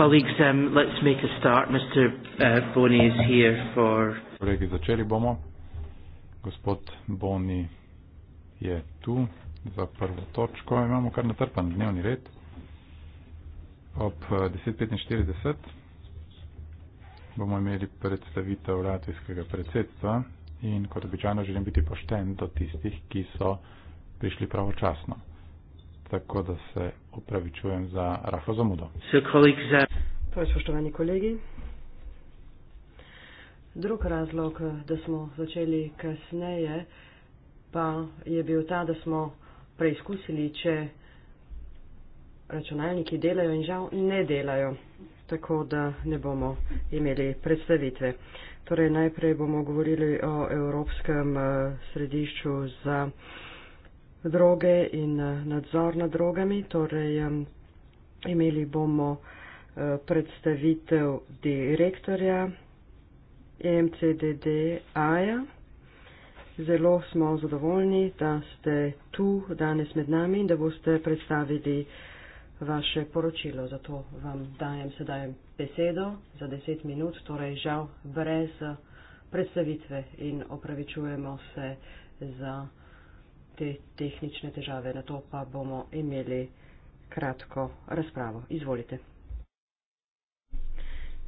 Colleagues, um, let's make a start. Mr. Uh, Boni is here for. Kolegi, začeli bomo. Gospod Boni je tu za prvo točko. Imamo kar natrpan dnevni red ob 10.45. Uh, bomo imeli predstavitev latvijskega predsedstva in kot običajno želim biti pošten do tistih, ki so prišli pravočasno. Tako da se upravičujem za rahlo zamudo. Uh, torej, spoštovani kolegi, drug razlog, da smo začeli kasneje, pa je bil ta, da smo preizkusili, če računalniki delajo in žal ne delajo, tako da ne bomo imeli predstavitve. Torej, najprej bomo govorili o Evropskem uh, središču za droge in eh, nadzor nad drogami. Torej, imeli bomo eh, predstavitev direktorja MCDDA-ja. Zelo smo zadovoljni, da ste tu danes med nami in da boste predstavili vaše poročilo. Zato vam dajem sedaj besedo za deset minut, torej žal brez predstavitve in opravičujemo se za te tehnične težave, na to pa bomo imeli kratko razpravo. Izvolite.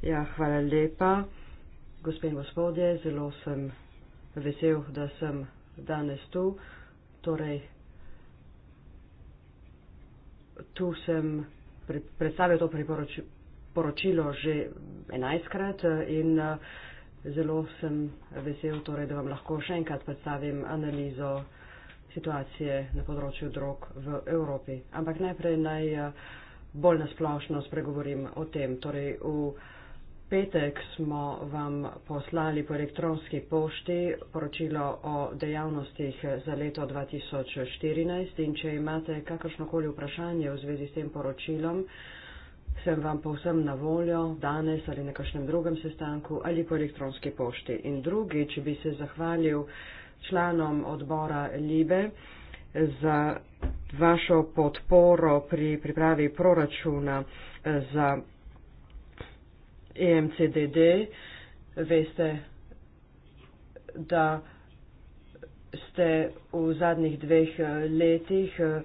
Ja, hvala lepa, gospe in gospodje, zelo sem vesel, da sem danes tu. Torej, tu sem predstavil to priporočilo že enajstkrat in zelo sem vesel, torej, da vam lahko še enkrat predstavim analizo situacije na področju drog v Evropi. Ampak najprej naj eh, bolj nasplošno spregovorim o tem. Torej, v petek smo vam poslali po elektronski pošti poročilo o dejavnostih za leto 2014 in če imate kakršnokoli vprašanje v zvezi s tem poročilom, sem vam povsem na voljo danes ali na kakšnem drugem sestanku ali po elektronski pošti. In drugi, če bi se zahvalil članom odbora Libe za vašo podporo pri pripravi proračuna eh, za EMCDD. Veste, da ste v zadnjih dveh eh, letih eh,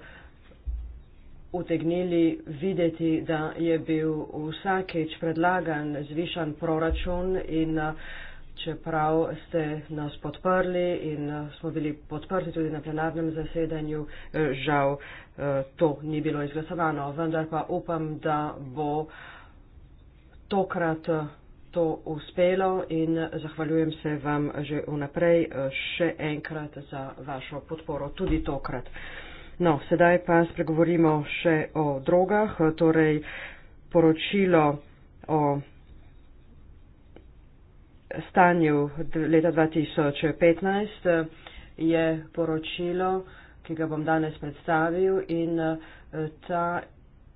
utegnili videti, da je bil vsakeč predlagan zvišan proračun in uh, čeprav ste nas podprli in eh, smo bili podprti tudi na plenarnem zasedanju, eh, žal eh, to ni bilo izglasovano. Vendar pa upam, da bo tokrat to uspelo in zahvaljujem se vam že vnaprej še enkrat za vašo podporo tudi tokrat. No, sedaj pa spregovorimo še o drogah, torej poročilo o stanju leta 2015 je poročilo, ki ga bom danes predstavil in ta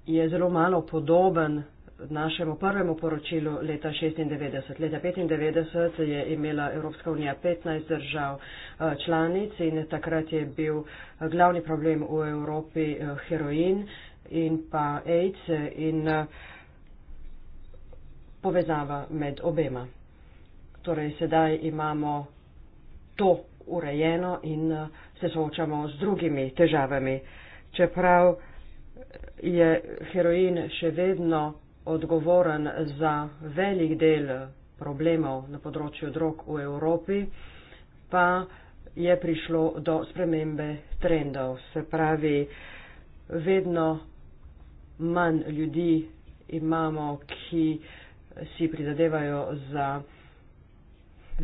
je zelo malo podoben našemu prvemu poročilu leta 96. Leta 95 je imela Evropska unija 15 držav eh, članic in takrat je bil eh, glavni problem v Evropi eh, heroin in pa AIDS in povezava med obema torej sedaj imamo to urejeno in eh, se soočamo z drugimi težavami. Čeprav eh, je heroin še vedno odgovoren za velik del eh, problemov na področju drog v Evropi, pa je prišlo do spremembe trendov. Se pravi, vedno manj ljudi imamo, ki si prizadevajo za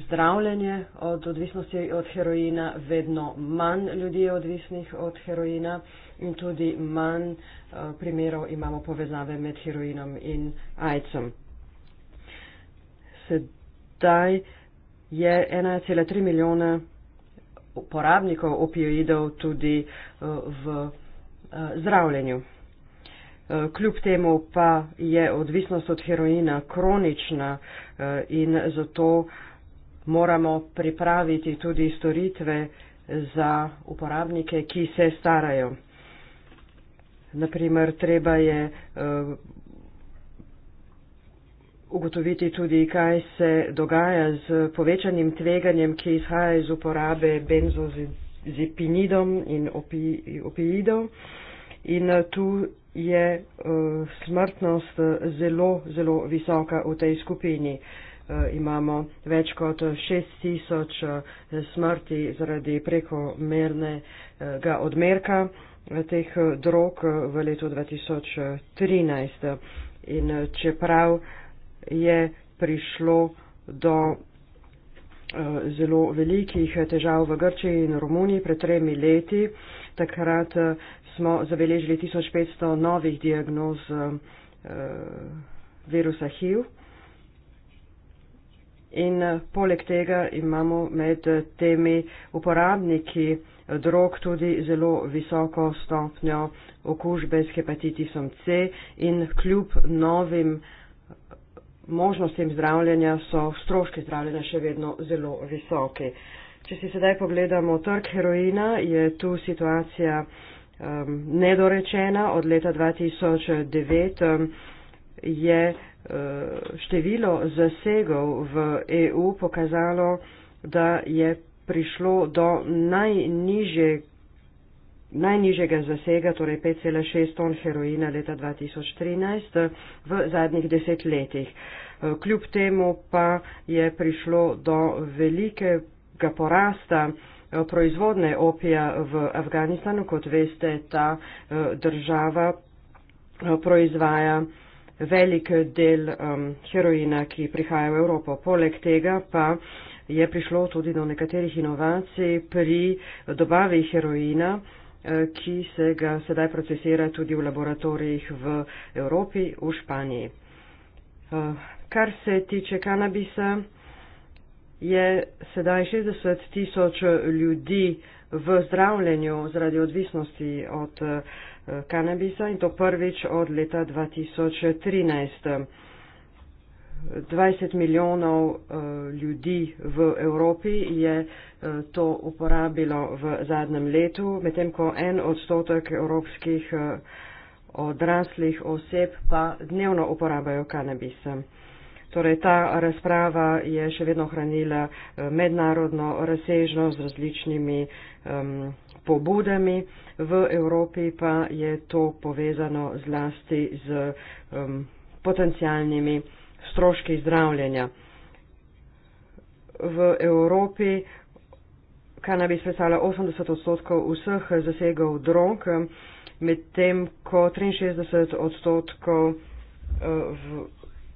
zdravljenje od odvisnosti od heroina, vedno manj ljudi je odvisnih od heroina in tudi manj eh, primerov imamo povezave med heroinom in AIDS-om. Sedaj je 1,3 milijona uporabnikov opioidov tudi eh, v eh, zdravljenju. Kljub temu pa je odvisnost od heroina kronična in zato uh, moramo pripraviti tudi storitve za uporabnike, ki se starajo. Naprimer, treba je eh, ugotoviti tudi, kaj se dogaja z povečanim tveganjem, ki izhaja iz uporabe benzozepinidom in opioidov. In eh, tu je uh, smrtnost zelo, zelo visoka v tej skupini. Uh, Eh, imamo več kot 6000 eh, smrti zaradi prekomernega odmerka eh, teh drog v letu 2013. In čeprav je prišlo do zelo velikih težav v Grčiji in Romuniji pred tremi leti, takrat smo zabeležili 1500 novih diagnoz virusa HIV in eh, poleg tega imamo med eh, temi uporabniki eh, drog tudi zelo visoko stopnjo okužbe s hepatitisom C in kljub novim možnostim zdravljenja so stroški zdravljenja še vedno zelo visoki. Če si sedaj pogledamo trg heroina, je tu situacija um, nedorečena. Od leta 2009 um, je Eh, število zasegov v EU pokazalo, da je prišlo do najniže, najnižjega zasega, torej 5,6 ton heroina leta 2013 v zadnjih desetletjih. Eh, kljub temu pa je prišlo do velikega porasta eh, proizvodne opija v Afganistanu, kot veste, ta država proizvaja velik del um, heroina, ki prihaja v Evropo. Poleg tega pa je prišlo tudi do nekaterih inovacij pri dobavi heroina, uh, ki se ga sedaj procesira tudi v laboratorijih v Evropi, v Španiji. Uh, kar se tiče kanabisa, je sedaj 60 tisoč ljudi v zdravljenju zaradi odvisnosti od uh, kanabisa in to prvič od leta 2013. 20 milijonov eh, ljudi v Evropi je eh, to uporabilo v zadnjem letu, medtem ko en odstotek evropskih eh, odraslih oseb pa dnevno uporabljajo kanabis. Torej, ta razprava je še vedno hranila mednarodno razsežnost z različnimi um, pobudami. V Evropi pa je to povezano zlasti z um, potencijalnimi stroški zdravljenja. V Evropi kanabis predstavlja 80 odstotkov vseh zasegov drog, medtem ko 63 odstotkov uh, v,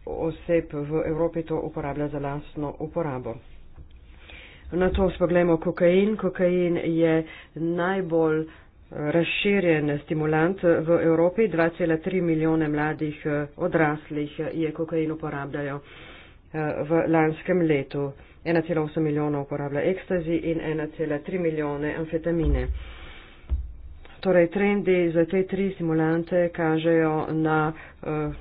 oseb v Evropi to uporablja za lastno uporabo. Na to spoglejmo kokain. Kokain je najbolj eh, razširjen stimulant v Evropi. 2,3 milijone mladih eh, odraslih eh, je kokain uporabljajo v lanskem letu. 1,8 milijona uporablja ekstazi in 1,3 milijone amfetamine. Torej, trendi za te tri stimulante kažejo na uh,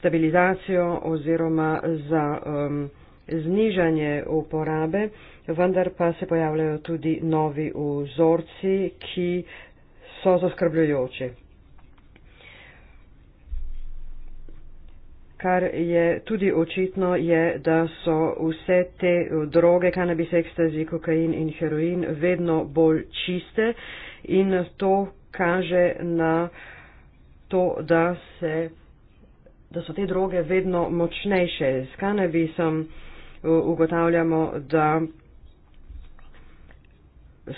stabilizacijo oziroma za um, znižanje uporabe, vendar pa se pojavljajo tudi novi vzorci, ki so zaskrbljujoči. Kar je tudi očitno, je, da so vse te droge, kanabis, ekstazi, kokain in heroin, vedno bolj čiste in to kaže na to, da, se, da so te droge vedno močnejše. S kanabisom ugotavljamo, da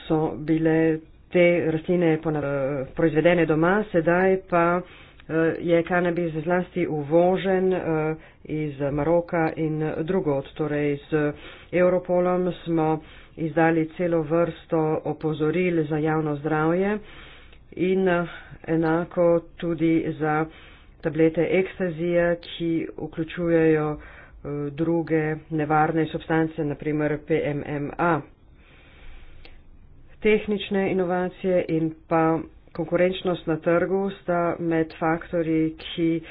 so bile te rastline eh, proizvedene doma, sedaj pa eh, je kanabis zlasti uvožen eh, iz Maroka in drugot. Torej z Europolom smo izdali celo vrsto opozoril za javno zdravje in enako tudi za tablete ekstazije, ki vključujejo uh, Eh, druge nevarne substance, naprimer PMMA. Tehnične inovacije in pa konkurenčnost na trgu sta med faktori, ki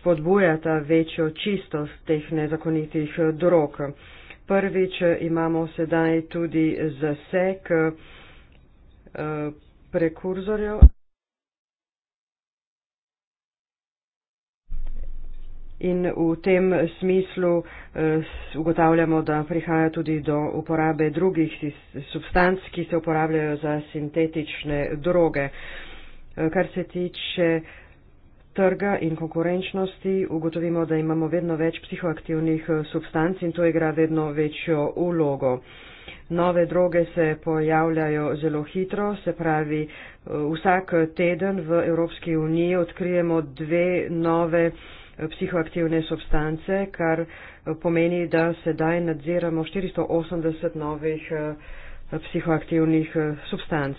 spodbujata večjo čistost teh nezakonitih eh, drog. Prvič eh, imamo sedaj tudi zasek prekurzorjev in v tem smislu eh, ugotavljamo, da prihaja tudi do uporabe drugih substanc, ki se uporabljajo za sintetične droge. Eh, kar se tiče trga in konkurenčnosti, ugotovimo, da imamo vedno več psihoaktivnih eh, substanc in to igra vedno večjo ulogo. Nove droge se pojavljajo zelo hitro, se pravi vsak teden v Evropski uniji odkrijemo dve nove droge psihoaktivne substance, kar eh, pomeni, da sedaj nadziramo 480 novih eh, psihoaktivnih eh, substanc.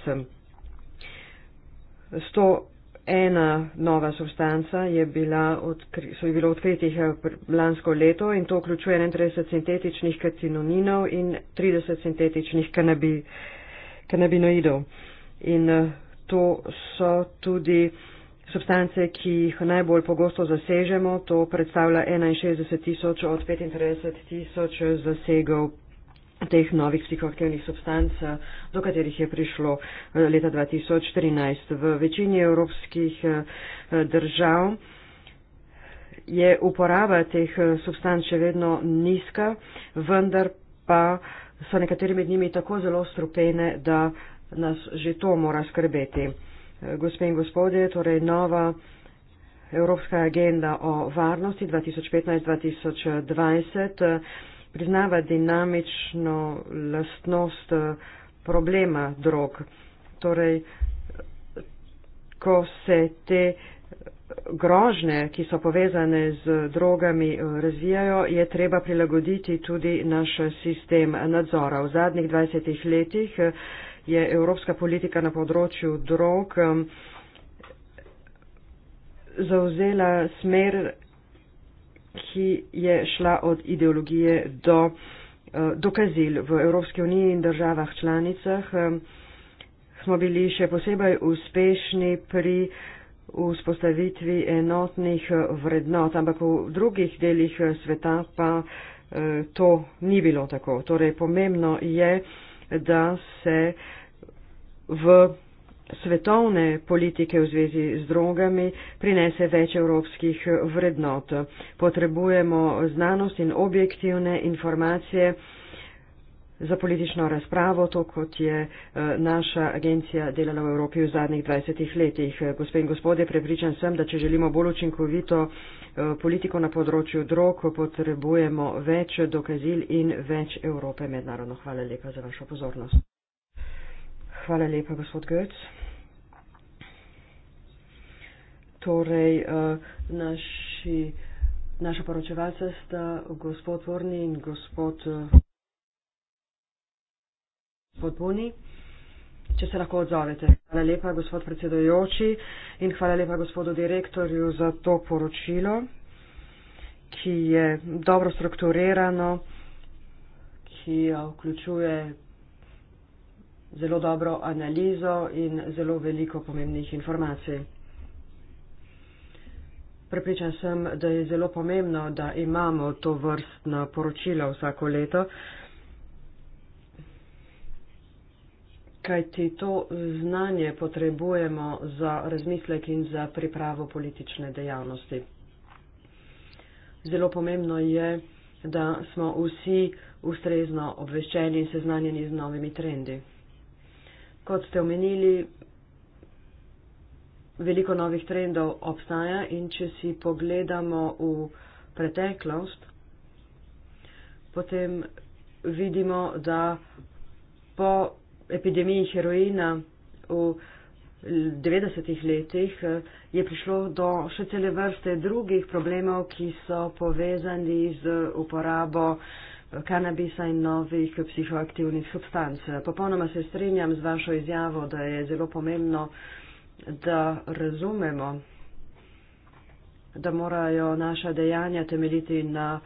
101 nova substanca je bila, so bilo odkritih lansko leto in to vključuje 31 sintetičnih kacinoninov in 30 sintetičnih kanabinoidov. In to so tudi Substance, ki jih najbolj pogosto zasežemo, to predstavlja 61 tisoč od 35 tisoč zasegov teh novih psihoaktivnih substanc, do katerih je prišlo eh, leta 2013. V večini evropskih eh, držav je uporaba teh eh, substanc še vedno nizka, vendar pa so nekateri med njimi tako zelo strupene, da nas že to mora skrbeti gospe in gospodje, torej nova evropska agenda o varnosti 2015-2020 eh, priznava dinamično lastnost eh, problema drog. Torej, ko se te eh, grožne, ki so povezane z drogami, razvijajo, je treba prilagoditi tudi naš sistem nadzora. V zadnjih 20 letih je evropska politika na področju drog um, zauzela smer, ki je šla od ideologije do uh, dokazil. V Evropski uniji in državah članicah um, smo bili še posebej uspešni pri vzpostavitvi enotnih uh, vrednot, ampak v drugih delih uh, sveta pa to ni bilo tako. Torej, pomembno je, da se v svetovne politike v zvezi z drogami prinese več evropskih vrednot. Potrebujemo znanost in objektivne informacije, za politično razpravo, to kot je eh, naša agencija delala v Evropi v zadnjih 20 letih. Gospe in gospode, prepričan sem, da če želimo bolj učinkovito eh, politiko na področju drog, potrebujemo več dokazil in več Evrope mednarodno. Hvala lepa za vašo pozornost. Hvala lepa, gospod Götz. Torej, eh, naši, naša poročevalca sta gospod Vorni in gospod. Gospod Buni, če se lahko odzovete. Hvala lepa, gospod predsedojoči in hvala lepa gospodu direktorju za to poročilo, ki je dobro strukturirano, ki vključuje zelo dobro analizo in zelo veliko pomembnih informacij. Prepričan sem, da je zelo pomembno, da imamo to vrstno poročilo vsako leto. kajti to znanje potrebujemo za razmislek in za pripravo politične dejavnosti. Zelo pomembno je, da smo vsi ustrezno obveščeni in seznanjeni z novimi trendi. Kot ste omenili, veliko novih trendov obstaja in če si pogledamo v preteklost, potem vidimo, da po epidemiji heroina v 90-ih letih je prišlo do še cele vrste drugih problemov, ki so povezani z uporabo kanabisa in novih psihoaktivnih substanc. Popolnoma se strinjam z vašo izjavo, da je zelo pomembno, da razumemo, da morajo naša dejanja temeljiti na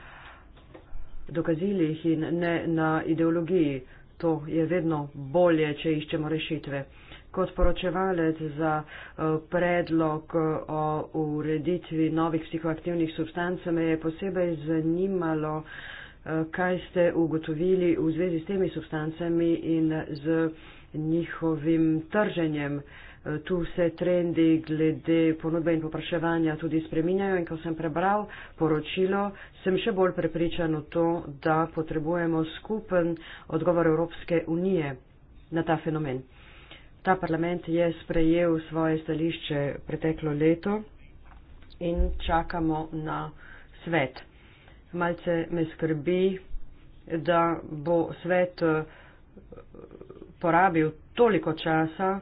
dokazilih in ne na ideologiji to je vedno bolje, če iščemo rešitve. Kot poročevalec za eh, predlog eh, o ureditvi novih psihoaktivnih substanc me je posebej zanimalo, eh, kaj ste ugotovili v zvezi s temi substancami in z njihovim trženjem. Eh, tu se trendi glede ponudbe in popraševanja tudi spreminjajo in ko sem prebral poročilo, sem še bolj prepričan v to, da potrebujemo skupen odgovor Evropske unije na ta fenomen. Ta parlament je sprejel svoje stališče preteklo leto in čakamo na svet. Malce me skrbi, da bo svet eh, porabil toliko časa,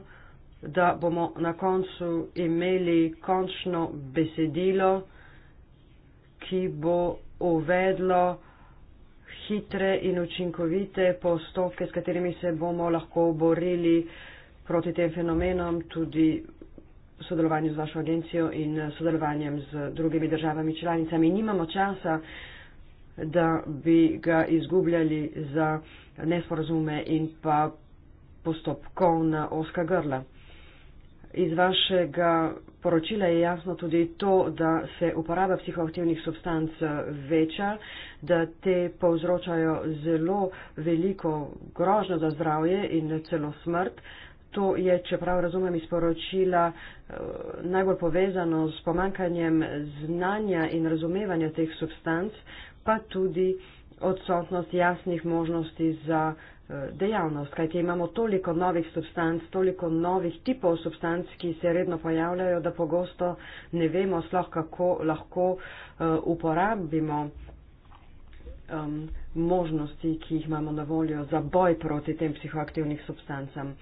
da bomo na koncu imeli končno besedilo, ki bo uvedlo hitre in učinkovite postopke, s katerimi se bomo lahko borili proti tem fenomenom, tudi v sodelovanju z vašo agencijo in eh, sodelovanjem z drugimi državami članicami. Nimamo časa, da bi ga izgubljali za nesporazume in pa postopkovna oska grla. Iz vašega poročila je jasno tudi to, da se uporaba psihoaktivnih substanc eh, veča, da te povzročajo zelo veliko grožnjo za zdravje in celo smrt. To je, čeprav razumem iz poročila, eh, najbolj povezano s pomankanjem znanja in razumevanja teh substanc, pa tudi odsotnost jasnih možnosti za Eh, dejavnost, kajti imamo toliko novih substanc, toliko novih tipov substanc, ki se redno pojavljajo, da pogosto ne vemo sploh, kako lahko eh, uporabimo um, možnosti, ki jih imamo na voljo za boj proti tem psihoaktivnih substancam.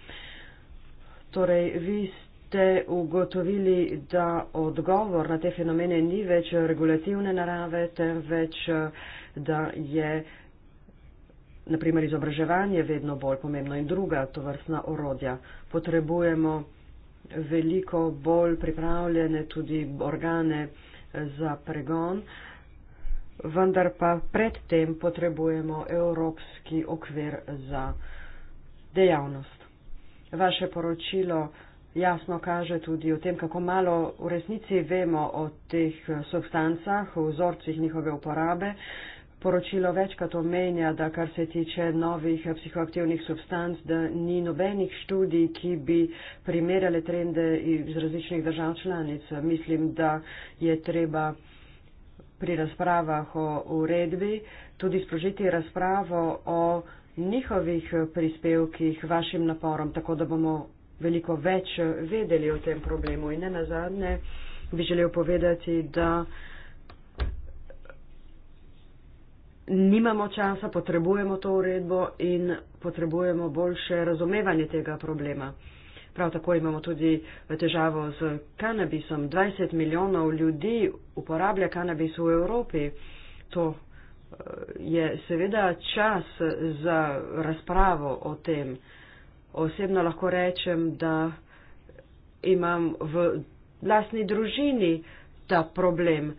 Torej, vi ste ugotovili, da odgovor na te fenomene ni več regulativne narave, temveč eh, da je uh, naprimer izobraževanje vedno bolj pomembno in druga to vrstna orodja. Potrebujemo veliko bolj pripravljene tudi organe eh, za pregon, vendar pa predtem potrebujemo evropski okvir za dejavnost. Vaše poročilo jasno kaže tudi o tem, kako malo v resnici vemo o teh eh, substancah, o vzorcih njihove uporabe poročilo večkrat omenja, da kar se tiče novih psihoaktivnih substanc, da ni nobenih študij, ki bi primerjale trende iz različnih držav članic. Mislim, da je treba pri razpravah o uredbi tudi sprožiti razpravo o njihovih prispevkih, vašim naporom, tako da bomo veliko več vedeli o tem problemu. In ne nazadnje bi želel povedati, da. nimamo časa, potrebujemo to uredbo in potrebujemo boljše razumevanje tega problema. Prav tako imamo tudi težavo z kanabisom. 20 milijonov ljudi uporablja kanabis v Evropi. To eh, je seveda čas za razpravo o tem. Osebno lahko rečem, da imam v lastni družini ta problem.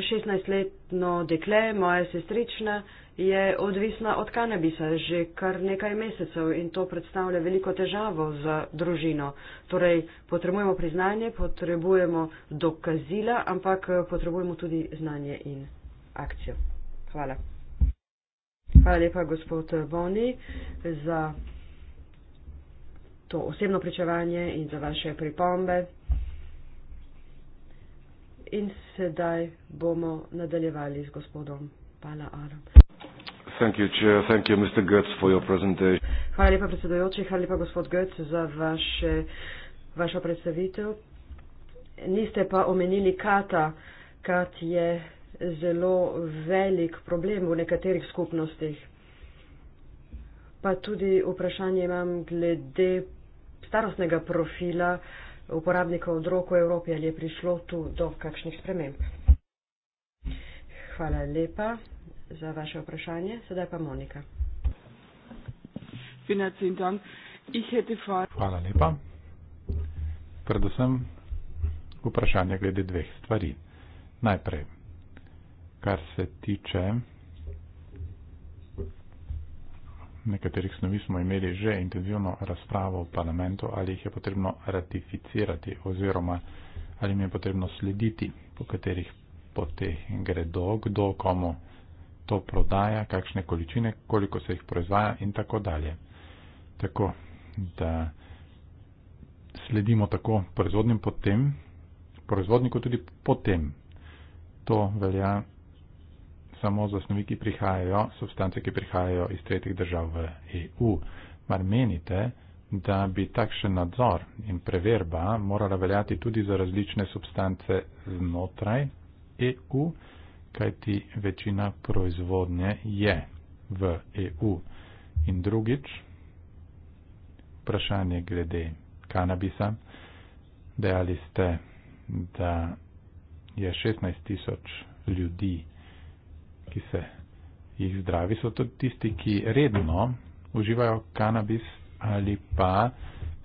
16-letno dekle, moja sestrična, je odvisna od kanabisa že kar nekaj mesecev in to predstavlja veliko težavo za družino. Torej, potrebujemo priznanje, potrebujemo dokazila, ampak eh, potrebujemo tudi znanje in akcijo. Hvala. Hvala lepa, gospod eh, Boni, za to osebno pričevanje in za vaše pripombe in sedaj bomo nadaljevali z gospodom Pala Arom. Thank you, Chair. Thank you, Mr. Goetz, for your presentation. Hvala lepa, predsedojoči. Hvala lepa, gospod Goetz, za vaše, vašo predstavitev. Niste pa omenili kata, kat je zelo velik problem v nekaterih skupnostih. Pa tudi vprašanje imam glede starostnega profila uh, uporabnikov drog v Evropi, ali je prišlo tu do kakšnih sprememb. Hvala lepa za vaše vprašanje. Sedaj pa Monika. Hvala lepa. Predvsem vprašanje glede dveh stvari. Najprej, kar se tiče nekaterih snovi smo imeli že intenzivno razpravo v parlamentu, ali jih je potrebno ratificirati oziroma ali jim je potrebno slediti, po katerih poteh gredo, kdo komu to prodaja, kakšne količine, koliko se jih proizvaja in tako dalje. Tako da sledimo tako proizvodnim potem, proizvodniku tudi potem. To velja samo za snovi, ki prihajajo, substance, ki prihajajo iz tretjih držav v EU. Mar menite, da bi takšen nadzor in preverba morala veljati tudi za različne substance znotraj EU, kajti večina proizvodnje je v EU. In drugič, vprašanje glede kanabisa. Dejali ste, da je 16 tisoč ljudi ki se jih zdravi, so tudi tisti, ki redno uživajo kanabis ali pa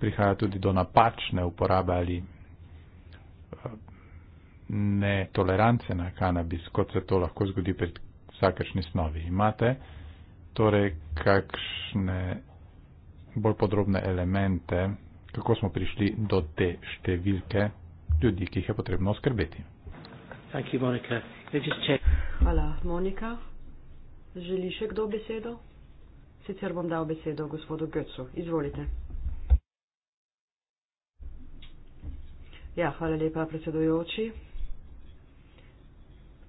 prihaja tudi do napačne uporabe ali eh, netolerance na kanabis, kot se to lahko zgodi pri vsakršni snovi. Imate torej kakšne bolj podrobne elemente, kako smo prišli do te številke ljudi, ki jih je potrebno oskrbeti. Thank you, Monica. Just check. Hvala, Monika. Želi še kdo besedo? Sicer bom dal besedo gospodu Götzu. Izvolite. Ja, hvala lepa, predsedujoči.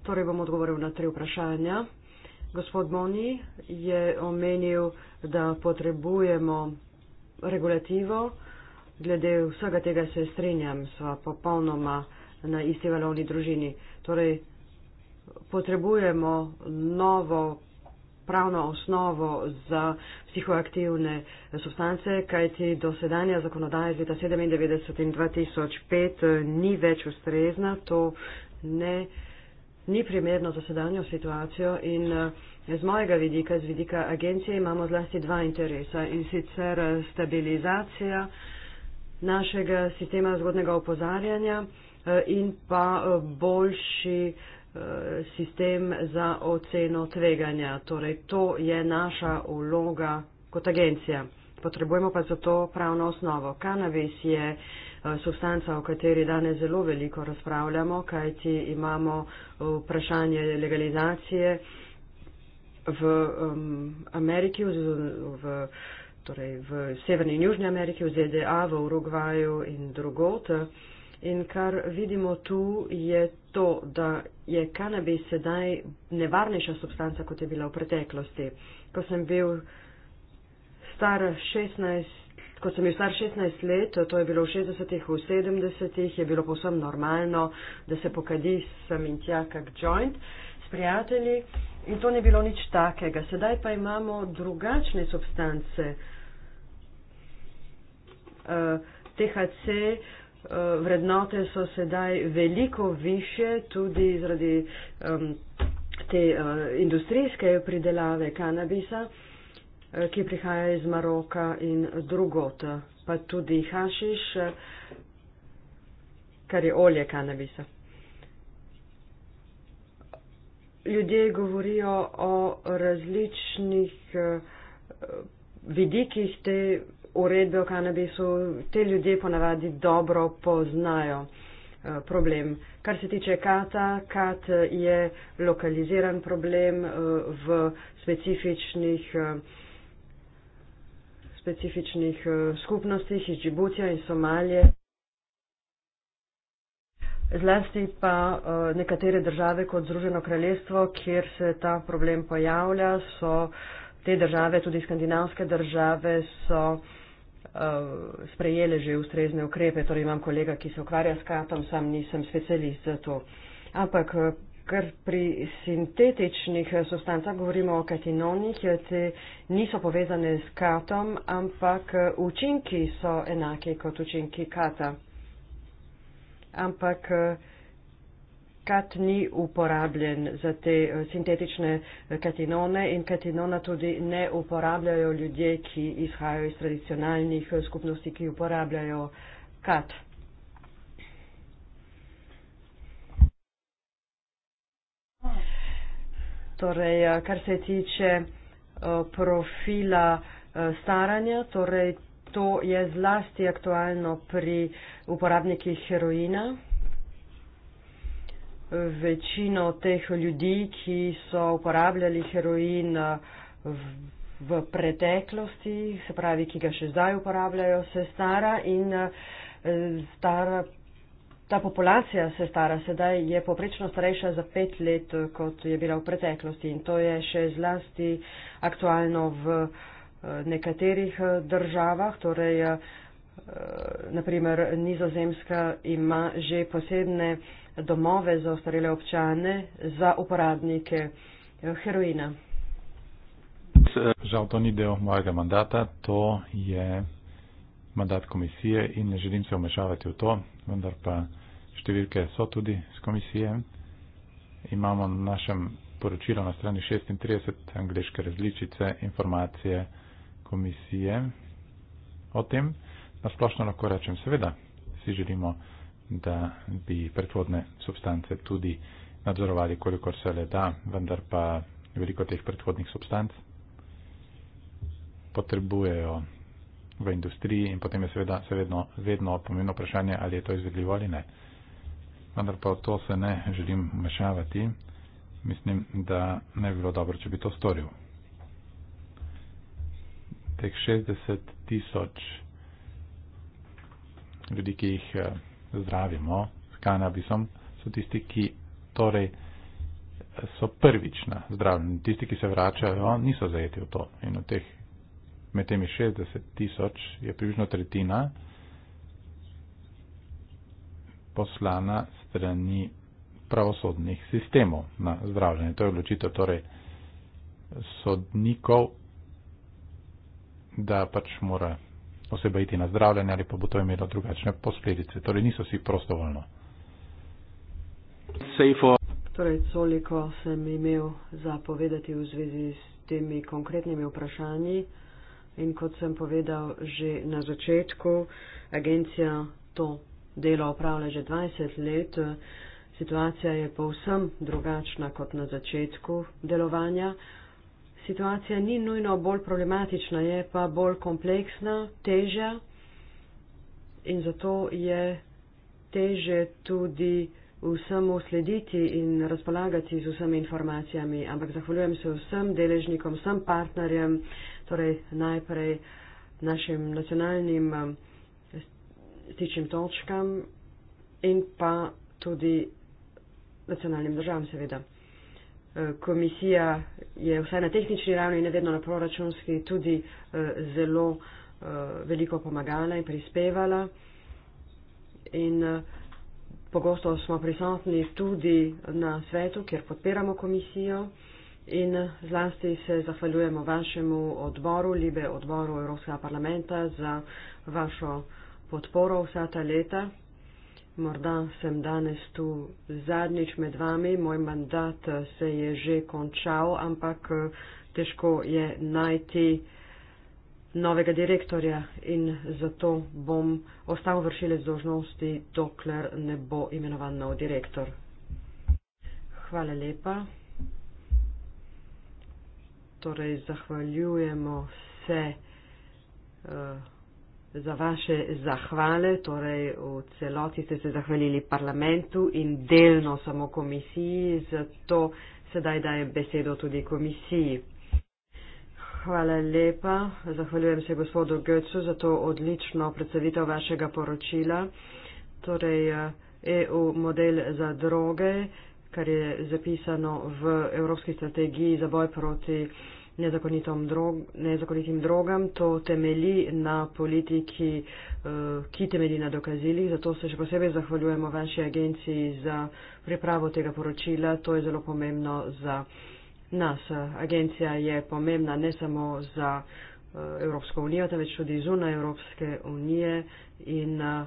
Torej bom odgovoril na tri vprašanja. Gospod Moni je omenil, da potrebujemo regulativo. Glede vsega tega se strinjam, sva popolnoma na isti valovni družini. Torej, potrebujemo novo pravno osnovo za psihoaktivne substance, kajti dosedanja zakonodaja iz leta 1997 in 2005 eh, ni več ustrezna, to ne, ni primerno za sedanjo situacijo in eh, z mojega vidika, z vidika agencije imamo zlasti dva interesa in sicer eh, stabilizacija našega sistema zgodnega opozarjanja, in pa eh, boljši eh, sistem za oceno tveganja. Torej, to je naša vloga kot agencija. Potrebujemo pa za to pravno osnovo. Kanavis je eh, substanca, o kateri danes zelo veliko razpravljamo, kajti imamo vprašanje legalizacije v Ameriki, v, torej v Severni in Južni Ameriki, v ZDA, v Urugvaju in drugot. In kar vidimo tu je to, da je kanabis sedaj nevarnejša substanca, kot je bila v preteklosti. Ko sem bil star 16, ko sem bil star 16 let, to je bilo v 60-ih, v 70-ih, je bilo povsem normalno, da se pokadi sem in tja kak joint s prijatelji in to ni bilo nič takega. Sedaj pa imamo drugačne substance. Uh, eh, THC, uh, Eh, vrednote so sedaj veliko više tudi zaradi um, te uh, industrijske pridelave kanabisa, eh, ki prihaja iz Maroka in drugota, pa tudi hašiš, kar je olje kanabisa. Ljudje govorijo o različnih uh, vidikih te uredbe o kanabisu, te ljudje ponavadi dobro poznajo eh, problem. Kar se tiče kata, kat eh, je lokaliziran problem eh, v specifičnih specifičnih skupnostih iz Džibutija in Somalije. Zlasti pa nekatere države kot Združeno kraljestvo, kjer se ta problem pojavlja, so te države, tudi skandinavske države, so uh, Eh, sprejele že ustrezne ukrepe, torej imam kolega, ki se ukvarja s katom, sam nisem specialist za to. Ampak eh, ker pri sintetičnih eh, substancah govorimo o katinonih, te niso povezane s katom, ampak učinki so enake kot učinki kata. Ampak uh, kat ni uporabljen za te eh, sintetične eh, katinone in katinona tudi ne uporabljajo ljudje, ki izhajajo iz tradicionalnih eh, skupnosti, ki uporabljajo kat. Torej, kar se tiče profila staranja, torej to je zlasti aktualno pri uporabnikih heroina večino teh ljudi, ki so uporabljali heroin eh, v, v preteklosti, se pravi, ki ga še zdaj uporabljajo, se stara in eh, stara, ta populacija se stara. Sedaj je poprečno starejša za pet let, eh, kot je bila v preteklosti in to je še zlasti aktualno v nekaterih državah, torej naprimer Nizozemska ima že posebne domove za ostarele občane, za uporabnike eh, heroina. Žal to ni del mojega mandata, to je mandat komisije in ne želim se vmešavati v to, vendar pa številke so tudi z komisije. Imamo na našem poročilu na strani 36 angliške različice informacije komisije o tem. Na splošno lahko rečem, seveda, si želimo da bi predhodne substance tudi nadzorovali, kolikor se le da, vendar pa veliko teh predhodnih substanc potrebujejo v industriji in potem je seveda se vedno, vedno pomembno vprašanje, ali je to izvedljivo ali ne. Vendar pa v to se ne želim vmešavati. Mislim, da ne bi bilo dobro, če bi to storil. Teh 60 tisoč ljudi, ki jih eh, zdravimo s kanabisom, so tisti, ki torej so prvič na zdravljenju. Tisti, ki se vračajo, niso zajeti v to. In v teh, med temi 60 tisoč je približno tretjina poslana strani pravosodnih sistemov na zdravljenje. To je odločitev torej sodnikov, da pač mora posebej iti na zdravljenje ali pa bo to imelo drugačne posledice. Torej niso si prostovoljno. Torej, toliko sem imel za povedati v zvezi s temi konkretnimi vprašanji in kot sem povedal že na začetku, agencija to delo opravlja že 20 let. Situacija je povsem drugačna kot na začetku delovanja situacija ni nujno bolj problematična, je pa bolj kompleksna, težja in zato je teže tudi vsemu slediti in razpolagati z vsemi informacijami. Ampak zahvaljujem se vsem deležnikom, vsem partnerjem, torej najprej našim nacionalnim um, stičnim točkam in pa tudi nacionalnim državam seveda. Eh, komisija je vsaj na tehnični ravni, ne vedno na proračunski, tudi eh, zelo eh, veliko pomagala in prispevala. In pogosto smo prisotni tudi na svetu, kjer podpiramo komisijo in zlasti se zahvaljujemo vašemu odboru, Libe, odboru Evropskega parlamenta za vašo podporo vsa ta leta. Morda sem danes tu zadnjič med vami, moj mandat eh, se je že končal, ampak eh, težko je najti novega direktorja in zato bom ostal vršile zložnosti, dokler ne bo imenovan nov direktor. Hvala lepa. Torej, zahvaljujemo se. Uh, za vaše zahvale. Torej, v celoti ste se zahvalili parlamentu in delno samo komisiji, zato sedaj dajem besedo tudi komisiji. Hvala lepa. Zahvaljujem se gospodu Götzu za to odlično predstavitev vašega poročila. Torej, EU model za droge, kar je zapisano v Evropski strategiji za boj proti uh, nezakonitom drog, nezakonitim drogam. To temelji na politiki, eh, ki temelji na dokazilih. Zato se še posebej zahvaljujemo vaši agenciji za pripravo tega poročila. To je zelo pomembno za nas. Agencija je pomembna ne samo za eh, Evropsko unijo, temveč tudi zunaj Evropske unije in eh,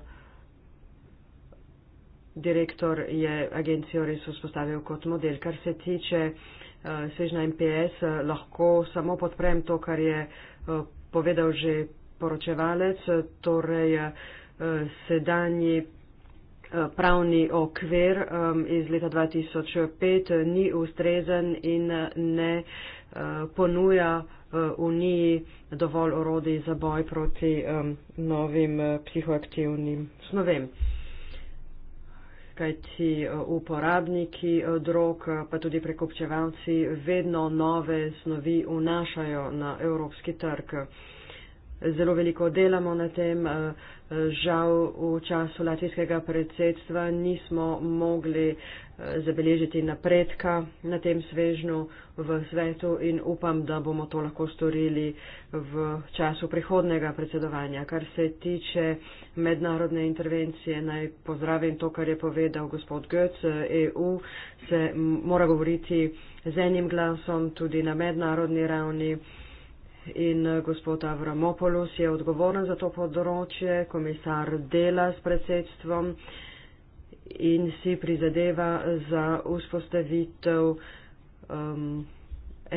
direktor je agencijo res vzpostavil kot model. Kar se tiče Eh, svežna MPS, eh, lahko samo podprem to, kar je eh, povedal že poročevalec, torej sedanji pravni okvir iz leta 2005 ni ustrezen in ne ponuja Uniji dovolj orodij za boj proti novim psihoaktivnim snovem kajti eh, uporabniki eh, drog, eh, pa tudi prekopčevalci, vedno nove snovi vnašajo na evropski trg. Zelo veliko delamo na tem. Uh, Žal v času latvijskega predsedstva nismo mogli eh, zabeležiti napredka na tem svežnju v svetu in upam, da bomo to lahko storili v času prihodnega predsedovanja. Kar se tiče mednarodne intervencije, naj pozdravim to, kar je povedal gospod Götz. EU se mora govoriti z enim glasom tudi na mednarodni ravni. In eh, gospod Avramopoulos je odgovoren za to področje, komisar dela s predsedstvom in si prizadeva za vzpostavitev um,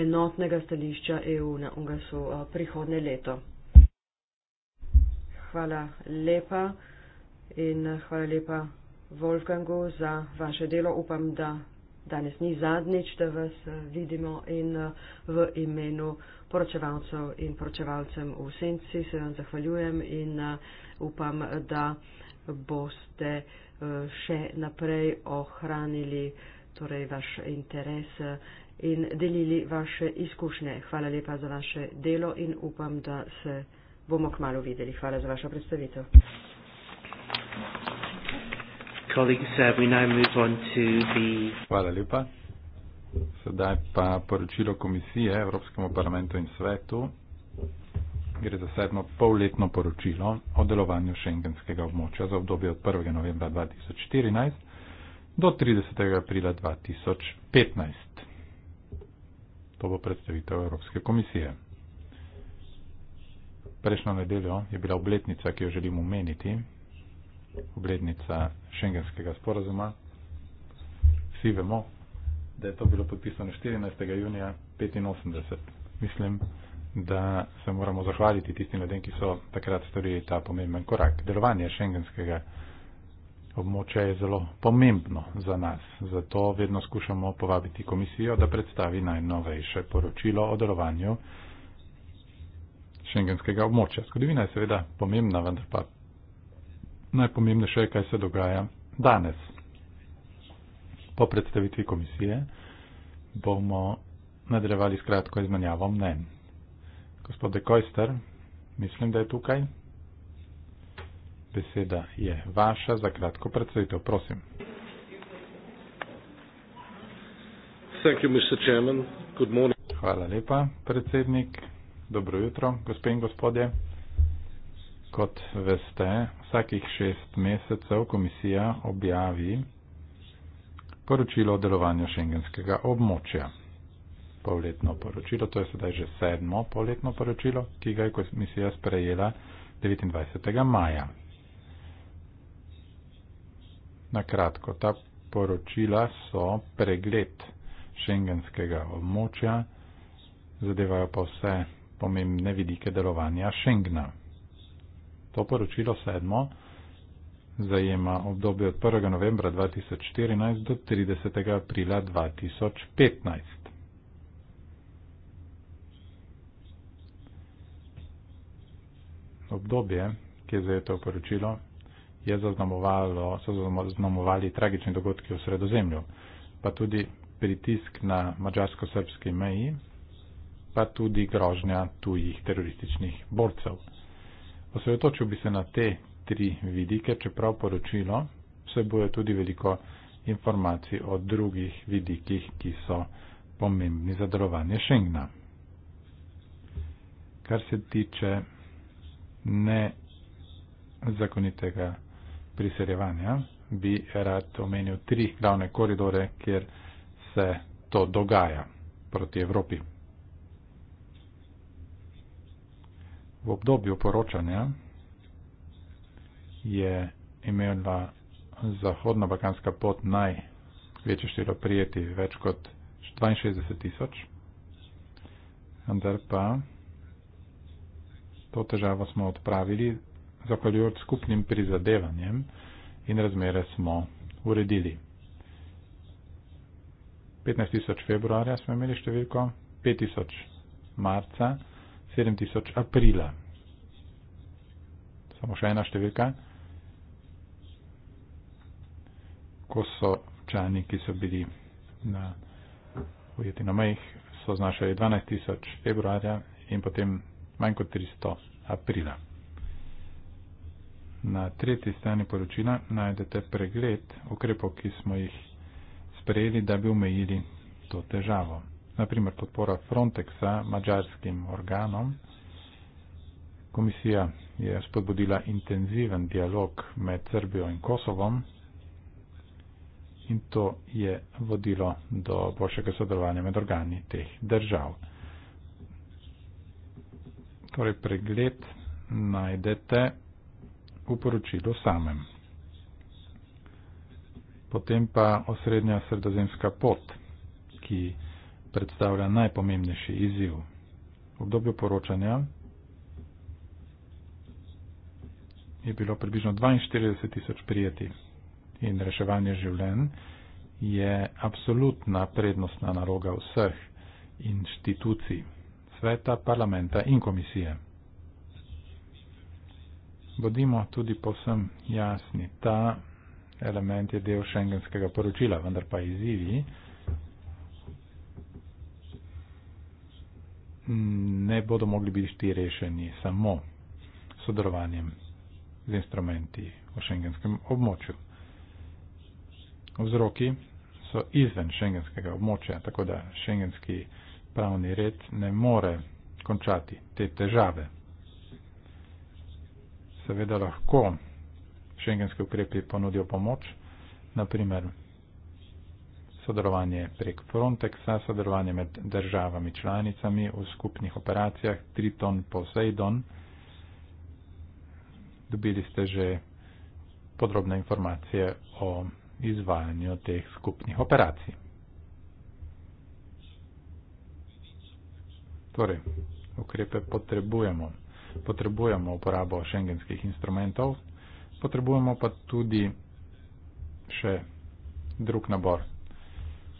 enotnega stališča EU na UNGAS-u eh, prihodne leto. Hvala lepa in eh, hvala lepa Wolfgangu za vaše delo. Upam, da danes ni zadnjič, da vas vidimo in v imenu poročevalcev in poročevalcem v senci. Se vam zahvaljujem in eh, upam, da boste eh, še naprej ohranili torej, vaš interes eh, in delili vaše izkušnje. Hvala lepa za vaše delo in upam, da se bomo k malu videli. Hvala za vašo predstavitev. Colleagues, uh, we now move on to the... Hvala lepa. Sedaj pa poročilo komisije Evropskemu parlamentu in svetu. Gre za sedmo polletno poročilo o delovanju šengenskega območja za obdobje od 1. novembra 2014 do 30. aprila 2015. To bo predstavitev Evropske komisije. Prejšnjo nedeljo je bila obletnica, ki jo želim omeniti, obletnica šengenskega sporazuma. Vsi vemo, da je to bilo podpisano 14. junija 85. Mislim, da se moramo zahvaliti tistim ljudem, ki so takrat storili ta pomemben korak. Delovanje šengenskega območja je zelo pomembno za nas, zato vedno skušamo povabiti komisijo, da predstavi najnovejše poročilo o delovanju šengenskega območja. Skodovina je seveda pomembna, vendar pa najpomembnejše je, kaj se dogaja danes po predstavitvi komisije bomo nadaljevali s kratko izmenjavo mnen. Gospod De Kojster, mislim, da je tukaj. Beseda je vaša za kratko predstavitev. Prosim. Thank you, Mr. Chairman. Good morning. Hvala lepa, predsednik. Dobro jutro, gospe in gospodje. Kot veste, vsakih šest mesecev komisija objavi poročilo o delovanju šengenskega območja. Poletno poročilo, to je sedaj že sedmo poletno poročilo, ki ga je komisija sprejela 29. maja. Na kratko, ta poročila so pregled šengenskega območja, zadevajo pa vse pomembne vidike delovanja Schengna. To poročilo sedmo zajema obdobje od 1. novembra 2014 do 30. aprila 2015. Obdobje, ki je zajeto v poročilo, je zaznamovalo, so zaznamovali tragični dogodki v sredozemlju, pa tudi pritisk na mađarsko-srpski meji, pa tudi grožnja tujih terorističnih borcev. Osredotočil bi se na te tri vidike, čeprav poročilo vsebuje tudi veliko informacij o drugih vidikih, ki so pomembni za delovanje Schengna. Kar se tiče nezakonitega priseljevanja, bi rad omenil tri glavne koridore, kjer se to dogaja proti Evropi. V obdobju poročanja je imela zahodna balkanska pot največje število prijeti, več kot 62 tisoč, vendar pa to težavo smo odpravili zahvaljujoč skupnim prizadevanjem in razmere smo uredili. 15 tisoč februarja smo imeli številko, 5 tisoč marca, 7 tisoč aprila. Samo še ena številka. ko so čani, ki so bili na ujeti na mejih, so znašali 12 tisoč februarja in potem manj kot 300 aprila. Na tretji strani poročila najdete pregled ukrepov, ki smo jih sprejeli, da bi omejili to težavo. Naprimer podpora Frontexa mađarskim organom. Komisija je spodbudila intenziven dialog med Srbijo in Kosovom, in to je vodilo do boljšega sodelovanja med organi teh držav. Torej, pregled najdete v poročilu samem. Potem pa osrednja sredozemska pot, ki predstavlja najpomembnejši izziv. V obdobju poročanja je bilo približno 42 tisoč prijetih in reševanje življenj je absolutna prednostna naloga vseh inštitucij, sveta, parlamenta in komisije. Bodimo tudi posem jasni, ta element je del šengenskega poročila, vendar pa izzivi ne bodo mogli biti rešeni samo sodelovanjem z instrumenti v šengenskem območju vzroki so izven šengenskega območja, tako da šengenski pravni red ne more končati te težave. Seveda lahko šengenski ukrepi ponudijo pomoč, naprimer sodelovanje prek Frontexa, sodelovanje med državami članicami v skupnih operacijah Triton Poseidon. Dobili ste že podrobne informacije o izvajanju teh skupnih operacij. Torej, ukrepe potrebujemo. Potrebujemo uporabo šengenskih instrumentov, potrebujemo pa tudi še drug nabor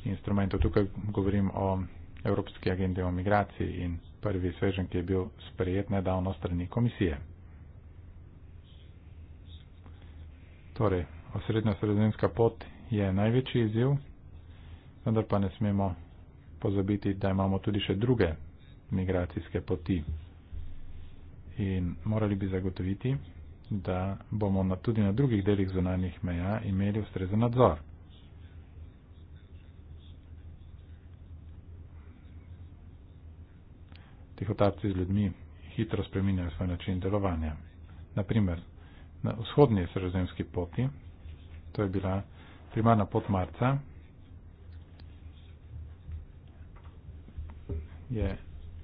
instrumentov. Tukaj govorim o Evropski agendi o migraciji in prvi svežen, ki je bil sprejet nedavno strani komisije. Torej, osrednja sredozemska pot je največji izziv, vendar pa ne smemo pozabiti, da imamo tudi še druge migracijske poti. In morali bi zagotoviti, da bomo na, tudi na drugih delih zunanjih meja imeli ustrezen nadzor. Tihotapci z ljudmi hitro spreminjajo svoj način delovanja. Naprimer, na vzhodnji sredozemski poti to je bila primarna pot Marca, je,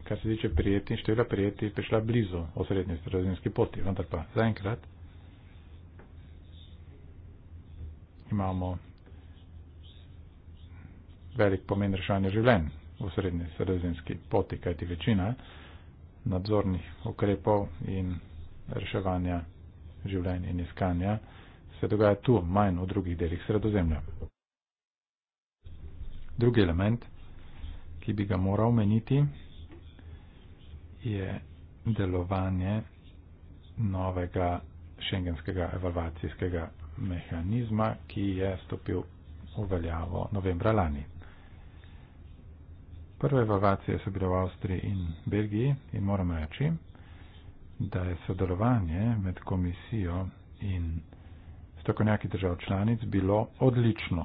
kar se tiče prijeti, števila prijeti, prišla blizu osrednje sredozemske poti, vendar pa zaenkrat imamo velik pomen rešanja življenj v srednji sredozemski poti, kajti večina nadzornih ukrepov in reševanja življenj in iskanja se dogaja tu, manj v drugih delih sredozemlja. Drugi element, ki bi ga moral meniti, je delovanje novega šengenskega evalvacijskega mehanizma, ki je stopil v veljavo novembra lani. Prve evalvacije so bile v Avstriji in Belgiji in moram reči, da je sodelovanje med komisijo in strokovnjaki držav članic bilo odlično.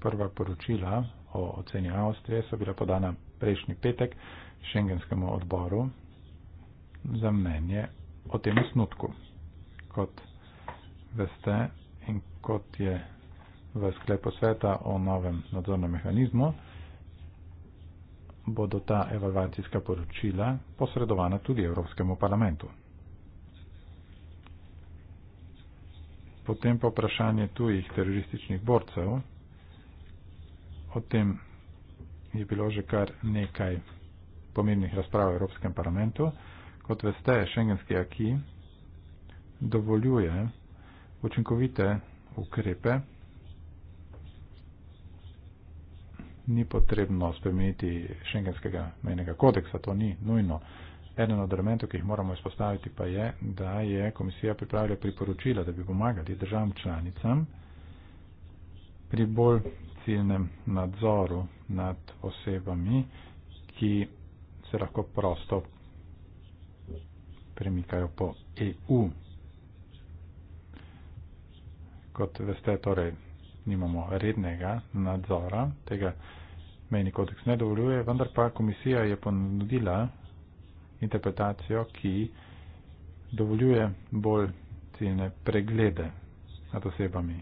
Prva poročila o oceni Avstrije so bila podana prejšnji petek šengenskemu odboru za mnenje o tem osnutku. Kot veste in kot je v sklepu sveta o novem nadzornem mehanizmu, bodo ta evalvacijska poročila posredovana tudi Evropskemu parlamentu. potem pa vprašanje tujih terorističnih borcev. O tem je bilo že kar nekaj pomembnih razprav v Evropskem parlamentu. Kot veste, šengenski aki dovoljuje učinkovite ukrepe. Ni potrebno spremeniti šengenskega mejnega kodeksa, to ni nujno. Eden od elementov, ki jih moramo izpostaviti, pa je, da je komisija pripravila priporočila, da bi pomagali državam članicam pri bolj ciljnem nadzoru nad osebami, ki se lahko prosto premikajo po EU. Kot veste, torej nimamo rednega nadzora, tega meni kodeks ne dovoljuje, vendar pa komisija je ponudila interpretacijo, ki dovoljuje bolj ciljne preglede nad osebami,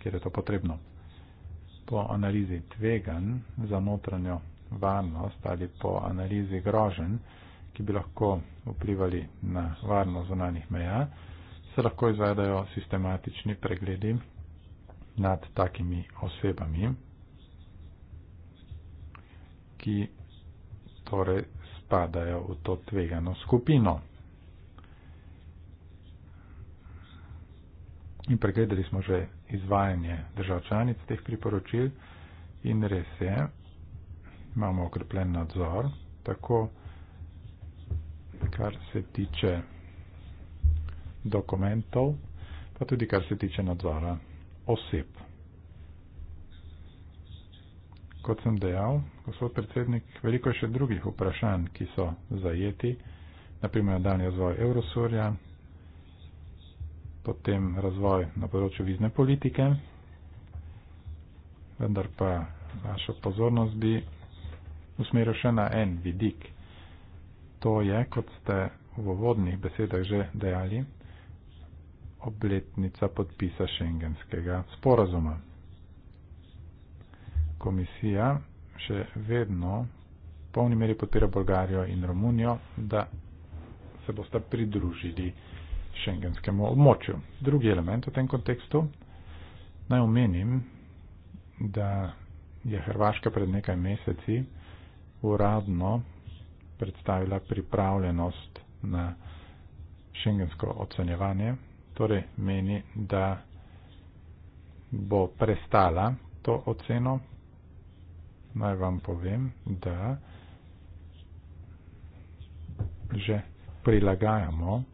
kjer je to potrebno. Po analizi tvegan za notranjo varnost ali po analizi grožen, ki bi lahko vplivali na varnost zonanih meja, se lahko izvedajo sistematični pregledi nad takimi osebami, ki torej spadajo v to tvegano skupino. In pregledali smo že izvajanje držav članic teh priporočil in res je, imamo okrepljen nadzor, tako kar se tiče dokumentov, pa tudi kar se tiče nadzora oseb. kot sem dejal, gospod predsednik, veliko še drugih vprašanj, ki so zajeti, naprimer dan razvoj Eurosurja, potem razvoj na področju vizne politike, vendar pa vašo pozornost bi usmeril še na en vidik. To je, kot ste v uvodnih besedah že dejali, obletnica podpisa šengenskega sporazuma komisija še vedno v polni meri podpira Bolgarijo in Romunijo, da se bosta pridružili šengenskemu območju. Drugi element v tem kontekstu, naj omenim, da je Hrvaška pred nekaj meseci uradno predstavila pripravljenost na šengensko ocenjevanje, torej meni, da bo prestala to oceno, naj vam povem, da že prilagajamo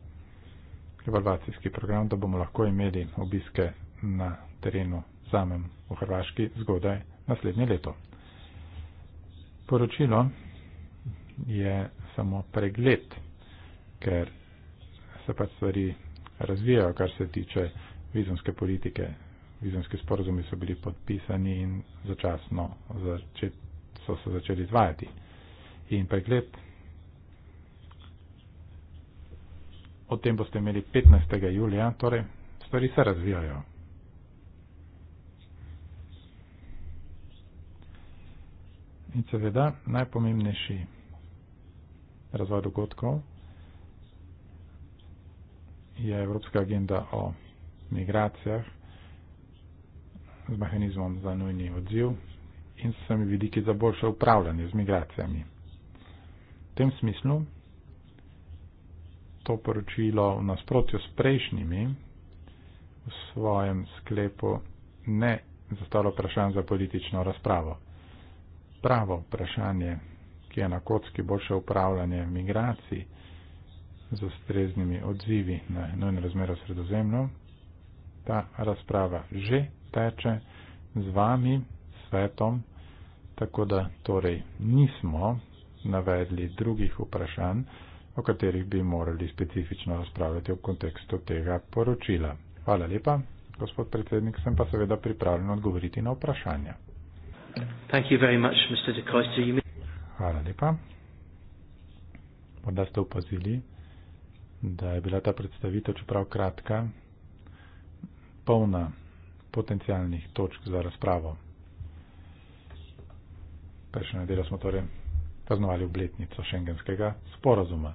evalvacijski program, da bomo lahko imeli obiske na terenu samem v Hrvaški zgodaj naslednje leto. Poročilo je samo pregled, ker se pa stvari razvijajo, kar se tiče vizumske politike vizumski sporozumi so bili podpisani in začasno začet, so se začeli izvajati. In pregled o tem boste imeli 15. julija, torej stvari se razvijajo. In seveda najpomembnejši razvoj dogodkov je Evropska agenda o migracijah, z mehanizmom za nujni odziv in s vsemi vidiki za boljše upravljanje z migracijami. V tem smislu to poročilo v nasprotju s prejšnjimi v svojem sklepu ne zastavlja vprašanj za politično razpravo. Pravo vprašanje, ki je na kocki boljše upravljanje migracij z ustreznimi odzivi na nojno razmero sredozemno, ta razprava že teče z vami, svetom, tako da torej nismo navedli drugih vprašanj, o katerih bi morali specifično razpravljati v kontekstu tega poročila. Hvala lepa, gospod predsednik, sem pa seveda pripravljen odgovoriti na vprašanja. Much, Hvala lepa. Morda ste upazili, da je bila ta predstavitev, čeprav kratka, polna potencijalnih točk za razpravo. Prejšnjo nedeljo smo torej praznovali obletnico šengenskega sporazuma.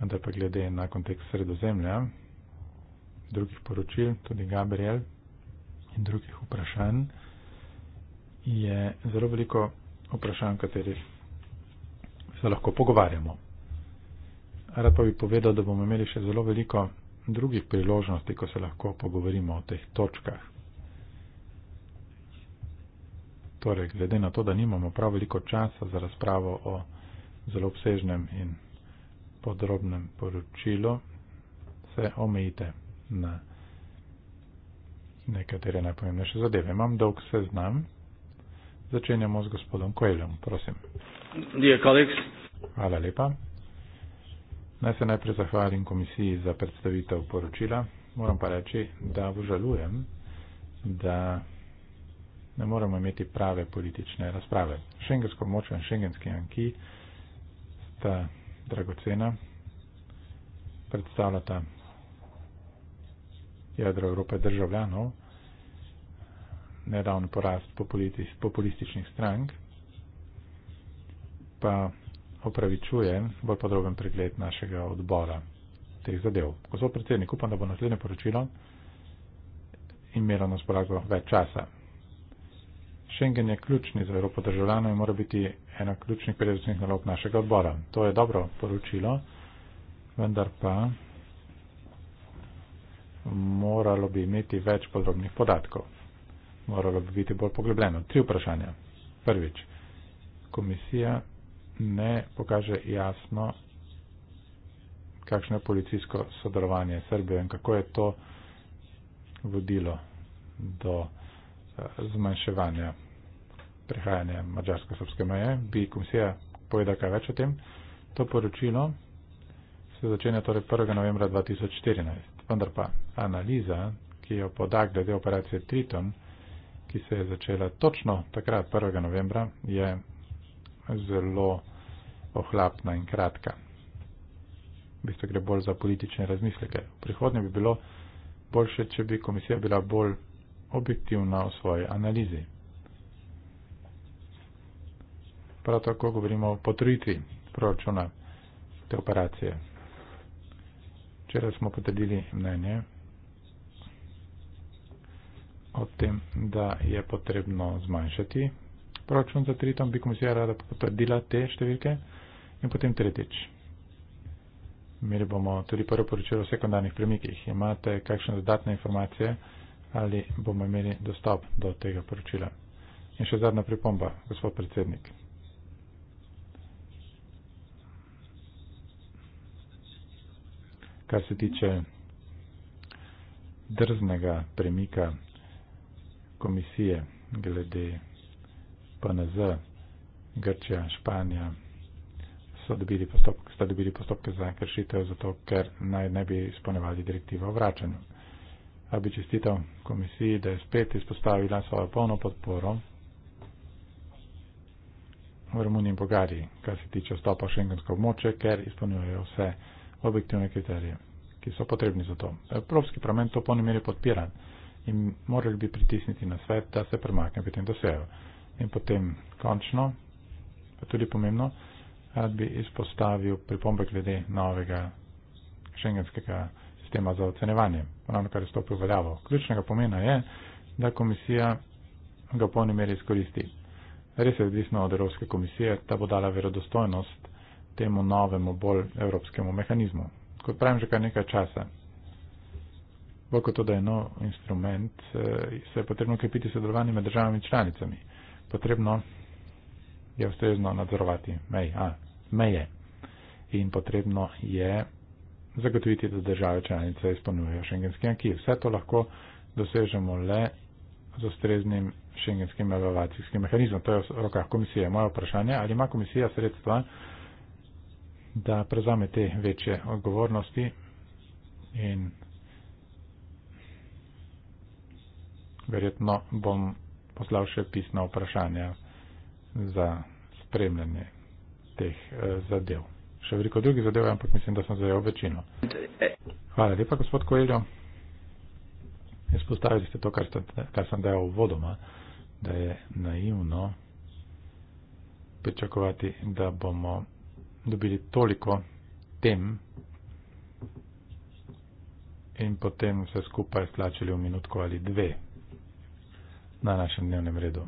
Vendar pa glede na kontekst sredozemlja, drugih poročil, tudi Gabriel in drugih vprašanj, je zelo veliko vprašanj, katerih se lahko pogovarjamo. Rad pa bi povedal, da bomo imeli še zelo veliko drugi priložnosti, ko se lahko pogovorimo o teh točkah. Torej, glede na to, da nimamo prav veliko časa za razpravo o zelo obsežnem in podrobnem poročilu, se omejite na nekatere najpomembnejše zadeve. Imam dolg seznam. Začenjamo s gospodom Koelom, prosim. Dear colleagues. Hvala lepa. Naj se najprej zahvalim komisiji za predstavitev poročila. Moram pa reči, da vžalujem, da ne moramo imeti prave politične razprave. Šengensko močo in šengenski anki sta dragocena, predstavljata jedro Evrope državljanov, nedavni porast populističnih strank, pa opravičuje bolj podroben pregled našega odbora teh zadev. Gospod predsednik, upam, da bo naslednje poročilo imelo na sporago več časa. Schengen je ključni za Evropo državljanov in mora biti ena ključnih prioritetnih nalog našega odbora. To je dobro poročilo, vendar pa moralo bi imeti več podrobnih podatkov. Moralo bi biti bolj poglobljeno. Tri vprašanja. Prvič, komisija ne pokaže jasno, kakšno je policijsko sodelovanje Srbije in kako je to vodilo do eh, zmanjševanja prehajanja mađarsko-srpske meje. Bi komisija povedala kaj več o tem? To poročilo se začenja torej 1. novembra 2014, vendar pa analiza, ki jo poda glede operacije Triton, ki se je začela točno takrat 1. novembra, je zelo ohlapna in kratka. V bistvu gre bolj za politične razmisleke. V prihodnje bi bilo boljše, če bi komisija bila bolj objektivna v svoji analizi. Prav tako govorimo o potrditvi proračuna te operacije. Včeraj smo potrdili mnenje o tem, da je potrebno zmanjšati proračun za triton, bi komisija rada potrdila te številke in potem tretjič. Imeli bomo tudi prvo poročilo o sekundarnih premikih. Imate kakšne dodatne informacije ali bomo imeli dostop do tega poročila? In še zadnja pripomba, gospod predsednik. Kar se tiče drznega premika komisije glede PNZ, Grčija, Španija so dobili postopke, sta dobili postopke za kršitev, zato ker naj ne bi izpolnevali direktivo o vračanju. A bi čestital komisiji, da je spet izpostavila svojo polno podporo v Romuniji in Bogariji, kar se tiče vstopa v šengensko območje, ker izpolnjujejo vse objektivne kriterije, ki so potrebni za to. Evropski parlament to po nemeri podpira in morali bi pritisniti na svet, da se premakne pri tem dosegu. In potem končno, pa tudi pomembno, rad bi izpostavil pripombe glede novega šengenskega sistema za ocenevanje, ravno kar je stopil veljavo. Ključnega pomena je, da komisija ga v polni meri izkoristi. Res je odvisno od Evropske komisije, ta bo dala verodostojnost temu novemu, bolj evropskemu mehanizmu. Kot pravim, že kar nekaj časa. Vako to, da je nov instrument, eh, se je potrebno krepiti sodelovanje med državami in članicami potrebno je ustrezno nadzorovati mej, a, meje in potrebno je zagotoviti, da države članice izpolnjujejo šengenski anki. Vse to lahko dosežemo le z ustreznim šengenskim evaluacijskim mehanizmom. To je v rokah komisije. Moje vprašanje, ali ima komisija sredstva, da prezame te večje odgovornosti in verjetno bom poslal še pisna vprašanja za spremljanje teh eh, zadev. Še veliko drugih zadev, ampak mislim, da sem zajel večino. Hvala lepa, gospod Koeljo. Izpostavili ste to, kar, ste, kar sem dejal v vodoma, da je naivno pričakovati, da bomo dobili toliko tem in potem vse skupaj stlačili v minutko ali dve na našem dnevnem redu.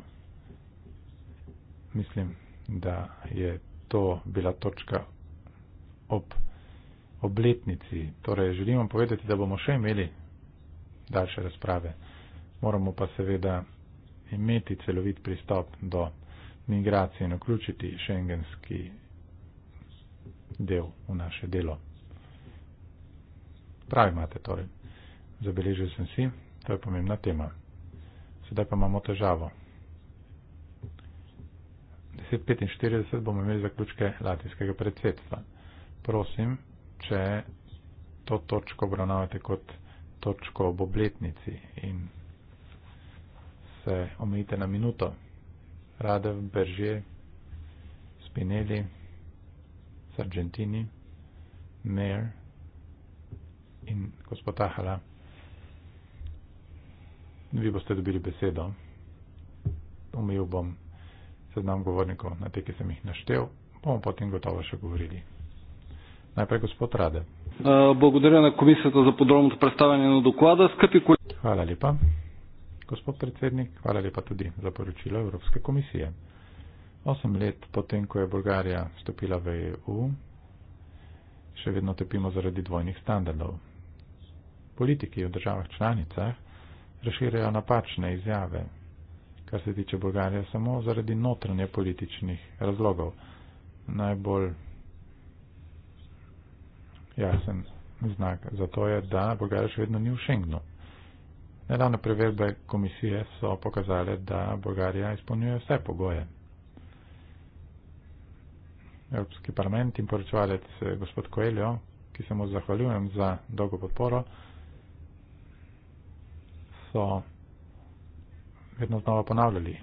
Mislim, da je to bila točka ob obletnici. Torej, želim vam povedati, da bomo še imeli daljše razprave. Moramo pa seveda imeti celovit pristop do migracije in vključiti šengenski del v naše delo. Pravi imate torej. Zabeležil sem si, to je pomembna tema sedaj pa imamo težavo. 10.45 bomo imeli zaključke latinskega predsedstva. Prosim, če to točko obravnavate kot točko ob obletnici in se omejite na minuto. Radev, Beržje, Spinelli, Sargentini, Mer in gospod Ahala vi boste dobili besedo. Omejil bom seznam govornikov na te, ki sem jih naštel, bomo potem gotovo še govorili. Najprej gospod Rade. Благодаря на комисията за подробното представяне на доклада. Скъпи колеги. Хвала липа. Господ председник, хвала липа туди за поручило Европска комисия. Осем лет по тем, кое България вступила в ЕУ, ще видно тъпимо заради двойних стандартов. Политики в държавах членицах raširajo napačne izjave, kar se tiče Bolgarije, samo zaradi notranje političnih razlogov. Najbolj jasen znak za to je, da Bolgarija še vedno ni v Schengnu. Nedavne preverbe komisije so pokazale, da Bolgarija izpolnjuje vse pogoje. Evropski parlament in poročevalec eh, gospod Koeljo, ki se mu zahvaljujem za dolgo podporo, so vedno znova ponavljali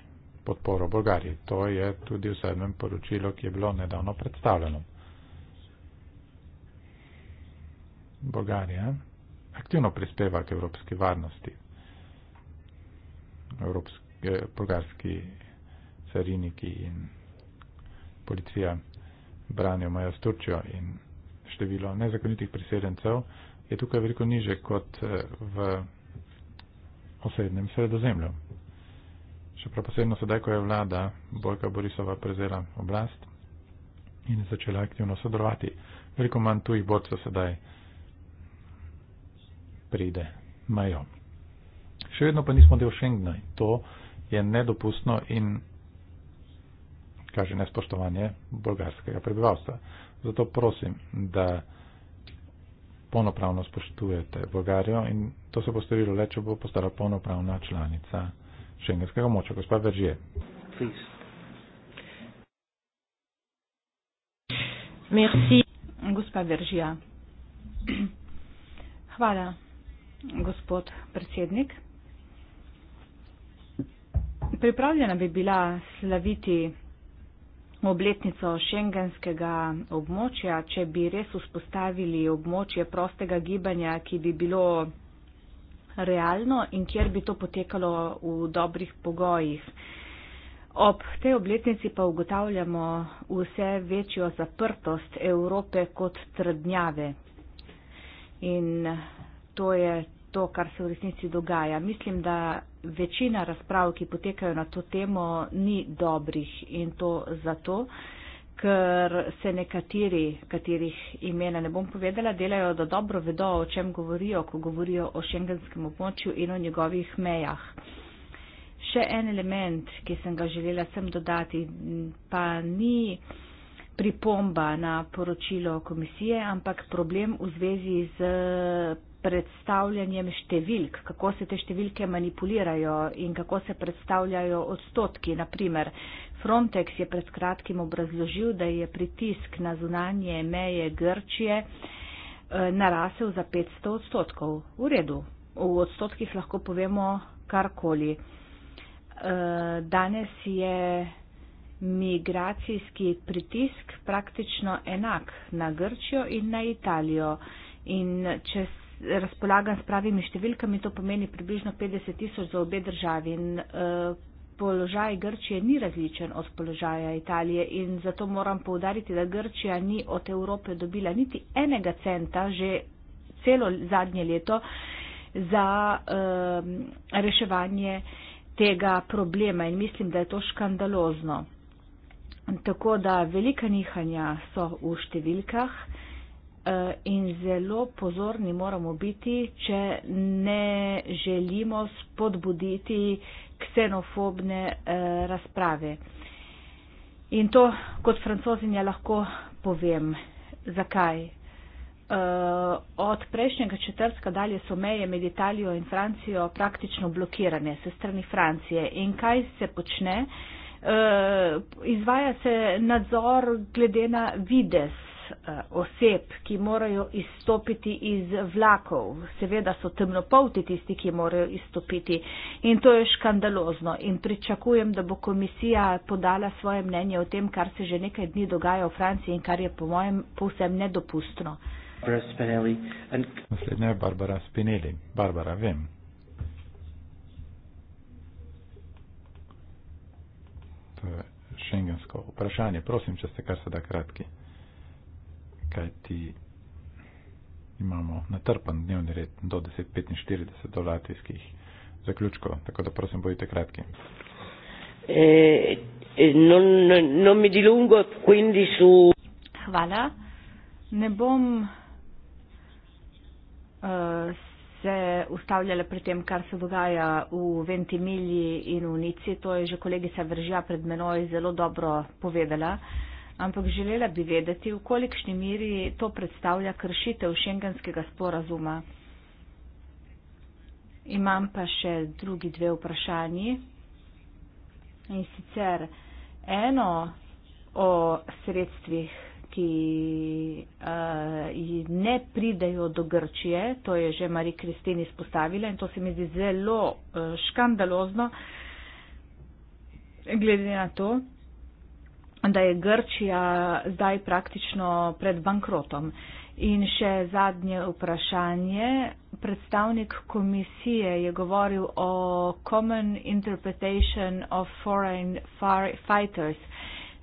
podporo Bolgariji. To je tudi v sedmem poročilu, ki je bilo nedavno predstavljeno. Bolgarija aktivno prispeva k evropski varnosti. Evropski, eh, bolgarski cariniki in policija branijo meja s Turčijo in število nezakonitih priseljencev je tukaj veliko niže kot eh, v. Eh, osrednjem sredozemlju. Še prav posebno sedaj, ko je vlada Bojka Borisova prezela oblast in začela aktivno sodelovati. Veliko manj tujih borcev sedaj pride majo. Še vedno pa nismo del Schengna. To je nedopustno in kaže nespoštovanje bolgarskega prebivalstva. Zato prosim, da polnopravno spoštujete Bolgarijo in to se bo storilo le, če bo postala polnopravna članica šengenskega moča. Gospod Veržije. Merci, gospa Veržija. Hvala, gospod predsednik. Pripravljena bi bila slaviti obletnico šengenskega območja, če bi res vzpostavili območje prostega gibanja, ki bi bilo realno in kjer bi to potekalo v dobrih pogojih. Ob tej obletnici pa ugotavljamo vse večjo zaprtost Evrope kot trdnjave. In to je to, kar se v resnici dogaja. Mislim, da večina razprav, ki potekajo na to temo, ni dobrih in to zato, ker se nekateri, katerih imena ne bom povedala, delajo, da dobro vedo, o čem govorijo, ko govorijo o šengenskem območju in o njegovih mejah. Še en element, ki sem ga želela sem dodati, pa ni pripomba na poročilo komisije, ampak problem v zvezi z predstavljanjem številk, kako se te številke manipulirajo in kako se predstavljajo odstotki. Naprimer, Frontex je pred kratkim obrazložil, da je pritisk na zunanje meje Grčije eh, narasel za 500 odstotkov. V redu, v odstotkih lahko povemo karkoli. Eh, danes je migracijski pritisk praktično enak na Grčijo in na Italijo. In če razpolagam s pravimi številkami, to pomeni približno 50 tisoč za obe državi. In, uh, Položaj Grčije ni različen od položaja Italije in zato moram povdariti, da Grčija ni od Evrope dobila niti enega centa že celo zadnje leto za um, reševanje tega problema in mislim, da je to škandalozno. Tako da velika nihanja so v številkah eh, in zelo pozorni moramo biti, če ne želimo spodbuditi uh, ksenofobne eh, razprave. In to kot francozinja lahko povem. Zakaj? Eh, od prejšnjega četrtka dalje so meje med Italijo in Francijo praktično blokirane se strani Francije. In kaj se počne? Eh, izvaja se nadzor glede na vides uh, oseb, ki morajo izstopiti iz vlakov. Seveda so temnopolti tisti, ki morajo izstopiti in to je škandalozno. In pričakujem, da bo komisija podala svoje mnenje o tem, kar se že nekaj dni dogaja v Franciji in kar je po mojem povsem nedopustno. Naslednja je Barbara Spinelli. Barbara, vem. To je šengensko vprašanje. Prosim, če ste kar se da kratki kajti imamo natrpan dnevni red do 10.45 do latvijskih zaključkov, tako da prosim, bojite kratki. Eh, Hvala. Ne bom uh, se ustavljala pri tem, kar se dogaja v Ventimilji in v Nici. To je že kolegica Vržja pred menoj zelo dobro povedala. Uh, ampak želela bi vedeti, v kolikšni miri to predstavlja kršitev šengenskega sporazuma. Imam pa še drugi dve vprašanji. In sicer eno o sredstvih, ki uh, ne pridajo do Grčije, to je že Marija Kristina izpostavila in to se mi zdi zelo uh, škandalozno, glede na to, da je Grčija zdaj praktično pred bankrotom. In še zadnje vprašanje. Predstavnik komisije je govoril o Common Interpretation of Foreign Fighters.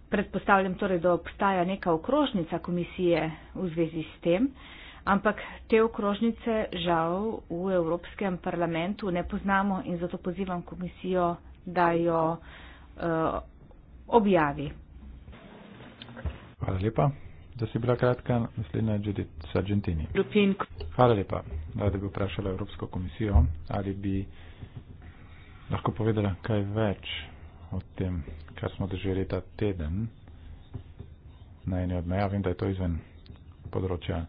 Predpostavljam torej, da obstaja neka okrožnica komisije v zvezi s tem, ampak te okrožnice žal v Evropskem parlamentu ne poznamo in zato pozivam komisijo, da jo uh, objavi. Hvala lepa, da si bila kratka. Naslednja je Judith Sargentini. Hvala lepa, da bi vprašala Evropsko komisijo, ali bi lahko povedala kaj več o tem, kar smo doživeli ta teden na eni od meja. Vem, da je to izven področja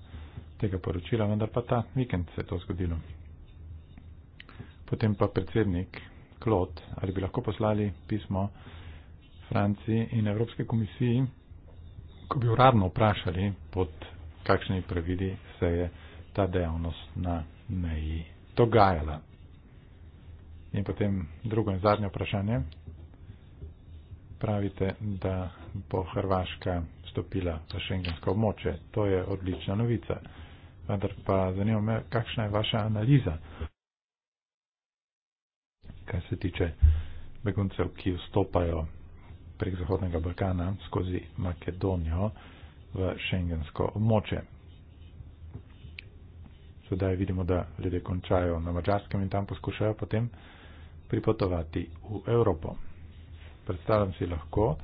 tega poročila, vendar pa ta vikend se je to zgodilo. Potem pa predsednik Klot, ali bi lahko poslali pismo Franciji in Evropske komisiji, ko bi uradno vprašali, pod kakšnimi pravili se je ta dejavnost na meji dogajala. In potem drugo in zadnje vprašanje. Pravite, da bo Hrvaška stopila v šengensko območje. To je odlična novica. Vendar pa zanima me, kakšna je vaša analiza, kaj se tiče beguncev, ki vstopajo prek Zahodnega Balkana skozi Makedonijo v šengensko območje. Sedaj vidimo, da ljudje končajo na Mačarskem in tam poskušajo potem pripotovati v Evropo. Predstavljam si lahko,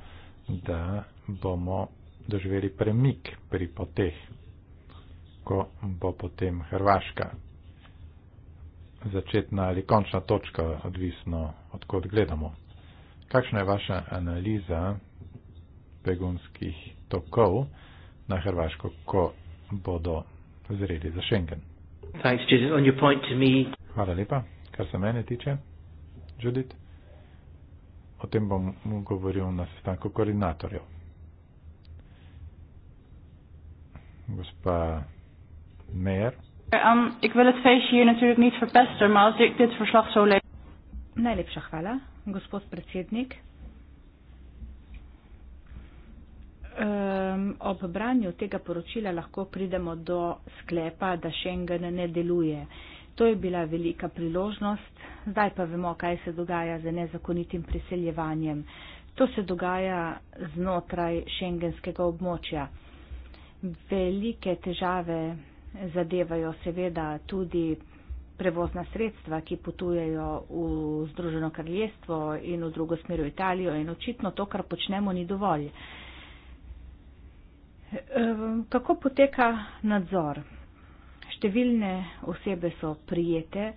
da bomo doživeli premik pri poteh, ko bo potem Hrvaška začetna ali končna točka, odvisno od kod gledamo kakšna je vaša analiza begunskih tokov na Hrvaško, ko bodo zreli za Schengen? Thanks, Judith, on your point to me. Hvala lepa, kar se mene tiče, Judith. O tem bom govoril na sestanku koordinatorjev. Gospa Meyer. Um, ik wil het feestje hier natuurlijk niet verpesten, maar als ik dit verslag zo lees. Najlepša hvala gospod predsednik. Ob branju tega poročila lahko pridemo do sklepa, da Schengen ne deluje. To je bila velika priložnost, zdaj pa vemo, kaj se dogaja z nezakonitim priseljevanjem. To se dogaja znotraj šengenskega območja. Velike težave zadevajo seveda tudi prevozna sredstva, ki potujejo v Združeno kraljestvo in v drugo smer v Italijo in očitno to, kar počnemo, ni dovolj. Ehm, kako poteka nadzor? Številne osebe so prijete,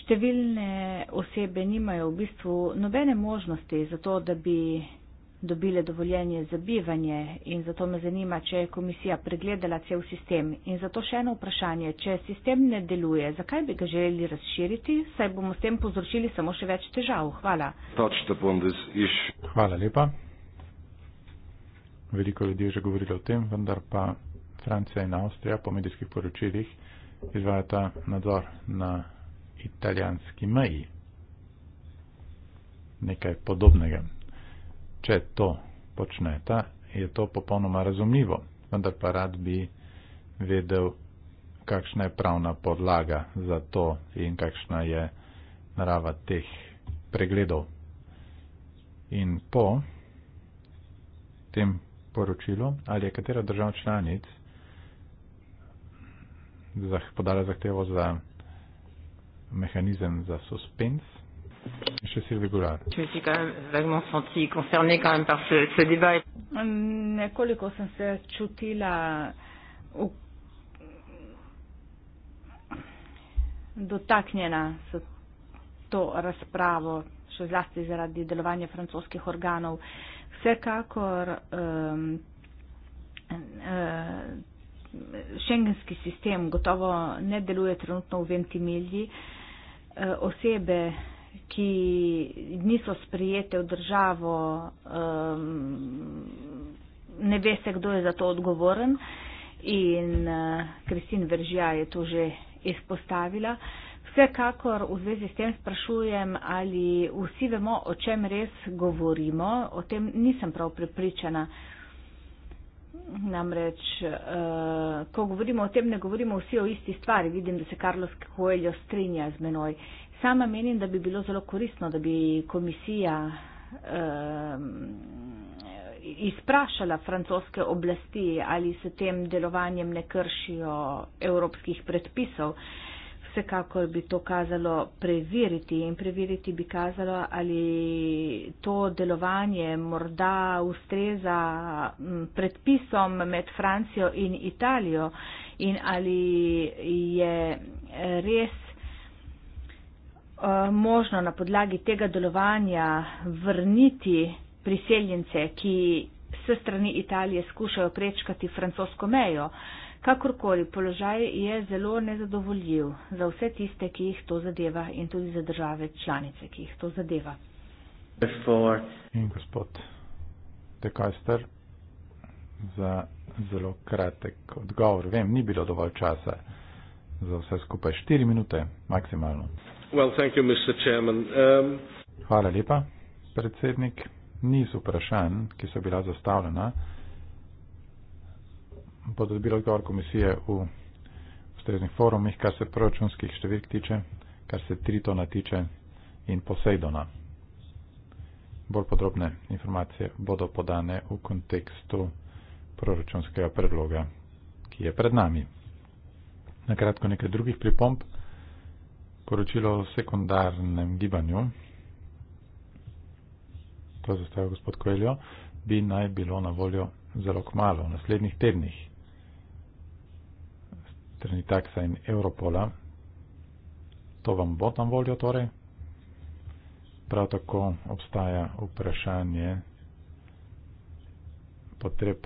številne osebe nimajo v bistvu nobene možnosti za to, da bi dobile dovoljenje za bivanje in zato me zanima, če je komisija pregledala cel sistem. In zato še eno vprašanje, če sistem ne deluje, zakaj bi ga želeli razširiti, saj bomo s tem povzročili samo še več težav. Hvala. Hvala lepa. Veliko ljudi je že govorilo o tem, vendar pa Francija in Avstrija po medijskih poročilih izvajata nadzor na italijanski meji. Nekaj podobnega če to počneta, je to popolnoma razumljivo, vendar pa rad bi vedel, kakšna je pravna podlaga za to in kakšna je narava teh pregledov. In po tem poročilu, ali je katera država članic podala zahtevo za mehanizem za suspens Monsieur Sylvie Goulard. Je me suis quand même vaguement senti concerné quand même par ce, ce débat. Et... Nekoliko sem se čutila v... dotaknjena s to razpravo, še zlasti zaradi delovanja francoskih organov. Vsekakor um, um, šengenski sistem gotovo ne deluje trenutno v ventimilji. Um, osebe, ki niso sprijete v državo, ne ve se, kdo je za to odgovoren in eh, Kristin Veržija je to že izpostavila. Vsekakor v zvezi s tem sprašujem, ali vsi vemo, o čem res govorimo, o tem nisem prav prepričana. Namreč, uh, ko govorimo o tem, ne govorimo vsi o isti stvari. Vidim, da se Karlos Koeljo strinja z menoj. Sama menim, da bi bilo zelo koristno, da bi komisija eh, izprašala francoske oblasti, ali se tem delovanjem ne kršijo evropskih predpisov. Vsekakor bi to kazalo preveriti in preveriti bi kazalo, ali to delovanje morda ustreza predpisom med Francijo in Italijo in ali je res Eh, možno na podlagi tega delovanja vrniti priseljence, ki se strani Italije skušajo prečkati francosko mejo. Kakorkoli, položaj je zelo nezadovoljiv za vse tiste, ki jih to zadeva in tudi za države članice, ki jih to zadeva. In gospod De Kajster, za zelo kratek odgovor. Vem, ni bilo dovolj časa za vse skupaj. 4 minute maksimalno. Well, you, um, Hvala lepa, predsednik. Niz vprašanj, ki so bila zastavljena, bodo dobila odgovor komisije v ustreznih forumih, kar se proračunskih številk tiče, kar se Tritona tiče in Posejdona. Bolj podrobne informacije bodo podane v kontekstu proračunskega predloga, ki je pred nami. Na kratko nekaj drugih pripomp poročilo o sekundarnem gibanju, to je zastavil gospod Koeljo, bi naj bilo na voljo zelo kmalo, v naslednjih tednih. Strani taksa in Europola, to vam bo tam voljo torej. Prav tako obstaja vprašanje potreb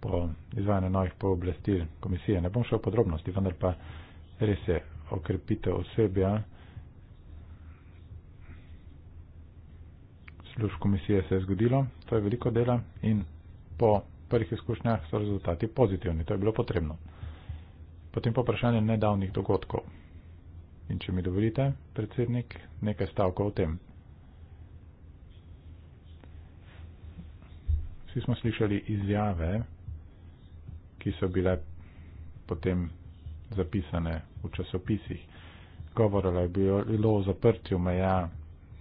po izvajanju novih pooblastil komisije. Ne bom šel v podrobnosti, vendar pa res je okrepitev osebja. Služ komisije se je zgodilo, to je veliko dela in po prvih izkušnjah so rezultati pozitivni, to je bilo potrebno. Potem pa po vprašanje nedavnih dogodkov. In če mi dovolite, predsednik, nekaj stavkov o tem. Vsi smo slišali izjave, ki so bile potem zapisane v časopisih. Govorilo je bilo o zaprtju meja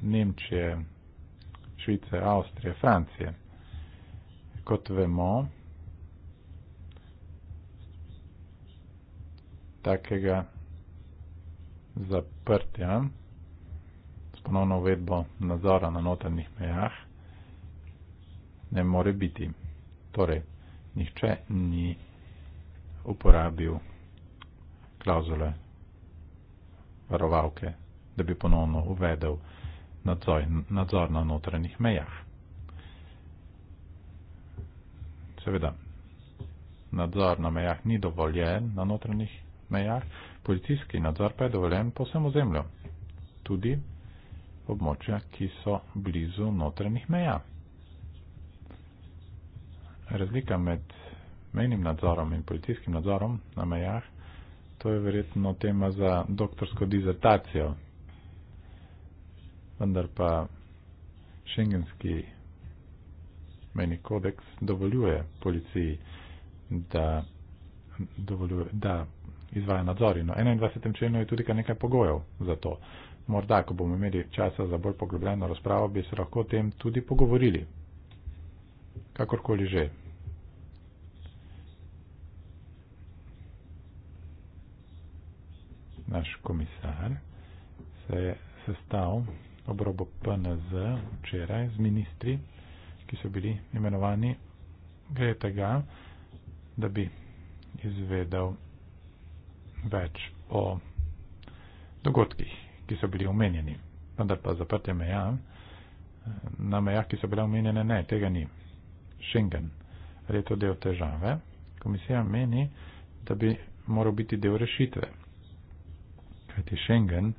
Nemčije, Švice, Avstrije, Francije. Kot vemo, takega zaprtja s ponovno uvedbo nadzora na notranjih mejah ne more biti. Torej, nihče ni uporabil klauzule, varovalke, da bi ponovno uvedel nadzor, nadzor na notranjih mejah. Seveda, nadzor na mejah ni dovoljen na notranjih mejah, policijski nadzor pa je dovoljen po vsem ozemlju, tudi območja, ki so blizu notranjih meja. Razlika med mejnim nadzorom in policijskim nadzorom na mejah to je verjetno tema za doktorsko dizertacijo. Vendar pa šengenski meni kodeks dovoljuje policiji, da, dovoljuje, da izvaja nadzor. In v 21. členu je tudi kar nekaj pogojev za to. Morda, ko bomo imeli časa za bolj poglobljeno razpravo, bi se lahko o tem tudi pogovorili. Kakorkoli že. naš komisar, se je sestal obrobo PNZ včeraj z ministri, ki so bili imenovani, gre tega, da bi izvedel več o dogodkih, ki so bili omenjeni. Vendar pa zaprte meja, na mejah, ki so bile omenjene, ne, tega ni. Schengen. Ali je to del težave? Komisija meni, da bi moral biti del rešitve kajti Schengen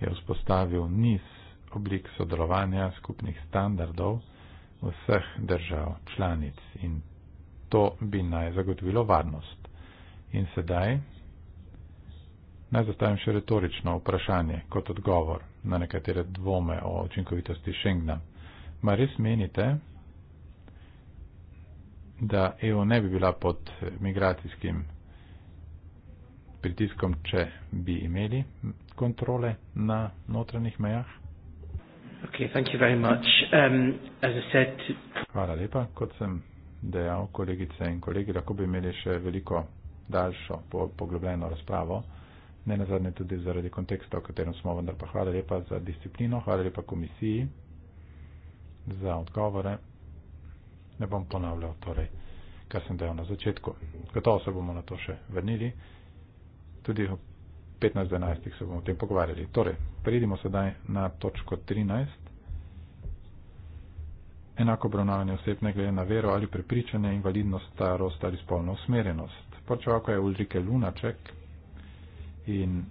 je vzpostavil niz oblik sodelovanja skupnih standardov vseh držav članic in to bi naj zagotovilo varnost. In sedaj naj zastavim še retorično vprašanje kot odgovor na nekatere dvome o učinkovitosti Schengna. Ma res menite, da EU ne bi bila pod migracijskim pritiskom, če bi imeli kontrole na notranjih mejah? Okay, thank you very much. Um, as I said... Hvala lepa. Kot sem dejal, kolegice in kolegi, lahko bi imeli še veliko daljšo poglobljeno razpravo, ne nazadnje tudi zaradi konteksta, o katerem smo, vendar pa hvala lepa za disciplino, hvala lepa komisiji za odgovore. Ne bom ponavljal torej, kar sem dejal na začetku. Gotovo se bomo na to še vrnili tudi o 15-12 se bomo o tem pogovarjali. Torej, pridimo sedaj na točko 13. Enako obravnavanje oseb ne glede na vero ali prepričanje, invalidnost, starost ali spolno usmerjenost. Počevalka je Ulrike Lunaček in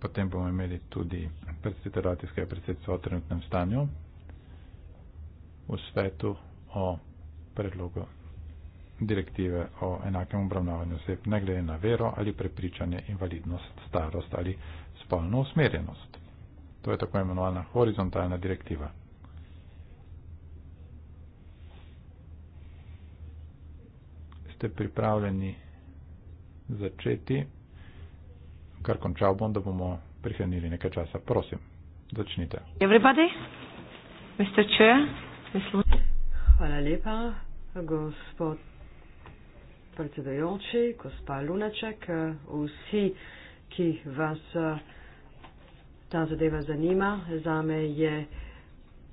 potem bomo imeli tudi predsedatelskega predsedstva o trenutnem stanju v svetu o predlogu direktive o enakem obravnavanju oseb, ne glede na vero ali prepričanje, invalidnost, starost ali spolno usmerjenost. To je tako imenovana horizontalna direktiva. Ste pripravljeni začeti, kar končal bom, da bomo prihranili nekaj časa. Prosim, začnite. Everybody, Mr. Chair, Mr. Hvala lepa, gospod predsedajoči, gospa Lunaček, vsi, ki vas ta zadeva zanima. Za me je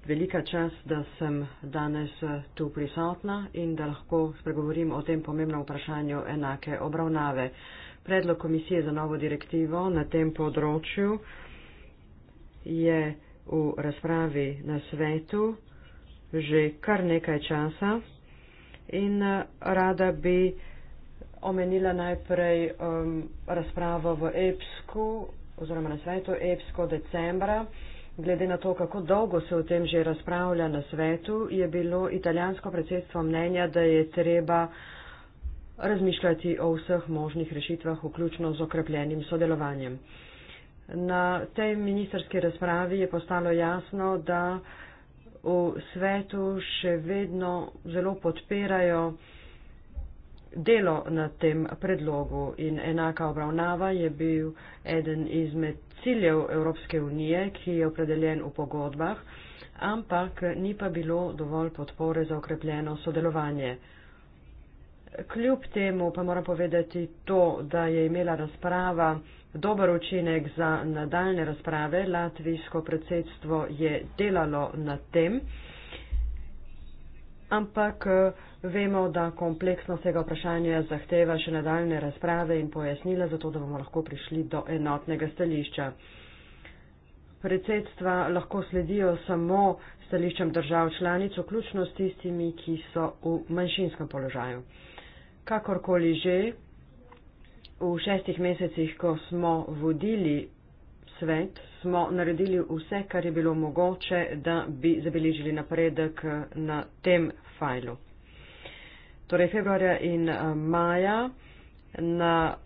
velika čas, da sem danes tu prisotna in da lahko spregovorim o tem pomembnem vprašanju enake obravnave. Predlog komisije za novo direktivo na tem področju je v razpravi na svetu že kar nekaj časa in eh, rada bi omenila najprej um, razpravo v EPSKU oziroma na svetu EPSKO decembra. Glede na to, kako dolgo se o tem že razpravlja na svetu, je bilo italijansko predsedstvo mnenja, da je treba razmišljati o vseh možnih rešitvah, vključno z okrepljenim sodelovanjem. Na tej ministerski razpravi je postalo jasno, da v svetu še vedno zelo podpirajo delo na tem predlogu in enaka obravnava je bil eden izmed ciljev Evropske unije, ki je opredeljen v pogodbah, ampak ni pa bilo dovolj podpore za okrepljeno sodelovanje. Kljub temu pa moram povedati to, da je imela razprava Dober učinek za nadaljne razprave. Latvijsko predsedstvo je delalo na tem, ampak eh, vemo, da kompleksnost tega vprašanja zahteva še nadaljne razprave in pojasnila, zato da bomo lahko prišli do enotnega stališča. Predsedstva lahko sledijo samo stališčem držav članic, vključno s tistimi, ki so v manjšinskem položaju. Kakorkoli že, v šestih mesecih, ko smo vodili svet, smo naredili vse, kar je bilo mogoče, da bi zabeležili napredek na tem fajlu. Torej, februarja in eh, maja na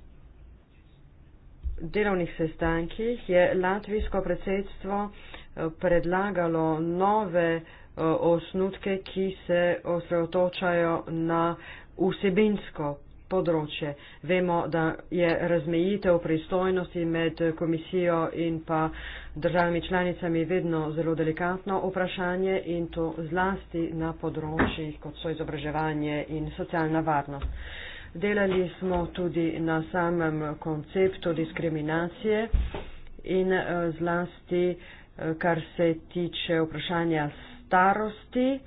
delovnih sestankih je latvijsko predsedstvo eh, predlagalo nove eh, osnutke, ki se osredotočajo na vsebinsko področje. Vemo, da je razmejitev pristojnosti med komisijo in pa državami članicami vedno zelo delikatno vprašanje in to zlasti na področjih, kot so izobraževanje in socialna varnost. Delali smo tudi na samem konceptu diskriminacije in eh, zlasti, eh, kar se tiče vprašanja starosti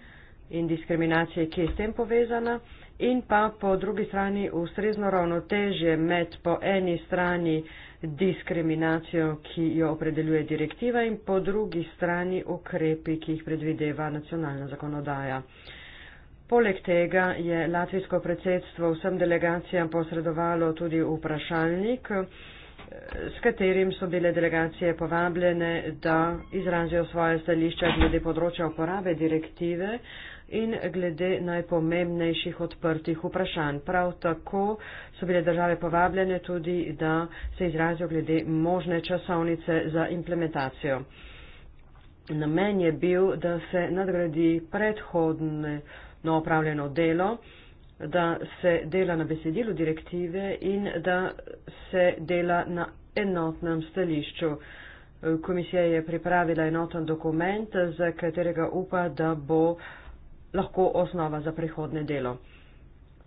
in diskriminacije, ki je s tem povezana in pa po drugi strani ustrezno ravnotežje med po eni strani diskriminacijo, ki jo opredeljuje direktiva in po drugi strani ukrepi, ki jih predvideva nacionalna zakonodaja. Poleg tega je latvijsko predsedstvo vsem delegacijam posredovalo tudi vprašalnik, s katerim so bile delegacije povabljene, da izrazijo svoje stališča glede področja uporabe direktive in glede najpomembnejših odprtih vprašanj. Prav tako so bile države povabljene tudi, da se izrazijo glede možne časovnice za implementacijo. Namen je bil, da se nadgradi predhodno no, opravljeno delo, da se dela na besedilu direktive in da se dela na enotnem stališču. Komisija je pripravila enoten dokument, za katerega upa, da bo uh, lahko osnova za prihodne delo.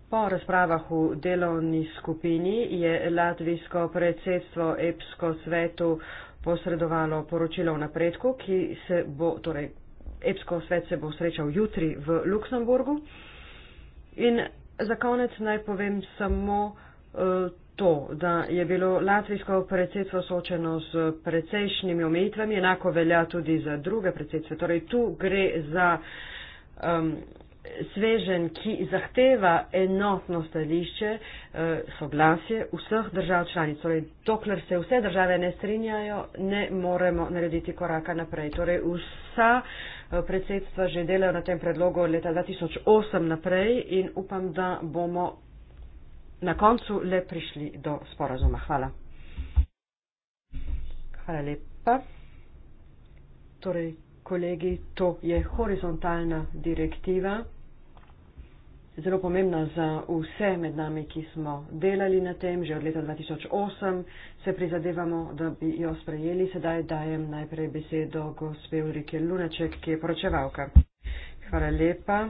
Po razpravah v delovni skupini je latvijsko predsedstvo EPSKO svetu posredovalo poročilo o napredku, ki se bo, torej EPSKO svet se bo srečal jutri v Luksemburgu. In za konec naj povem samo eh, to, da je bilo latvijsko predsedstvo soočeno z precejšnjimi omejitvami, enako velja tudi za druge predsedstve. Torej tu gre za um, svežen, ki zahteva enotno stališče, uh, soglasje vseh držav članic. Torej, dokler se vse države ne strinjajo, ne moremo narediti koraka naprej. Torej, vsa eh, predsedstva že delajo na tem predlogu od leta 2008 naprej in upam, da bomo na koncu le prišli do sporazuma. Hvala. Hvala lepa. Torej, kolegi, to je horizontalna direktiva, zelo pomembna za vse med nami, ki smo delali na tem, že od leta 2008 se prizadevamo, da bi jo sprejeli. Sedaj dajem najprej besedo gospe Ulrike Lunaček, ki je poročevalka. Hvala lepa.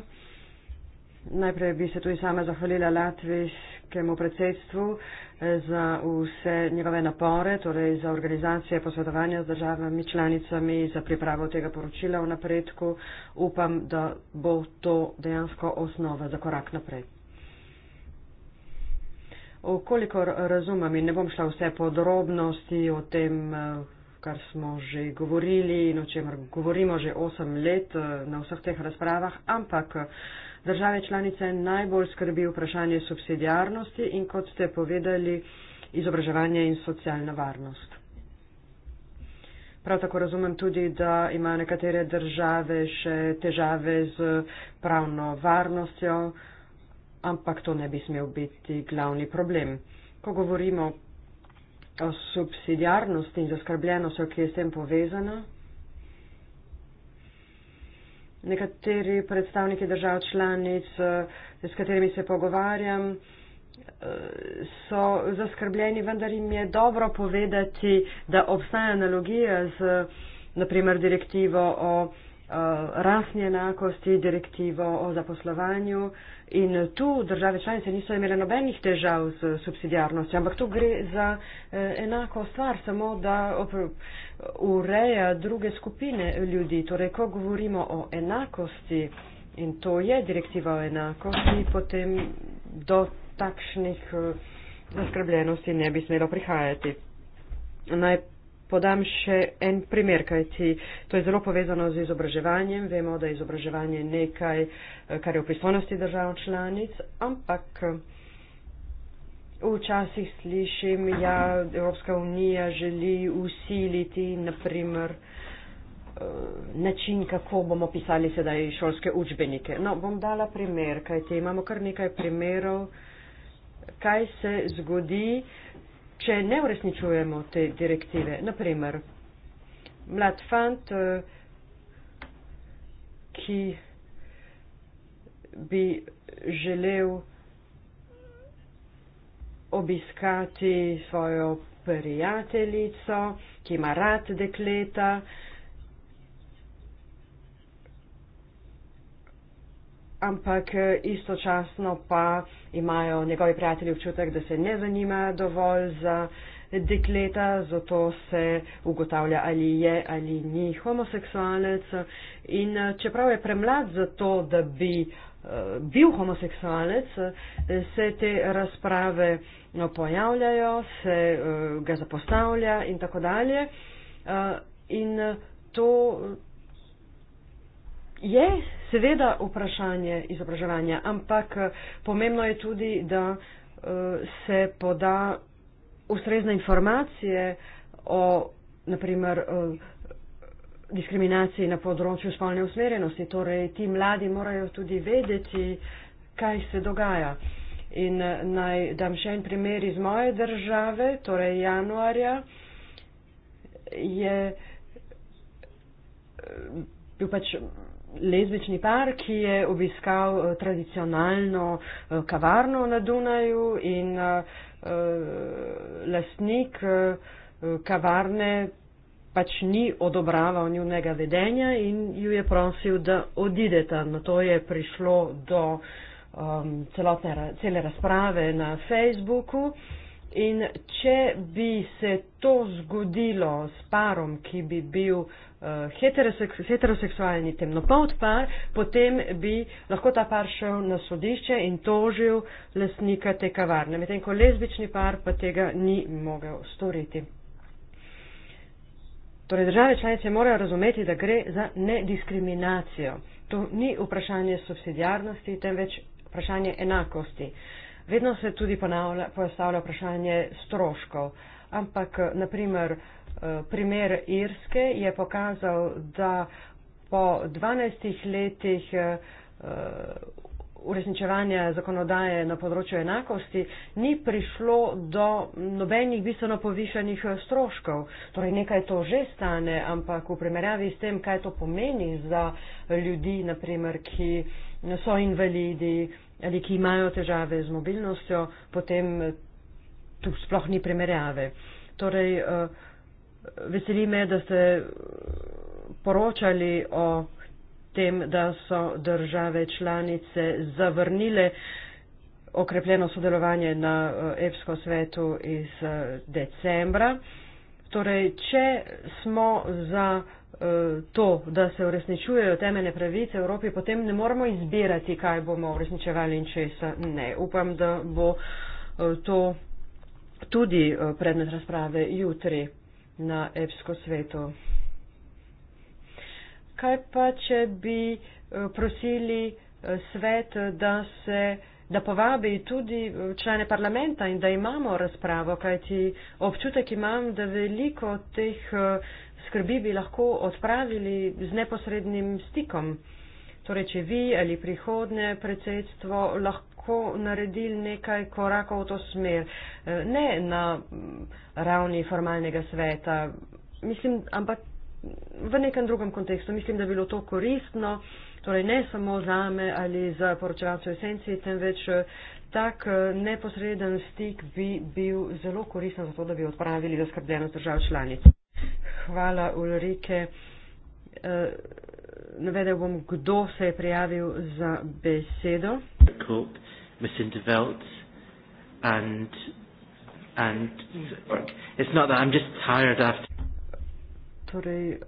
Najprej bi se tudi sama zahvalila latviškemu predsedstvu eh, za vse njegove napore, torej za organizacije posvetovanja z državami članicami, za pripravo tega poročila v napredku. Upam, da bo to dejansko osnova za korak naprej. Okolikor razumem in ne bom šla vse podrobnosti o tem, eh, kar smo že govorili in o čemer govorimo že 8 let eh, na vseh teh razpravah, ampak Države članice najbolj skrbi vprašanje subsidijarnosti in, kot ste povedali, izobraževanje in socialna varnost. Prav tako razumem tudi, da imajo nekatere države še težave z pravno varnostjo, ampak to ne bi smel biti glavni problem. Ko govorimo o subsidijarnosti in zaskrbljenosti, ki je s tem povezana, nekateri predstavniki držav članic, eh, s katerimi se pogovarjam, eh, so zaskrbljeni, vendar jim je dobro povedati, da obstaja analogija z, naprimer, direktivo o Eh, rasne enakosti, direktivo o zaposlovanju in tu države članice niso imele nobenih težav z subsidijarnostjo, ampak tu gre za eh, enako stvar, samo da ureja druge skupine ljudi. Torej, ko govorimo o enakosti in to je direktiva o enakosti, potem do takšnih eh, zaskrbljenosti ne bi smelo prihajati. Naj podam še en primer, kajti to je zelo povezano z izobraževanjem. Vemo, da je izobraževanje nekaj, kar je v pristojnosti držav članic, ampak včasih slišim, da ja, Evropska unija želi usiliti naprimer način, kako bomo pisali sedaj šolske učbenike. No, bom dala primer, kajti imamo kar nekaj primerov, kaj se zgodi, če ne uresničujemo te direktive. Naprimer, mlad fant, eh, ki bi želel obiskati svojo prijateljico, ki ima rad dekleta, ampak eh, istočasno pa imajo njegovi prijatelji občutek, da se ne zanima dovolj za dekleta, zato se ugotavlja, ali je ali ni homoseksualec. In eh, čeprav je premlad za to, da bi eh, bil homoseksualec, se te razprave no, pojavljajo, se ga zapostavlja in tako dalje. In to je seveda vprašanje izobraževanja, ampak eh, pomembno je tudi, da eh, se poda ustrezne informacije o naprimer eh, diskriminaciji na področju spolne usmerjenosti. Torej, ti mladi morajo tudi vedeti, kaj se dogaja. In naj dam še en primer iz moje države, torej januarja je bil pač lezbični par, ki je obiskal eh, tradicionalno eh, kavarno na Dunaju in eh, lastnik kavarne pač ni odobraval njunega vedenja in ju je prosil, da odideta. Na to je prišlo do um, celotne, cele razprave na Facebooku in če bi se to zgodilo s parom, ki bi bil uh, uh, eh, heteroseks, heteroseksualni temnopolt par, potem bi lahko ta par šel na sodišče in tožil lasnika te kavarne, medtem ko lezbični par pa tega ni mogel storiti. Torej, države članice morajo razumeti, da gre za nediskriminacijo. To ni vprašanje subsidijarnosti, temveč vprašanje enakosti. Vedno se tudi ponavlja, postavlja vprašanje stroškov. Ampak, naprimer, uh, Eh, primer Irske je pokazal, da po 12 letih eh, uresničevanja zakonodaje na področju enakosti ni prišlo do nobenih bistveno povišanih eh, stroškov. Torej nekaj to že stane, ampak v primerjavi s tem, kaj to pomeni za ljudi, naprimer, ki so invalidi ali ki imajo težave z mobilnostjo, potem tu sploh ni primerjave. Torej, uh, Veseli me, da ste poročali o tem, da so države članice zavrnile okrepljeno sodelovanje na eh, EPSKO svetu iz eh, decembra. Torej, če smo za eh, to, da se uresničujejo temene pravice v Evropi, potem ne moremo izbirati, kaj bomo uresničevali in česa ne. Upam, da bo to tudi predmet razprave jutri na epsko svetu. Kaj pa, če bi eh, prosili eh, svet, da se da povabi tudi eh, člane parlamenta in da imamo razpravo, kajti občutek imam, da veliko teh skrbi bi lahko odpravili z neposrednim stikom. Torej, če vi ali prihodne predsedstvo lahko lahko naredili nekaj korakov v to smer. E, ne na mm, ravni formalnega sveta, mislim, ampak v nekem drugem kontekstu. Mislim, da bi bilo to koristno, torej ne samo za me ali za poročevalce v esenciji, temveč e, tak e, neposreden stik bi bil zelo koristen za to, da bi odpravili zaskrbljenost držav članic. Hvala, Ulrike. Navedel bom, kdo se je prijavil za besedo. Cool. Miss Intervelt and and it's not that I'm just tired after Torej,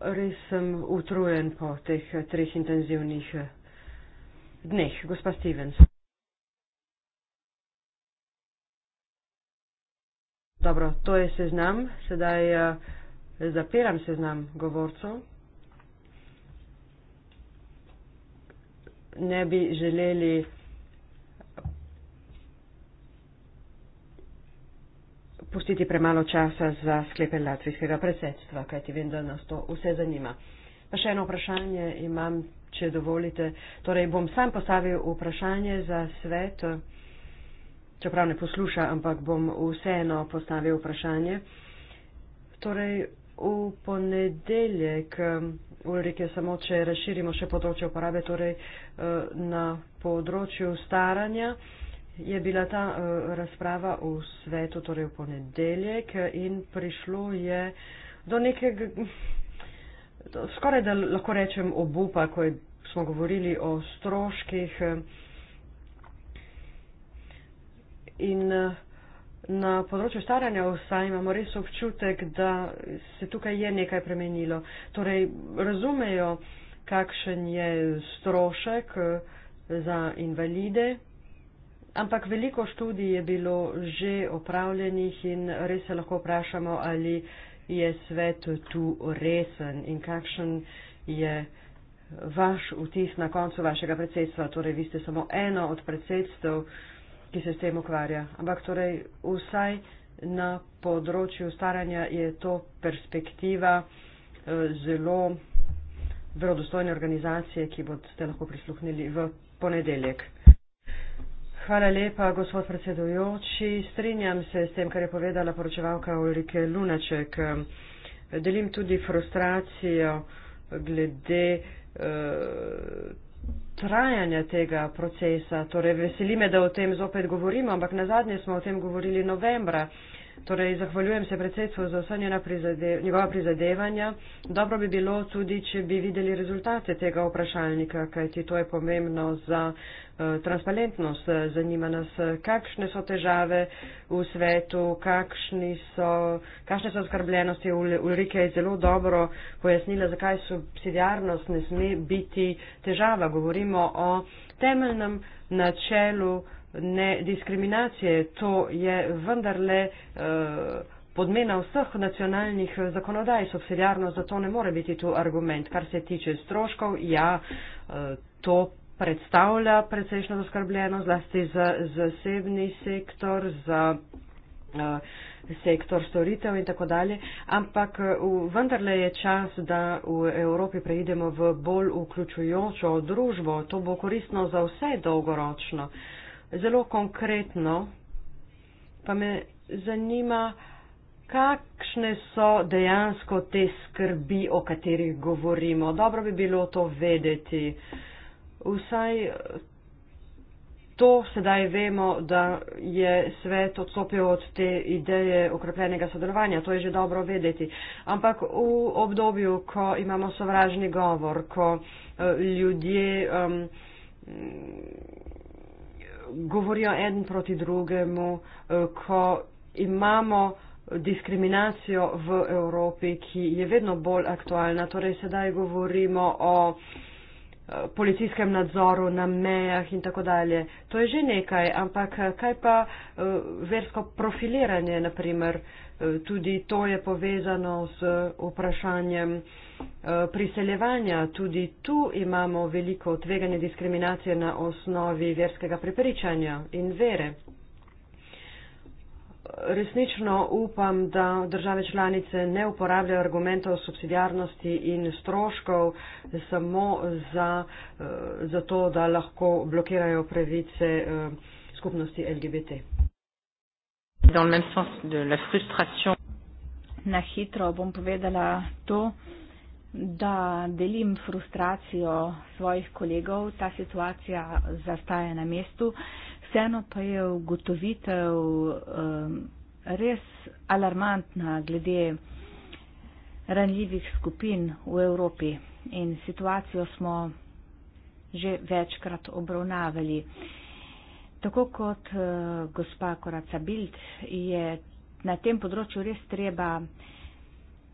res sem utrujen po teh treh intenzivnih eh, dneh, gospa Stevens. Dobro, to je seznam, sedaj eh, zapiram seznam govorcev. Ne bi želeli pustiti premalo časa za sklepe latvijskega predsedstva, kajti vem, da nas to vse zanima. Pa še eno vprašanje imam, če dovolite. Torej bom sam postavil vprašanje za svet, čeprav ne posluša, ampak bom vseeno postavil vprašanje. Torej v ponedeljek, Ulrik je samo, če razširimo še področje uporabe, torej eh, na področju staranja. Je bila ta uh, razprava v svetu, torej v ponedeljek, in prišlo je do nekega, do, skoraj da lahko rečem, obupa, ko je, smo govorili o stroških eh, in eh, Na področju staranja vsa imamo res občutek, da se tukaj je nekaj premenilo. Torej, razumejo, kakšen je strošek za invalide, Ampak veliko študij je bilo že opravljenih in res se lahko vprašamo, ali je svet tu resen in kakšen je vaš vtis na koncu vašega predsedstva. Torej, vi ste samo eno od predsedstv, ki se s tem ukvarja. Ampak torej, vsaj na področju staranja je to perspektiva eh, zelo verodostojne organizacije, ki boste lahko prisluhnili v ponedeljek. Hvala lepa, gospod predsedujoči. Strinjam se s tem, kar je povedala poročevalka Ulrike Lunaček. Delim tudi frustracijo glede eh, trajanja tega procesa. Torej, veseli me, da o tem zopet govorimo, ampak na zadnje smo o tem govorili novembra. Eh, Torej, zahvaljujem se predsedstvu za vsa prizade, njegova prizadevanja. Dobro bi bilo tudi, če bi videli rezultate tega vprašalnika, kajti to je pomembno za uh, transparentnost. Zanima nas, kakšne so težave v svetu, so, kakšne so skrbljenosti. Ulrike je zelo dobro pojasnila, zakaj subsidijarnost ne sme biti težava. Govorimo o temeljnem načelu ne diskriminacije, to je vendarle uh, podmena vseh nacionalnih eh, zakonodaj, subsidijarno, zato ne more biti tu argument. Kar se tiče stroškov, ja, eh, to predstavlja precejšno zaskrbljeno, zlasti za zasebni sektor, za sektor storitev in tako dalje, ampak vendarle je čas, da v Evropi preidemo v bolj vključujočo družbo, to bo koristno za vse dolgoročno zelo konkretno, pa me zanima, kakšne so dejansko te skrbi, o katerih govorimo. Dobro bi bilo to vedeti. Vsaj to sedaj vemo, da je svet odstopil od te ideje ukrepljenega sodelovanja. To je že dobro vedeti. Ampak v obdobju, ko imamo sovražni govor, ko eh, ljudje. Um, govorijo en proti drugemu, eh, ko imamo diskriminacijo v Evropi, ki je vedno bolj aktualna. Torej, sedaj govorimo o policijskem nadzoru na mejah in tako dalje. To je že nekaj, ampak eh, kaj pa eh, versko profiliranje, naprimer, eh, tudi to je povezano z vprašanjem priseljevanja. Tudi tu imamo veliko tveganje diskriminacije na osnovi verskega prepričanja in vere resnično upam, da države članice ne uporabljajo argumentov subsidijarnosti in stroškov samo za, eh, za to, da lahko blokirajo pravice eh, skupnosti LGBT. Na hitro bom povedala to, da delim frustracijo svojih kolegov. Ta situacija zastaja na mestu vseeno pa je ugotovitev um, res alarmantna glede ranljivih skupin v Evropi in situacijo smo že večkrat obravnavali. Tako kot uh, gospa Koraca Bild je na tem področju res treba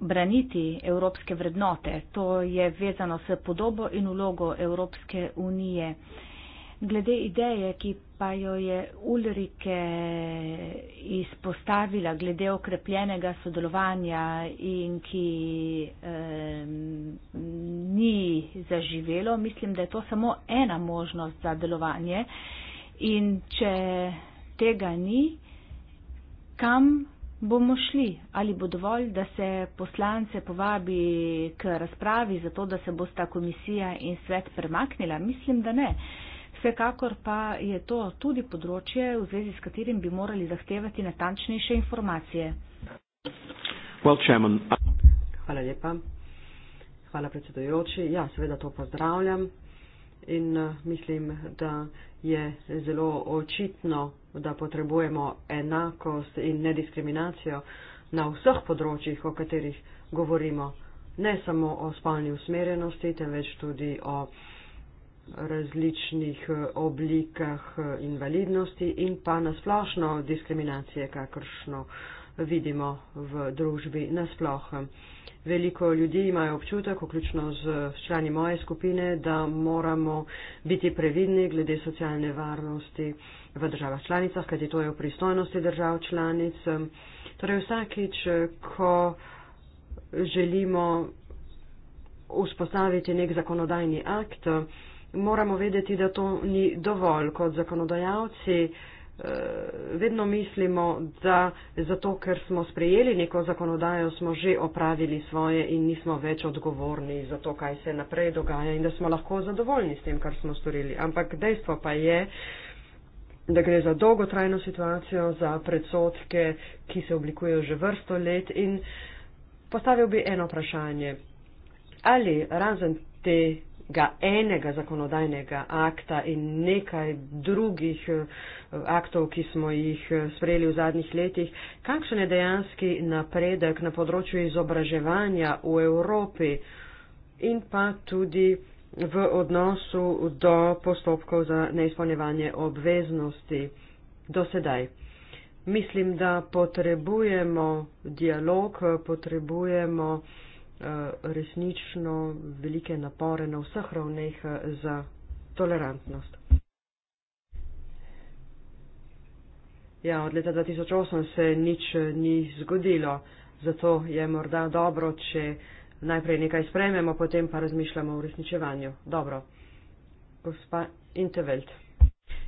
braniti evropske vrednote. To je vezano s podobo in ulogo Evropske unije. Uh, Glede ideje, ki pa jo je Ulrike izpostavila, glede okrepljenega sodelovanja in ki eh, ni zaživelo, mislim, da je to samo ena možnost za delovanje. In če tega ni, kam bomo šli? Ali bo dovolj, da se poslance povabi k razpravi, zato da se bosta komisija in svet premaknila? Mislim, da ne. Eh, Vsekakor pa je to tudi področje, v zvezi s katerim bi morali zahtevati natančnejše informacije. Well, Hvala lepa. Hvala predsedojoči. Ja, seveda to pozdravljam in eh, mislim, da je zelo očitno, da potrebujemo enakost in nediskriminacijo na vseh področjih, o katerih govorimo. Ne samo o spolni usmerjenosti, temveč tudi o različnih eh, oblikah eh, invalidnosti in pa nasplošno diskriminacije, kakršno vidimo v družbi nasploh. Veliko ljudi imajo občutek, vključno z člani moje skupine, da moramo biti previdni glede socialne varnosti v državah članicah, kajti to je v pristojnosti držav članic. Torej vsakič, eh, ko želimo vzpostaviti nek zakonodajni akt, moramo vedeti, da to ni dovolj kot zakonodajalci. Eh, vedno mislimo, da zato, ker smo sprejeli neko zakonodajo, smo že opravili svoje in nismo več odgovorni za to, kaj se naprej dogaja in da smo lahko zadovoljni s tem, kar smo storili. Ampak dejstvo pa je, da gre za dolgotrajno situacijo, za predsotke, ki se oblikujejo že vrsto let in postavil bi eno vprašanje. Ali razen te ga enega zakonodajnega akta in nekaj drugih eh, aktov, ki smo jih eh, sprejeli v zadnjih letih, kakšen je dejanski napredek na področju izobraževanja v Evropi in pa tudi v odnosu do postopkov za neizpolnjevanje obveznosti do sedaj. Mislim, da potrebujemo dialog, potrebujemo. Eh, resnično velike napore na vseh ravneh eh, za tolerantnost. Ja, od leta 2008 se nič eh, ni zgodilo, zato je morda dobro, če najprej nekaj sprememo, potem pa razmišljamo o resničevanju. Dobro. Gospa Intevelt.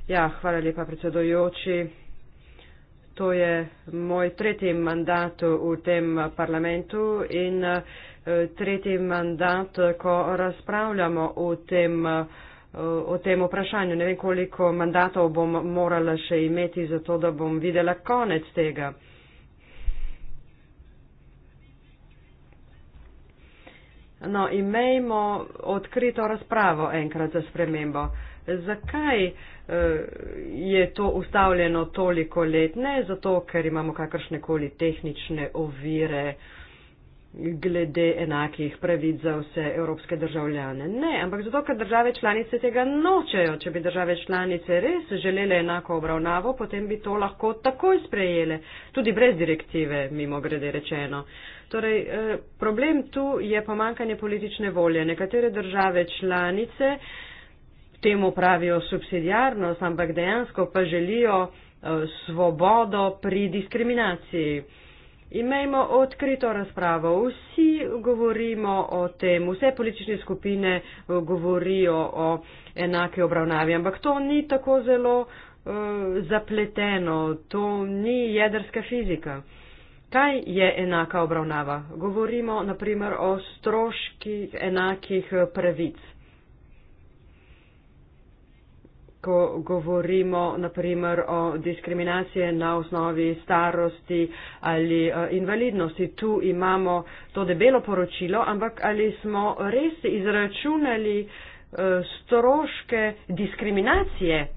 Ja, hvala lepa predsedojoči. To je moj tretji mandat v tem parlamentu in uh, tretji mandat, ko razpravljamo o tem, o tem vprašanju. Ne vem, koliko mandatov bom morala še imeti, zato da bom videla konec tega. No, imejmo odkrito razpravo enkrat za spremembo. Zakaj eh, je to ustavljeno toliko let? Ne zato, ker imamo kakršne koli tehnične ovire glede enakih pravic za vse evropske državljane. Ne, ampak zato, ker države članice tega nočejo. Če bi države članice res želele enako obravnavo, potem bi to lahko takoj sprejele, tudi brez direktive, mimo grede rečeno. Torej, eh, problem tu je pomankanje politične volje. Nekatere države članice temu pravijo subsidijarnost, ampak dejansko pa želijo eh, svobodo pri diskriminaciji. Imejmo odkrito razpravo. Vsi govorimo o tem, vse politične skupine eh, govorijo o enake obravnavi, ampak to ni tako zelo uh, zapleteno, to ni jedrska fizika. Kaj je enaka obravnava? Govorimo naprimer o stroških enakih pravic. ko govorimo naprimer o diskriminaciji na osnovi starosti ali eh, invalidnosti. Tu imamo to debelo poročilo, ampak ali smo res izračunali eh, stroške diskriminacije?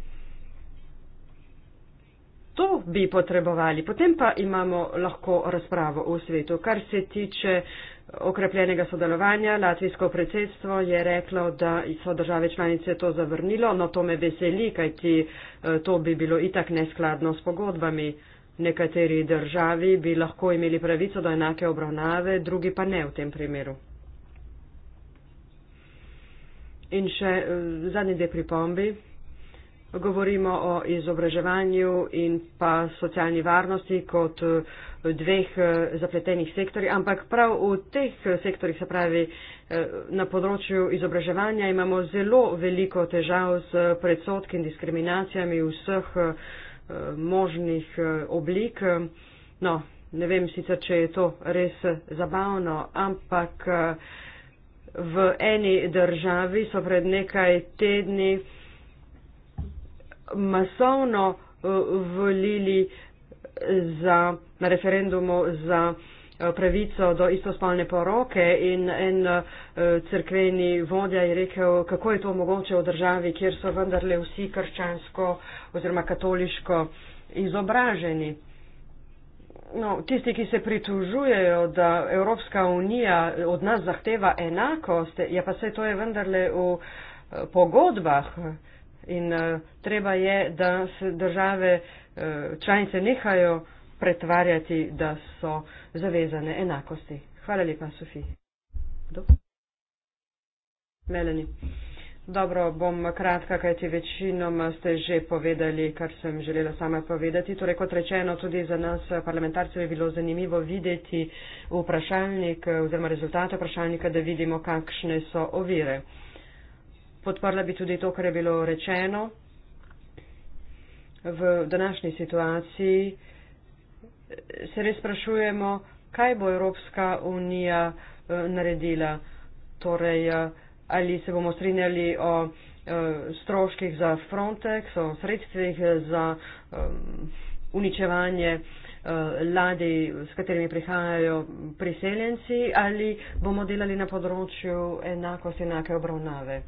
To bi potrebovali. Potem pa imamo lahko razpravo v svetu, kar se tiče uh, okrepljenega sodelovanja. Latvijsko predsedstvo je reklo, da so države članice to zavrnilo, no to me veseli, kajti eh, to bi bilo itak neskladno s pogodbami. Nekateri državi bi lahko imeli pravico do enake obravnave, drugi pa ne v tem primeru. In še eh, zadnji dve pripombi. Govorimo o izobraževanju in pa socialni varnosti kot uh, dveh eh, zapletenih sektorjih, ampak prav v teh eh, sektorjih, se pravi eh, na področju izobraževanja, imamo zelo veliko težav z predsotki in diskriminacijami vseh možnih oblik. No, ne vem sicer, če je to res zabavno, ampak v eni državi so pred nekaj tedni masovno volili uh, za, na referendumu za eh, pravico do istospolne poroke in en eh, crkveni vodja je rekel, kako je to mogoče v državi, kjer so vendarle vsi krščansko oziroma katoliško izobraženi. No, tisti, ki se pritožujejo, da Evropska unija od nas zahteva enakost, je ja, pa vse to je vendarle v eh, pogodbah in treba je, da se države Eh, članice nehajo pretvarjati, da so zavezane enakosti. Hvala lepa, Sofi. Meleni. Dobro, bom kratka, kajti večinoma ste že povedali, kar sem želela sama povedati. Torej, kot rečeno, tudi za nas parlamentarcev je bilo zanimivo videti vprašalnik eh, oziroma rezultate vprašalnika, da vidimo, kakšne so ovire. Podprla bi tudi to, kar je bilo rečeno, v današnji situaciji se res sprašujemo, kaj bo Evropska unija eh, naredila. Torej, eh, ali se bomo strinjali o eh, stroških za Frontex, o sredstvih za uničevanje ladi, s katerimi prihajajo priseljenci, ali bomo delali na področju enakosti, enake obravnave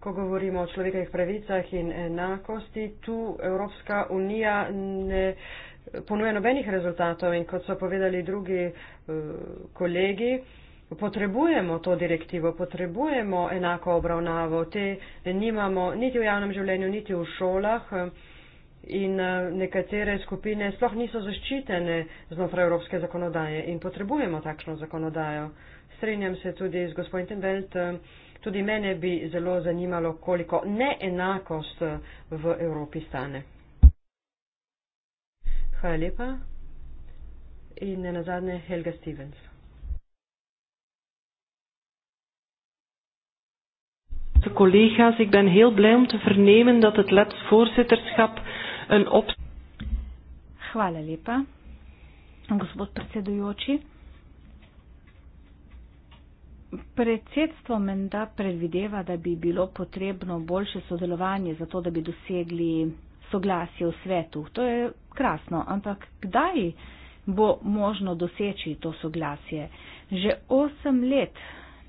ko govorimo o človekovih pravicah in enakosti, tu Evropska unija ne ponuja nobenih rezultatov in kot so povedali drugi eh, kolegi, potrebujemo to direktivo, potrebujemo enako obravnavo, te nimamo niti v javnem življenju, niti v šolah in eh, nekatere skupine sploh niso zaščitene znotraj evropske zakonodaje in potrebujemo takšno zakonodajo. Strenjam se tudi z gospodin Tendelt, eh, Tudi mene bi zelo zanimalo, koliko neenakost v Evropi stane. Hvala lepa. In ne nazadnje Helga Stevens. Collega's, ik ben heel blij om te vernemen dat het Lets voorzitterschap een optie. Hvala lepa, gospod predsedujoči. Predsedstvo menda predvideva, da bi bilo potrebno boljše sodelovanje, zato da bi dosegli soglasje v svetu. To je krasno, ampak kdaj bo možno doseči to soglasje? Že osem let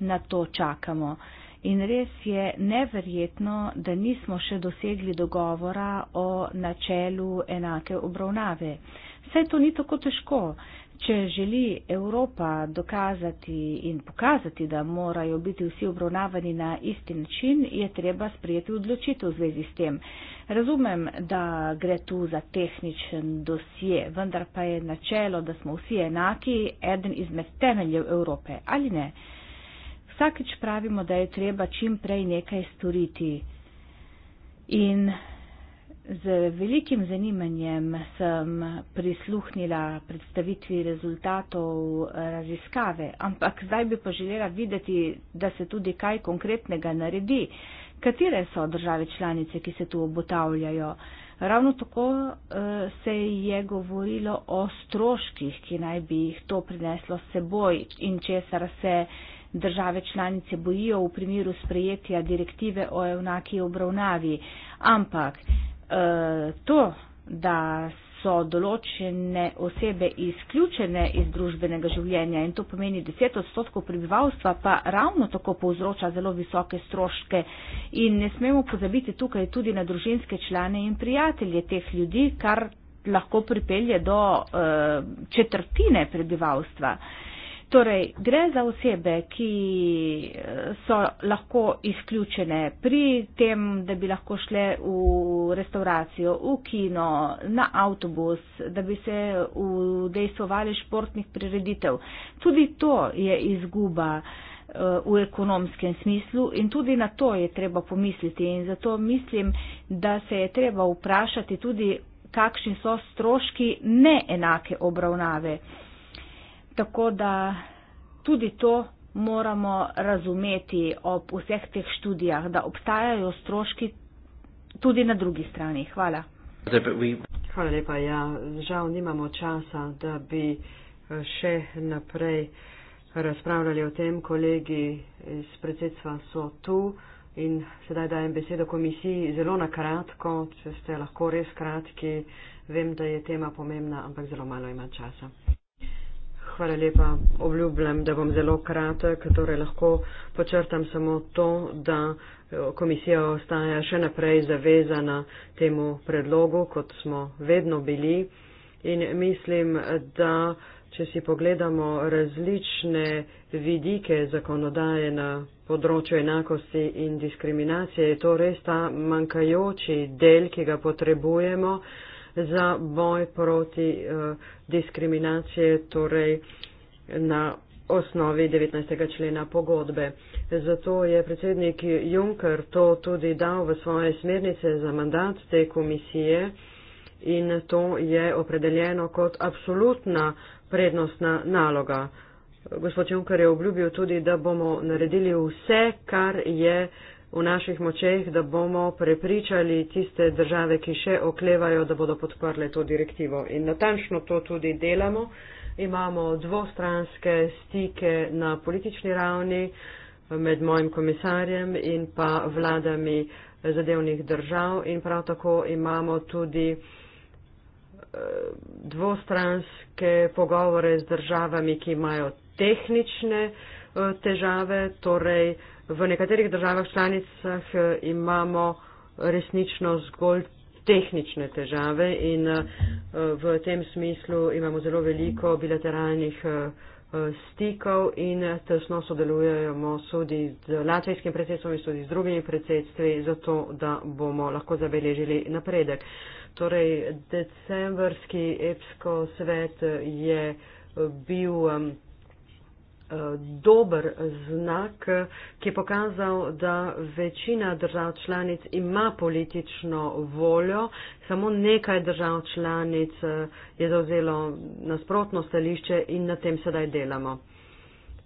na to čakamo in res je neverjetno, da nismo še dosegli dogovora o načelu enake obravnave. Vse to ni tako težko. Če želi Evropa dokazati in pokazati, da morajo biti vsi obravnavani na isti način, je treba sprijeti odločitev v zvezi s tem. Razumem, da gre tu za tehničen dosje, vendar pa je načelo, da smo vsi enaki, eden izmed temeljev Evrope, ali ne? Vsakič pravimo, da je treba čim prej nekaj storiti. In Z velikim zanimanjem sem prisluhnila predstavitvi rezultatov eh, raziskave, ampak zdaj bi pa želela videti, da se tudi kaj konkretnega naredi. Katere so države članice, ki se tu obotavljajo? Ravno tako eh, se je govorilo o stroških, ki naj bi jih to prineslo s seboj in česar se države članice bojijo v primeru sprejetja direktive o enaki obravnavi. Ampak Eh, to, da so določene osebe izključene iz družbenega življenja in to pomeni 10 odstotkov prebivalstva, pa ravno tako povzroča zelo visoke stroške in ne smemo pozabiti tukaj tudi na družinske člane in prijatelje teh ljudi, kar lahko pripelje do uh, četrtine prebivalstva. Uh, Torej, gre za osebe, ki eh, so lahko izključene pri tem, da bi lahko šle v restauracijo, v kino, na avtobus, da bi se udejstvovali športnih prireditev. Tudi to je izguba eh, v ekonomskem smislu in tudi na to je treba pomisliti in zato mislim, da se je treba vprašati tudi, kakšni so stroški neenake obravnave. Tako da tudi to moramo razumeti ob vseh teh študijah, da obstajajo stroški tudi na drugi strani. Hvala. Hvala lepa. Ja, žal nimamo časa, da bi eh, še naprej razpravljali o tem. Kolegi iz predsedstva so tu in sedaj dajem besedo komisiji zelo na kratko, če ste lahko res kratki. Vem, da je tema pomembna, ampak zelo malo ima časa. Hvala lepa. Obljubljam, da bom zelo kratek, torej lahko počrtam samo to, da eh, komisija ostaja še naprej zavezana temu predlogu, kot smo vedno bili. In mislim, da če si pogledamo različne vidike zakonodaje na področju enakosti in diskriminacije, je to res ta manjkajoči del, ki ga potrebujemo za boj proti uh, eh, diskriminacije, torej na osnovi 19. člena pogodbe. Zato je predsednik Juncker to tudi dal v svoje smernice za mandat te komisije in to je opredeljeno kot absolutna prednostna naloga. Gospod Juncker je obljubil tudi, da bomo naredili vse, kar je uh, v naših močeh, da bomo prepričali tiste države, ki še oklevajo, da bodo podprle to direktivo. In natančno to tudi delamo. Imamo dvostranske stike na politični ravni med mojim komisarjem in pa vladami zadevnih držav in prav tako imamo tudi eh, dvostranske pogovore z državami, ki imajo tehnične eh, težave, torej V nekaterih državah članicah eh, imamo resnično zgolj tehnične težave in eh, v tem smislu imamo zelo veliko bilateralnih eh, stikov in tesno sodelujemo tudi z latvijskim predsedstvom in tudi z drugimi predsedstvi, zato da bomo lahko zabeležili napredek. Torej, decembrski EPSKO svet je bil um, dober znak, ki je pokazal, da večina držav članic ima politično voljo, samo nekaj držav članic eh, je zauzelo nasprotno stališče in na tem sedaj delamo.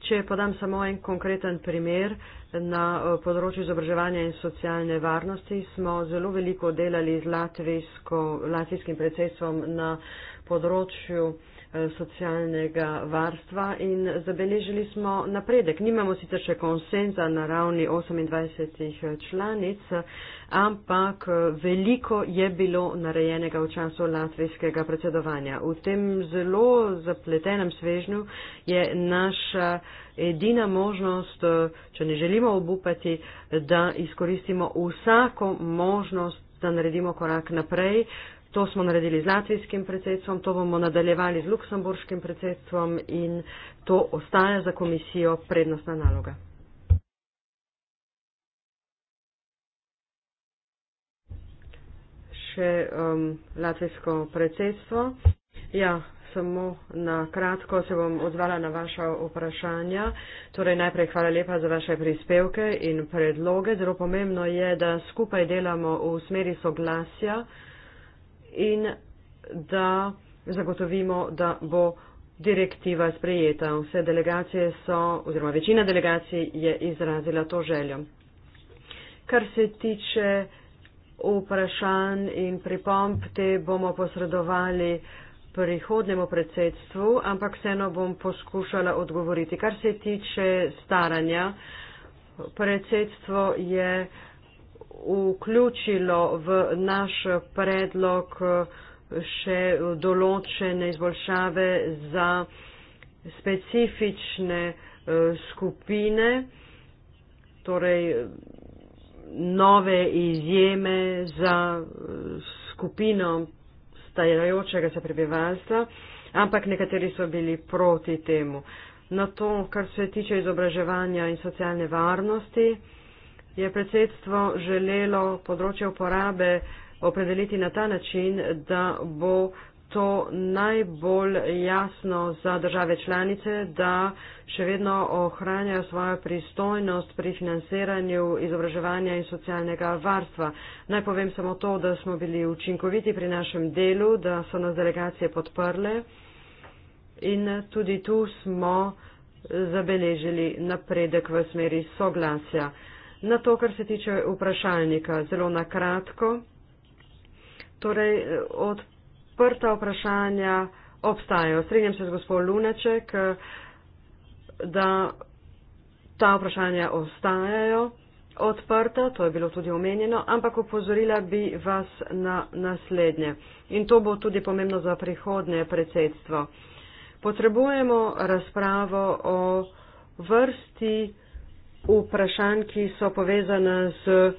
Če podam samo en konkreten primer, na eh, področju izobraževanja in socialne varnosti smo zelo veliko delali z latvijskim predsedstvom na področju Eh, socialnega varstva in zabeležili smo napredek. Nimamo sicer še konsenza na ravni 28 eh, članic, ampak eh, veliko je bilo narejenega v času latvijskega predsedovanja. V tem zelo zapletenem svežnju je naša edina možnost, če ne želimo obupati, da izkoristimo vsako možnost, da naredimo korak naprej, To smo naredili z latvijskim predsedstvom, to bomo nadaljevali z luksemburškim predsedstvom in to ostaja za komisijo prednostna naloga. Še um, latvijsko predsedstvo. Ja, samo na kratko se bom odzvala na vaša vprašanja. Torej, najprej hvala lepa za vaše prispevke in predloge. Zelo pomembno je, da skupaj delamo v smeri soglasja in da zagotovimo, da bo direktiva sprejeta. Vse delegacije so, oziroma večina delegacij je izrazila to željo. Kar se tiče vprašanj in pripomb, te bomo posredovali prihodnemu predsedstvu, ampak vseeno bom poskušala odgovoriti. Kar se tiče staranja, predsedstvo je vključilo v naš predlog eh, še določene izboljšave za specifične eh, skupine, torej nove izjeme za eh, skupino stajajočega se prebivalstva, ampak nekateri so bili proti temu. Na to, kar se tiče izobraževanja in socialne varnosti, je predsedstvo želelo področje uporabe opredeliti na ta način, da bo to najbolj jasno za države članice, da še vedno ohranjajo svojo pristojnost pri financiranju izobraževanja in socialnega varstva. Naj povem samo to, da smo bili učinkoviti pri našem delu, da so nas delegacije podprle in tudi tu smo zabeležili napredek v smeri soglasja na to, kar se tiče vprašalnika, zelo nakratko. Torej, odprta vprašanja obstajajo. Strenjam se z gospod Luneček, da ta vprašanja ostajajo odprta, to je bilo tudi omenjeno, ampak upozorila bi vas na naslednje. In to bo tudi pomembno za prihodnje predsedstvo. Potrebujemo razpravo o vrsti vprašanj, ki so povezane z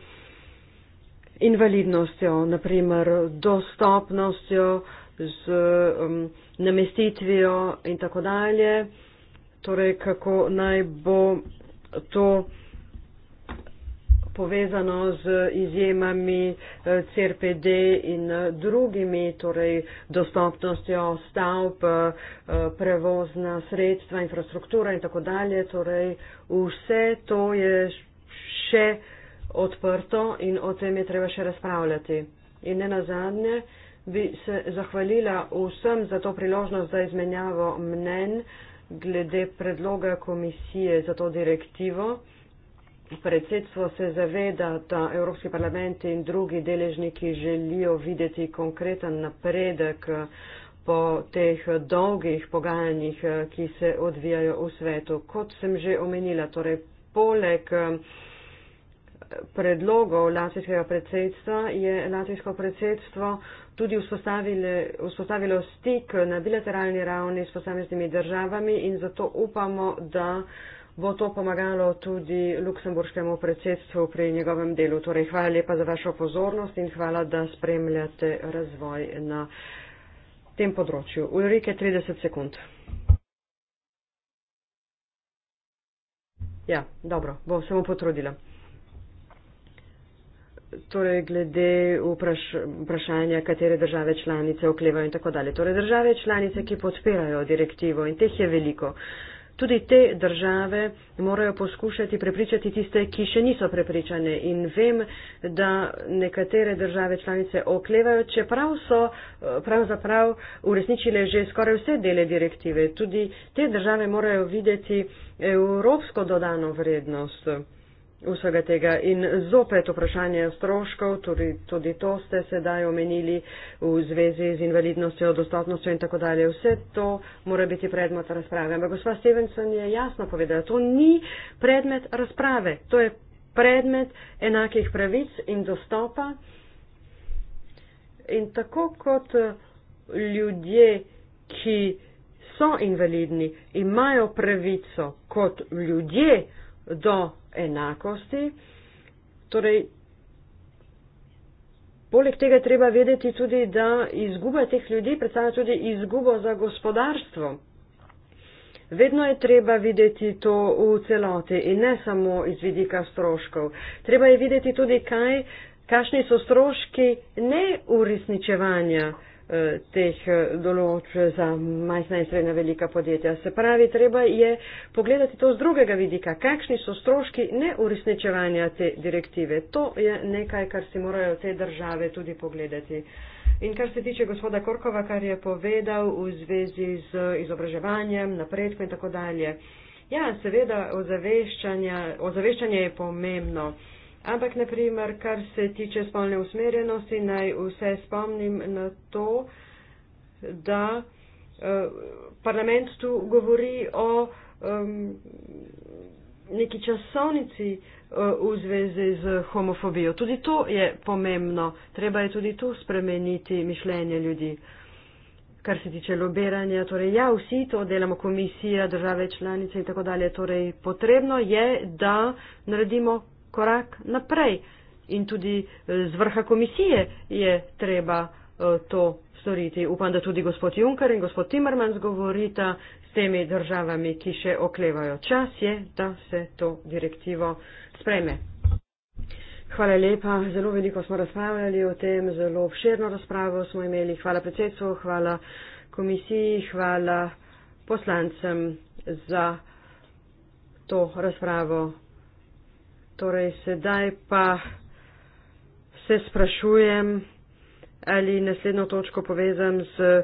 invalidnostjo, naprimer dostopnostjo, z um, namestitvijo in tako dalje, torej kako naj bo to povezano z izjemami eh, CRPD in eh, drugimi, torej dostopnostjo stavb, eh, prevozna sredstva, infrastruktura in tako dalje. Torej vse to je še odprto in o tem je treba še razpravljati. In ne na zadnje bi se zahvalila vsem za to priložnost za izmenjavo mnen glede predloga komisije za to direktivo. Predsedstvo se zaveda, da Evropski parlament in drugi deležniki želijo videti konkreten napredek eh, po teh dolgih pogajanjih, eh, ki se odvijajo v svetu. Kot sem že omenila, torej poleg eh, predlogov latvijskega predsedstva je latvijsko predsedstvo tudi vzpostavilo, vzpostavilo stik na bilateralni ravni s posameznimi državami in zato upamo, da bo to pomagalo tudi luksemburškemu predsedstvu pri njegovem delu. Torej, hvala lepa za vašo pozornost in hvala, da spremljate razvoj na tem področju. Ulrike, 30 sekund. Ja, dobro, bo se mu potrudila. Torej, glede vprašanja, katere države članice oklevajo in tako dalje. Torej, države članice, ki podpirajo direktivo in teh je veliko. Uh, Tudi te države morajo poskušati prepričati tiste, ki še niso prepričane. In vem, da nekatere države članice oklevajo, čeprav so eh, pravzaprav uresničile že skoraj vse dele direktive. Tudi te države morajo videti evropsko dodano vrednost vsega tega. In zopet vprašanje stroškov, tudi, tudi to ste sedaj omenili v zvezi z invalidnostjo, dostopnostjo in tako dalje. Vse to mora biti predmet razprave. Ampak gospa Stevenson je jasno povedala, to ni predmet razprave, to je predmet enakih pravic in dostopa. In tako kot ljudje, ki so invalidni, imajo pravico kot ljudje, do enakosti. Torej, poleg tega je treba vedeti tudi, da izguba teh ljudi predstavlja tudi izgubo za gospodarstvo. Vedno je treba videti to v celoti in ne samo iz vidika stroškov. Treba je videti tudi, kaj, kakšni so stroški neuresničevanja Eh, teh eh, določ za majhna in srednja velika podjetja. Se pravi, treba je pogledati to z drugega vidika, kakšni so stroški neurisničevanja te direktive. To je nekaj, kar si morajo te države tudi pogledati. In kar se tiče gospoda Korkova, kar je povedal v zvezi z izobraževanjem, napredkom in tako dalje. Ja, seveda, ozaveščanje je pomembno. Ampak, naprimer, kar se tiče spolne usmerjenosti, naj vse spomnim na to, da eh, parlament tu govori o um, neki časovnici eh, v zvezi z homofobijo. Tudi to je pomembno. Treba je tudi tu spremeniti mišljenje ljudi. Kar se tiče lobiranja, torej ja, vsi to delamo, komisija, države članice in tako dalje. Torej, potrebno je, da naredimo korak naprej. In tudi eh, z vrha komisije je treba eh, to storiti. Upam, da tudi gospod Juncker in gospod Timmermans govorita s temi državami, ki še oklevajo. Čas je, da se to direktivo spreme. Hvala lepa. Zelo veliko smo razpravljali o tem, zelo obširno razpravo smo imeli. Hvala predsedstvu, hvala komisiji, hvala poslancem za to razpravo. Torej, sedaj pa se sprašujem, ali naslednjo točko povezam z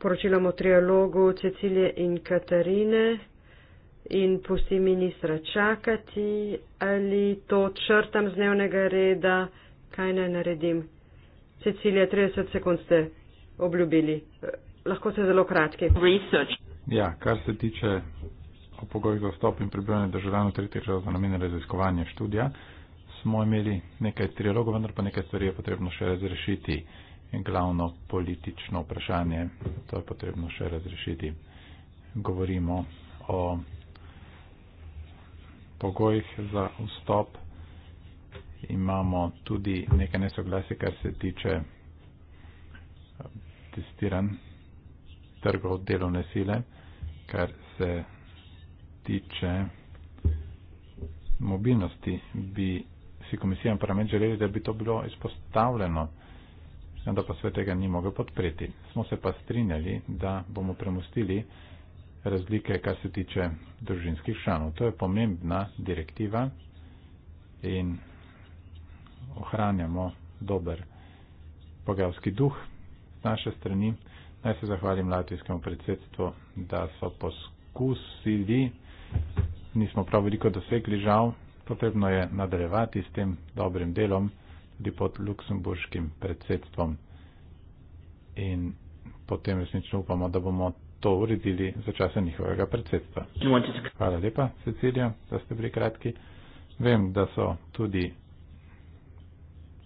poročilom o trialogu Cecilije in Katarine in pusti ministra čakati, ali to črtam z dnevnega reda, kaj naj naredim. Cecilija, 30 sekund ste obljubili. Lahko ste zelo kratki. Research. Ja, kar se tiče o pogojih za vstop in prebivanje državljanov tretjih držav za namene raziskovanja študija, smo imeli nekaj trialogov, vendar pa nekaj stvari je potrebno še razrešiti. In glavno politično vprašanje, to je potrebno še razrešiti. Govorimo o pogojih za vstop. Imamo tudi nekaj nesoglasi, kar se tiče eh, testiran trgov delovne sile, kar se tiče mobilnosti, bi si komisija in parlament želeli, da bi to bilo izpostavljeno, da pa svet tega ni mogel podpreti. Smo se pa strinjali, da bomo premustili razlike, kar se tiče družinskih članov. To je pomembna direktiva in ohranjamo dober pogajalski duh z naše strani. Naj se zahvalim latvijskemu predsedstvu, da so poskusili nismo prav veliko dosegli, žal, potrebno je nadaljevati s tem dobrim delom tudi pod luksemburškim predsedstvom. In potem resnično upamo, da bomo to uredili za časa njihovega predsedstva. Hvala lepa, Cecilija, da ste bili kratki. Vem, da so tudi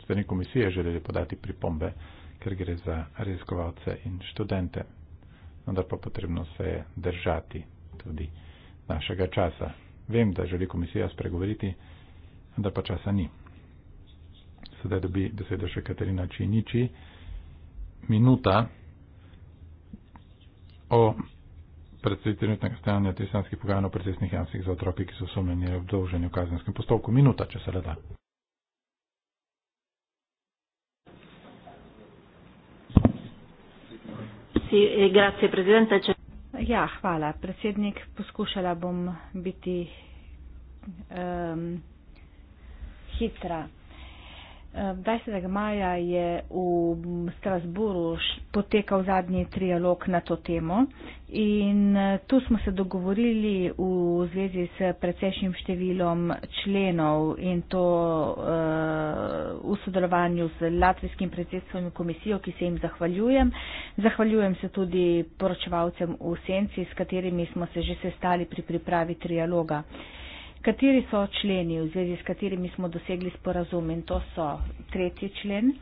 strani komisije želeli podati pripombe, ker gre za raziskovalce in študente. Vendar pa potrebno se je držati tudi našega časa. Vem, da želi komisija spregovoriti, da pa časa ni. Sedaj dobi besedo še Katarina Činiči. Minuta o predsednici trenutnega stanja tristanskih pogajanj o predsednih jamstvih za otroke, ki so osumljeni v obdolženju v kazenskem postopku. Minuta, če se le da. E grazie Presidente. Ja, hvala. Predsednik, poskušala bom biti um, hitra. 20. maja je v Strasburu potekal zadnji trialog na to temo in tu smo se dogovorili v zvezi s precejšnjim številom členov in to uh, v sodelovanju z Latvijskim predsedstvom in komisijo, ki se jim zahvaljujem. Zahvaljujem se tudi poročevalcem v Senci, s katerimi smo se že sestali pri pripravi trialoga. Uh, Kateri so členi, v zvezi s katerimi smo dosegli sporazum in to so tretji člen,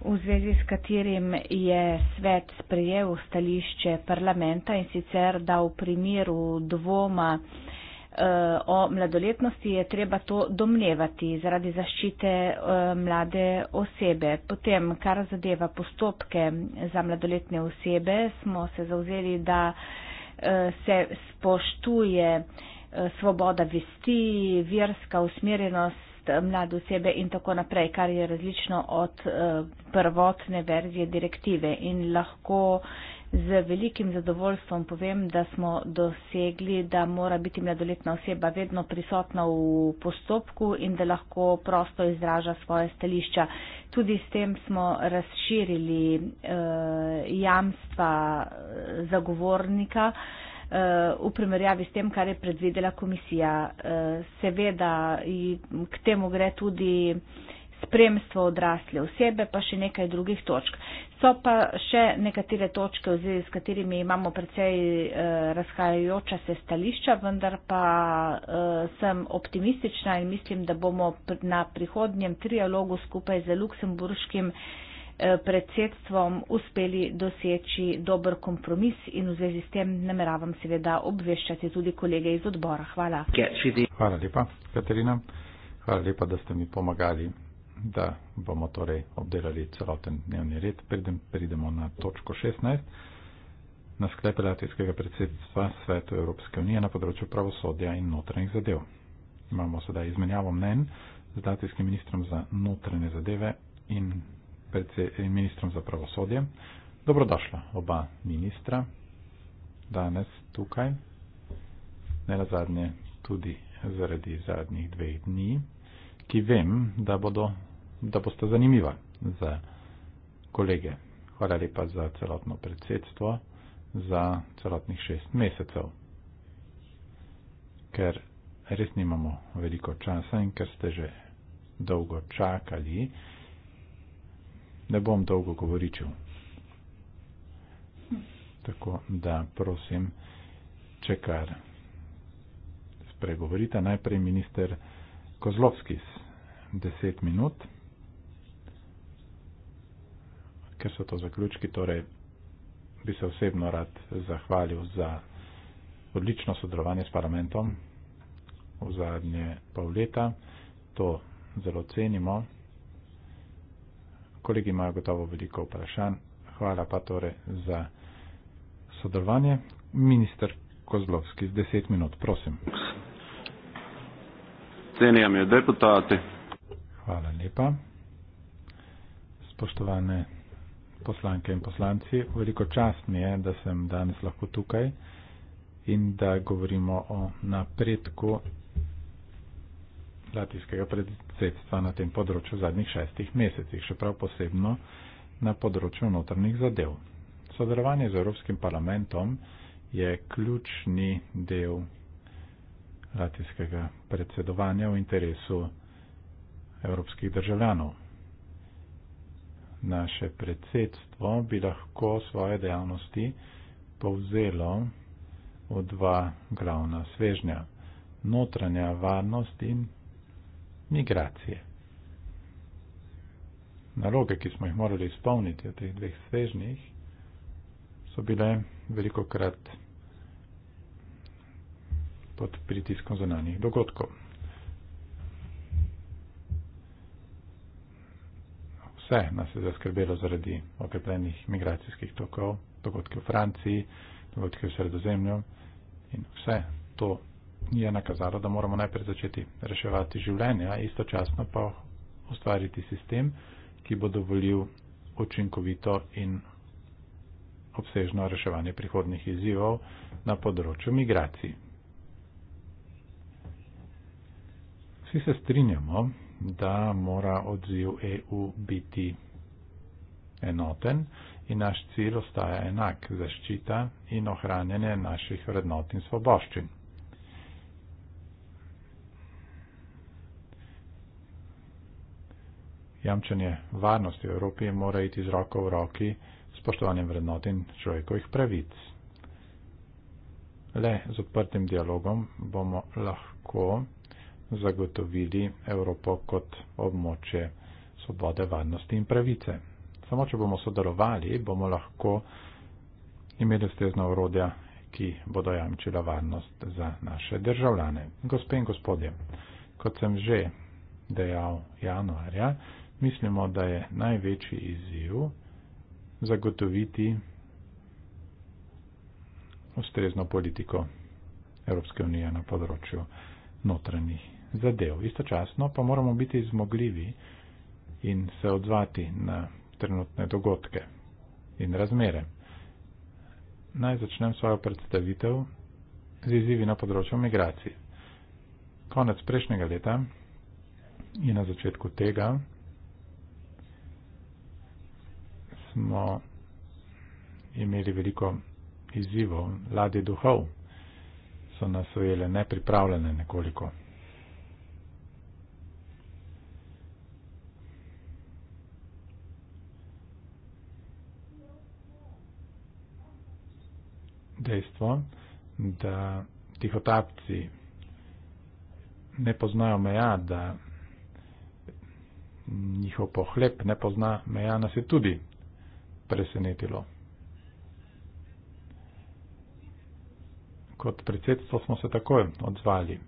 v zvezi s katerim je svet sprejel stališče parlamenta in sicer, da v primeru dvoma eh, o mladoletnosti je treba to domnevati zaradi zaščite eh, mlade osebe. Potem, kar zadeva postopke za mladoletne osebe, smo se zauzeli, da eh, se spoštuje Eh, svoboda vesti, verska usmerjenost eh, mlade osebe in tako naprej, kar je različno od eh, prvotne verzije direktive. In lahko z velikim zadovoljstvom povem, da smo dosegli, da mora biti mladoletna oseba vedno prisotna v postopku in da lahko prosto izraža svoje stališča. Tudi s tem smo razširili eh, jamstva zagovornika. Eh, Eh, v primerjavi s tem, kar je predvidela komisija. Eh, seveda k temu gre tudi spremstvo odrasle osebe, pa še nekaj drugih točk. So pa še nekatere točke, oziroma s katerimi imamo precej eh, razhajajoča se stališča, vendar pa sem optimistična in mislim, da bomo na prihodnjem trialogu skupaj z Luksemburškim Eh, predsedstvom uspeli doseči dober kompromis in v zvezi s tem nameravam seveda obveščati tudi kolege iz odbora. Hvala. Hvala lepa, Katarina. Hvala lepa, da ste mi pomagali, da bomo torej obdelali celoten dnevni red. Pridem, pridemo na točko 16. Na sklepe latvijskega predsedstva Svetu Evropske unije na področju pravosodja in notranjih zadev. Imamo sedaj izmenjavo mnen z latvijskim ministrom za notranje zadeve in Eh, ministrom za pravosodje. Dobrodošla oba ministra danes tukaj, ne nazadnje tudi zaradi zadnjih dveh dni, ki vem, da, bodo, da boste zanimiva za kolege. Hvala lepa za celotno predsedstvo za celotnih šest mesecev, ker res nimamo veliko časa in ker ste že dolgo čakali, ne bom dolgo govoričil. Tako da prosim, če kar spregovorite, najprej minister Kozlovski s 10 minut, ker so to zaključki, torej bi se osebno rad zahvalil za odlično sodelovanje s parlamentom v zadnje pol leta. To zelo cenimo kolegi imajo gotovo veliko vprašanj. Hvala pa torej za sodelovanje. Minister Kozlovski, z deset minut, prosim. Cenijam je deputati. Hvala lepa. Spoštovane poslanke in poslanci, veliko čast mi je, da sem danes lahko tukaj in da govorimo o napredku latvijskega predsedstva na tem področju v zadnjih šestih mesecih, še prav posebno na področju notrnih zadev. Sodelovanje z Evropskim parlamentom je ključni del latvijskega predsedovanja v interesu evropskih državljanov. Naše predsedstvo bi lahko svoje dejavnosti povzelo v dva glavna svežnja. Notranja varnost in migracije. Naloge, ki smo jih morali izpolniti v teh dveh svežnjih, so bile veliko krat pod pritiskom zunanjih dogodkov. Vse nas je zaskrbelo zaradi okrepljenih migracijskih tokov, dogodki v Franciji, dogodki v Sredozemlju in vse to je nakazalo, da moramo najprej začeti reševati življenja, istočasno pa ustvariti sistem, ki bo dovolil učinkovito in obsežno reševanje prihodnih izzivov na področju migracij. Vsi se strinjamo, da mora odziv EU biti enoten in naš cilj ostaja enak zaščita in ohranjanje naših vrednot in svoboščin. jamčanje varnosti v Evropi mora iti z roko v roki s poštovanjem vrednot in človekovih pravic. Le z odprtim dialogom bomo lahko zagotovili Evropo kot območje svobode, varnosti in pravice. Samo če bomo sodelovali, bomo lahko imeli ustrezna urodja, ki bodo jamčila varnost za naše državljane. Gospe in gospodje, kot sem že dejal januarja, mislimo, da je največji izziv zagotoviti ustrezno politiko Evropske unije na področju notranjih zadev. Istočasno pa moramo biti zmogljivi in se odzvati na trenutne dogodke in razmere. Naj začnem svojo predstavitev z izzivi na področju migracij. Konec prejšnjega leta in na začetku tega smo imeli veliko izzivov, ladje duhov so nas ujele nepripravljene nekoliko. Dejstvo, da tihotapci ne poznajo meja, da njihov pohlep ne pozna meja, nas je tudi presenetilo. Kot predsedstvo smo se takoj odzvali.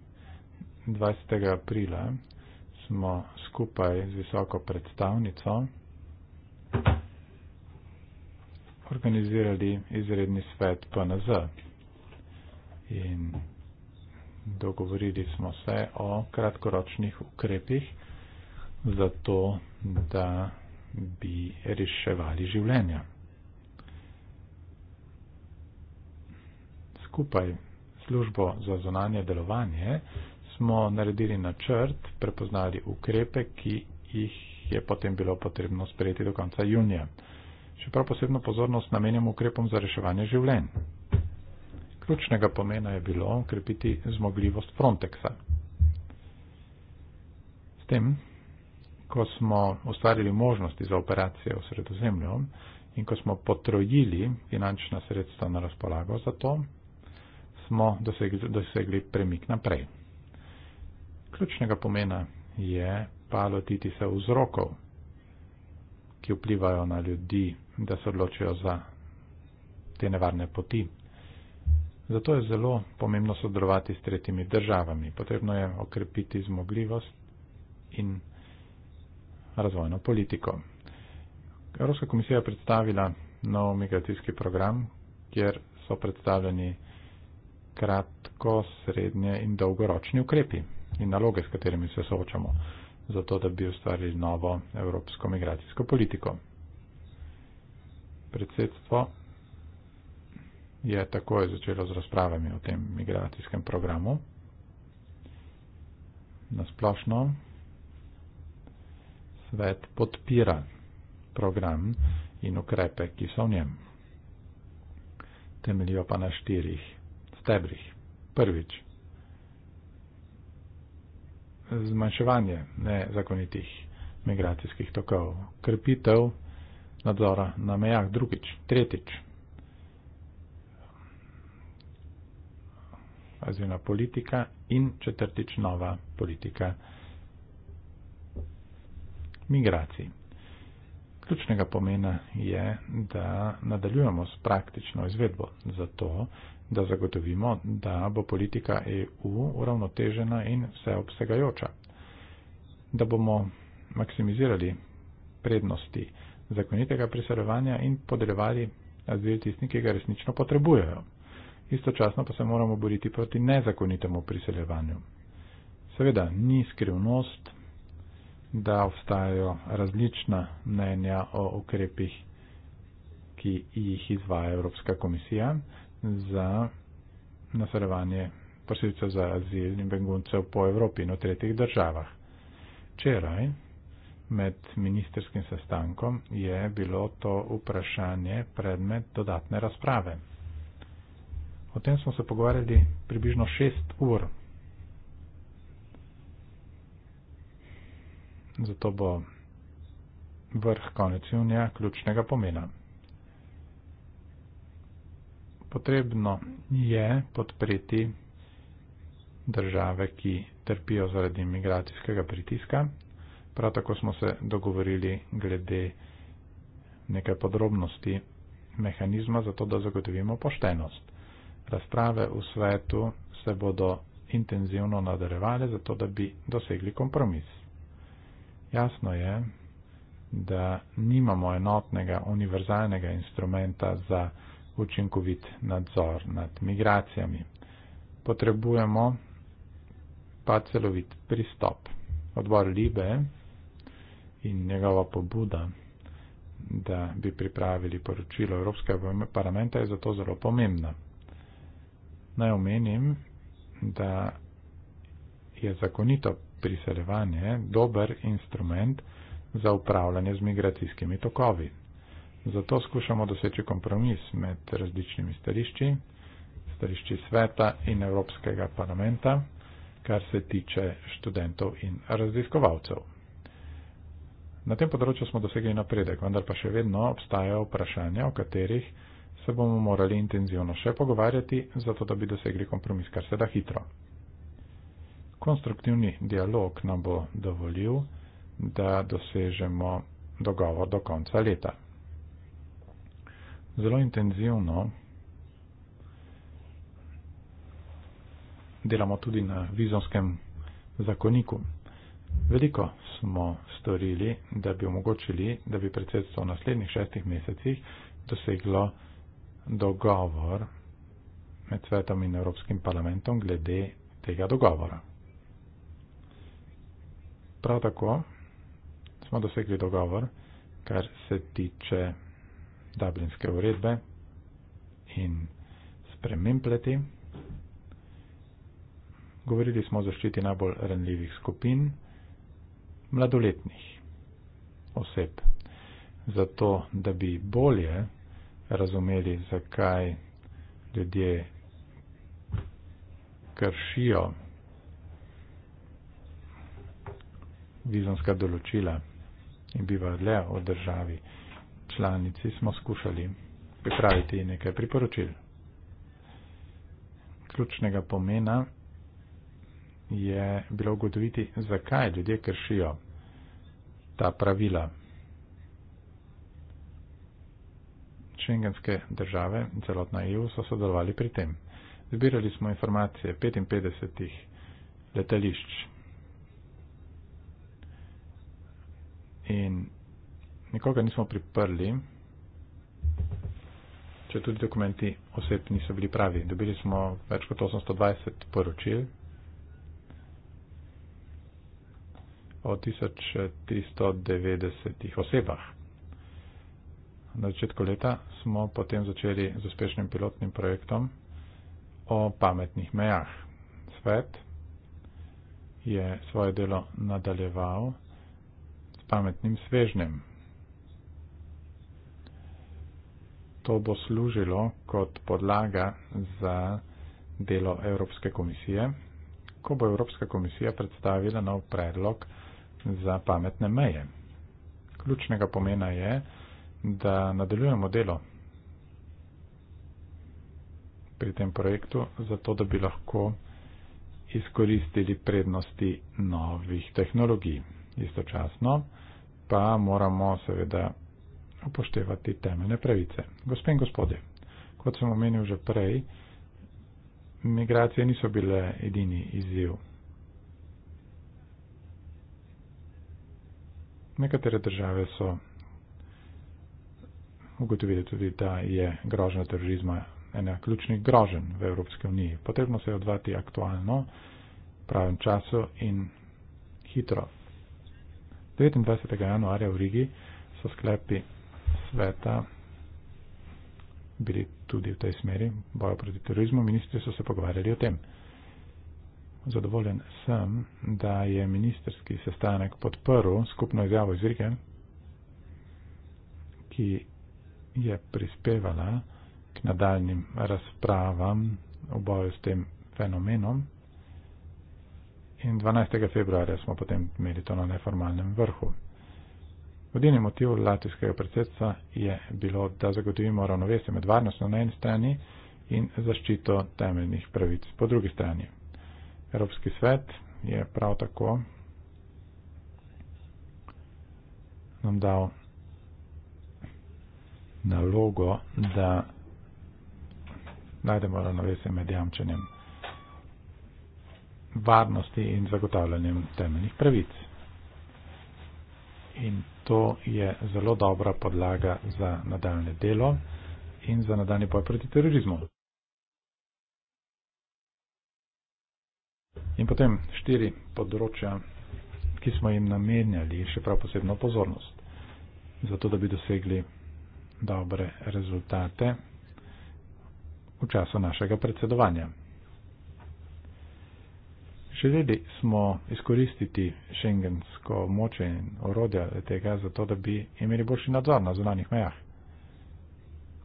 20. aprila smo skupaj z visoko predstavnico organizirali izredni svet PNZ in dogovorili smo se o kratkoročnih ukrepih za to, da bi reševali življenja. Skupaj službo za zonanje delovanje smo naredili načrt, prepoznali ukrepe, ki jih je potem bilo potrebno sprejeti do konca junija. Še prav posebno pozornost namenjamo ukrepom za reševanje življenj. Ključnega pomena je bilo ukrepiti zmogljivost Frontexa. S tem ko smo ustvarili možnosti za operacije v sredozemlju in ko smo potrojili finančna sredstva na razpolago za to, smo dosegli, dosegli premik naprej. Ključnega pomena je pa lotiti se vzrokov, ki vplivajo na ljudi, da se odločijo za te nevarne poti. Zato je zelo pomembno sodelovati s tretjimi državami. Potrebno je okrepiti zmogljivost in razvojno politiko. Evropska komisija je predstavila nov migracijski program, kjer so predstavljeni kratko, srednje in dolgoročni ukrepi in naloge, s katerimi se soočamo, zato da bi ustvarili novo evropsko migracijsko politiko. Predsedstvo je takoj začelo z razpravami o tem migracijskem programu. Na splošno svet podpira program in ukrepe, ki so v njem. Temeljijo pa na štirih stebrih. Prvič, zmanjševanje nezakonitih migracijskih tokov, krepitev nadzora na mejah, drugič, tretjič, azilna politika in četrtič nova politika migracij. Ključnega pomena je, da nadaljujemo s praktično izvedbo za to, da zagotovimo, da bo politika EU uravnotežena in vseobsegajoča, da bomo maksimizirali prednosti zakonitega priseljevanja in podeljevali azil tistim, ki ga resnično potrebujejo. Istočasno pa se moramo boriti proti nezakonitemu priseljevanju. Seveda ni skrivnost, da obstajajo različna mnenja o ukrepih, ki jih izvaja Evropska komisija za naseljevanje prosilcev za azil in beguncev po Evropi in v tretjih državah. Včeraj med ministerskim sestankom je bilo to vprašanje predmet dodatne razprave. O tem smo se pogovarjali približno šest ur zato bo vrh konec junija ključnega pomena. Potrebno je podpreti države, ki trpijo zaradi imigracijskega pritiska. Prav tako smo se dogovorili glede nekaj podrobnosti mehanizma, zato da zagotovimo poštenost. Razprave v svetu se bodo intenzivno nadarevale, zato da bi dosegli kompromis. Jasno je, da nimamo enotnega univerzalnega instrumenta za učinkovit nadzor nad migracijami. Potrebujemo pa celovit pristop. Odbor Libe in njegova pobuda, da bi pripravili poročilo Evropskega parlamenta, je zato zelo pomembna. Naj omenim, da je zakonito priseljevanje dober instrument za upravljanje z migracijskimi tokovi. Zato skušamo doseči kompromis med različnimi stališči, stališči sveta in Evropskega parlamenta, kar se tiče študentov in raziskovalcev. Na tem področju smo dosegli napredek, vendar pa še vedno obstajajo vprašanja, o katerih se bomo morali intenzivno še pogovarjati, zato da bi dosegli kompromis kar se da hitro konstruktivni dialog nam bo dovolil, da dosežemo dogovor do konca leta. Zelo intenzivno delamo tudi na vizonskem zakoniku. Veliko smo storili, da bi omogočili, da bi predsedstvo v naslednjih šestih mesecih doseglo dogovor med svetom in Evropskim parlamentom glede tega dogovora. Prav tako smo dosegli dogovor, kar se tiče dublinske uredbe in sprememb leti. Govorili smo o zaščiti najbolj renljivih skupin, mladoletnih oseb, zato da bi bolje razumeli, zakaj ljudje kršijo vizonska določila in biva le o državi. Članici smo skušali pripraviti nekaj priporočil. Ključnega pomena je bilo ugotoviti, zakaj ljudje kršijo ta pravila. Šengenske države in celotna EU so sodelovali pri tem. Zbirali smo informacije 55 letališč, in nikoga nismo priprli, če tudi dokumenti oseb niso bili pravi. Dobili smo več kot 820 poročil o 1390 osebah. Na začetku leta smo potem začeli z uspešnim pilotnim projektom o pametnih mejah. Svet je svoje delo nadaljeval pametnim svežnjem. To bo služilo kot podlaga za delo Evropske komisije, ko bo Evropska komisija predstavila nov predlog za pametne meje. Ključnega pomena je, da nadaljujemo delo pri tem projektu, zato da bi lahko izkoristili prednosti novih tehnologij istočasno pa moramo seveda upoštevati temeljne pravice. Gospe in gospodje, kot sem omenil že prej, migracije niso bile edini izziv. Nekatere države so ugotovili tudi, da je grožnja terorizma ena ključnih grožen v Evropski uniji. Potrebno se je odvati aktualno, pravem času in hitro. 25. januarja v Rigi so sklepi sveta bili tudi v tej smeri, bojo proti terorizmu, ministri so se pogovarjali o tem. Zadovoljen sem, da je ministerski sestanek podprl skupno izjavo iz Rige, ki je prispevala k nadaljnim razpravam v boju s tem fenomenom in 12. februarja smo potem imeli to na neformalnem vrhu. Vodilni motiv latvijskega predsedstva je bilo, da zagotovimo ravnovesje med varnostjo na eni strani in zaščito temeljnih pravic po drugi strani. Evropski svet je prav tako nam dal nalogo, da najdemo ravnovesje med jamčenjem varnosti in zagotavljanjem temeljnih pravic. In to je zelo dobra podlaga za nadaljne delo in za nadaljne boj proti terorizmu. In potem štiri področja, ki smo jim namenjali še prav posebno pozornost, zato da bi dosegli dobre rezultate v času našega predsedovanja. Želeli smo izkoristiti šengensko moče in orodja tega, zato da bi imeli boljši nadzor na zunanih mejah.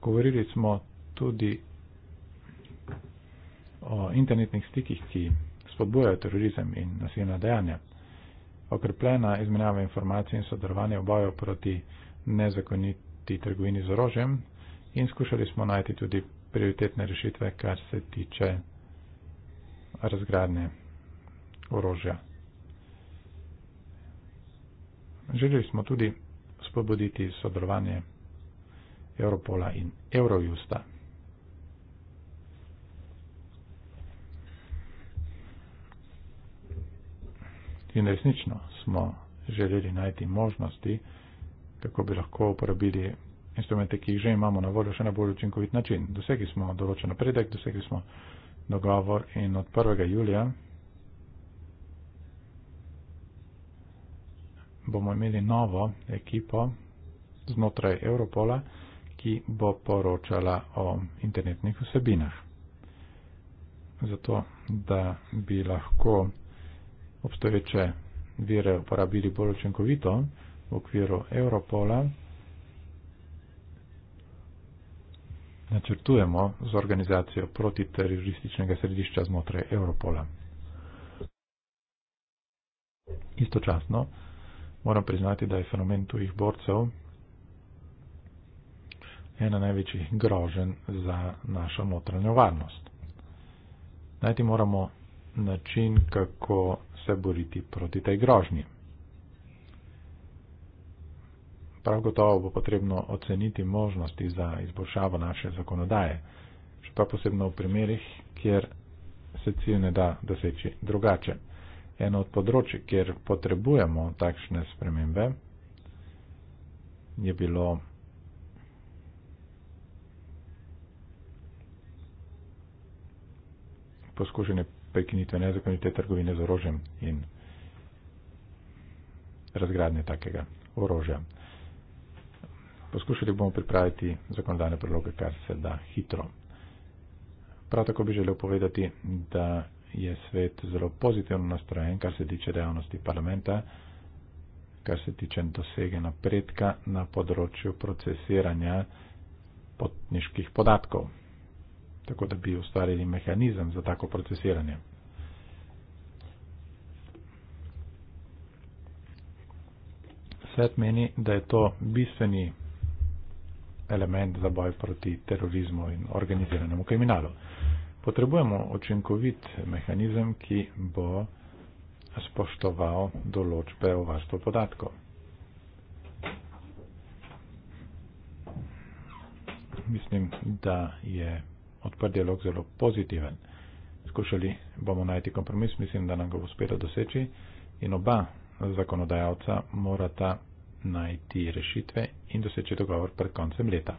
Govorili smo tudi o internetnih stikih, ki spodbujajo terorizem in nasilna dejanja. Okrepljena izmenjava informacij in sodelovanje v boju proti nezakoniti trgovini z orožjem in skušali smo najti tudi prioritetne rešitve, kar se tiče razgradnje orožja. Želeli smo tudi spoboditi sodelovanje Europola in Eurojusta. In resnično smo želeli najti možnosti, kako bi lahko uporabili instrumente, ki jih že imamo na voljo, še na bolj učinkovit način. Dosegli smo določen napredek, dosegli smo dogovor in od 1. julija bomo imeli novo ekipo znotraj Europola, ki bo poročala o internetnih vsebinah. Zato, da bi lahko obstoječe vire uporabili bolj učinkovito v okviru Europola, načrtujemo z organizacijo protiterorističnega središča znotraj Europola. Istočasno, Moram priznati, da je fenomen tujih borcev ena največjih grožen za našo notranjo varnost. Najti moramo način, kako se boriti proti tej grožnji. Prav gotovo bo potrebno oceniti možnosti za izboljšavo naše zakonodaje, še pa posebno v primerih, kjer se cilj ne da doseči drugače eno od področji, kjer potrebujemo takšne spremembe, je bilo poskušanje prekinitve nezakonite trgovine z orožjem in razgradnje takega orožja. Poskušali bomo pripraviti zakonodajne predloge, kar se da hitro. Prav tako bi želel povedati, da je svet zelo pozitivno nastrojen, kar se tiče dejavnosti parlamenta, kar se tiče dosege napredka na področju procesiranja potniških podatkov. Tako da bi ustvarili mehanizem za tako procesiranje. Svet meni, da je to bistveni element za boj proti terorizmu in organiziranemu kriminalu potrebujemo učinkovit mehanizem, ki bo spoštoval določbe o varstvu podatkov. Mislim, da je odprt dialog zelo pozitiven. Skušali bomo najti kompromis, mislim, da nam ga bo uspelo doseči in oba zakonodajalca morata najti rešitve in doseči dogovor pred koncem leta.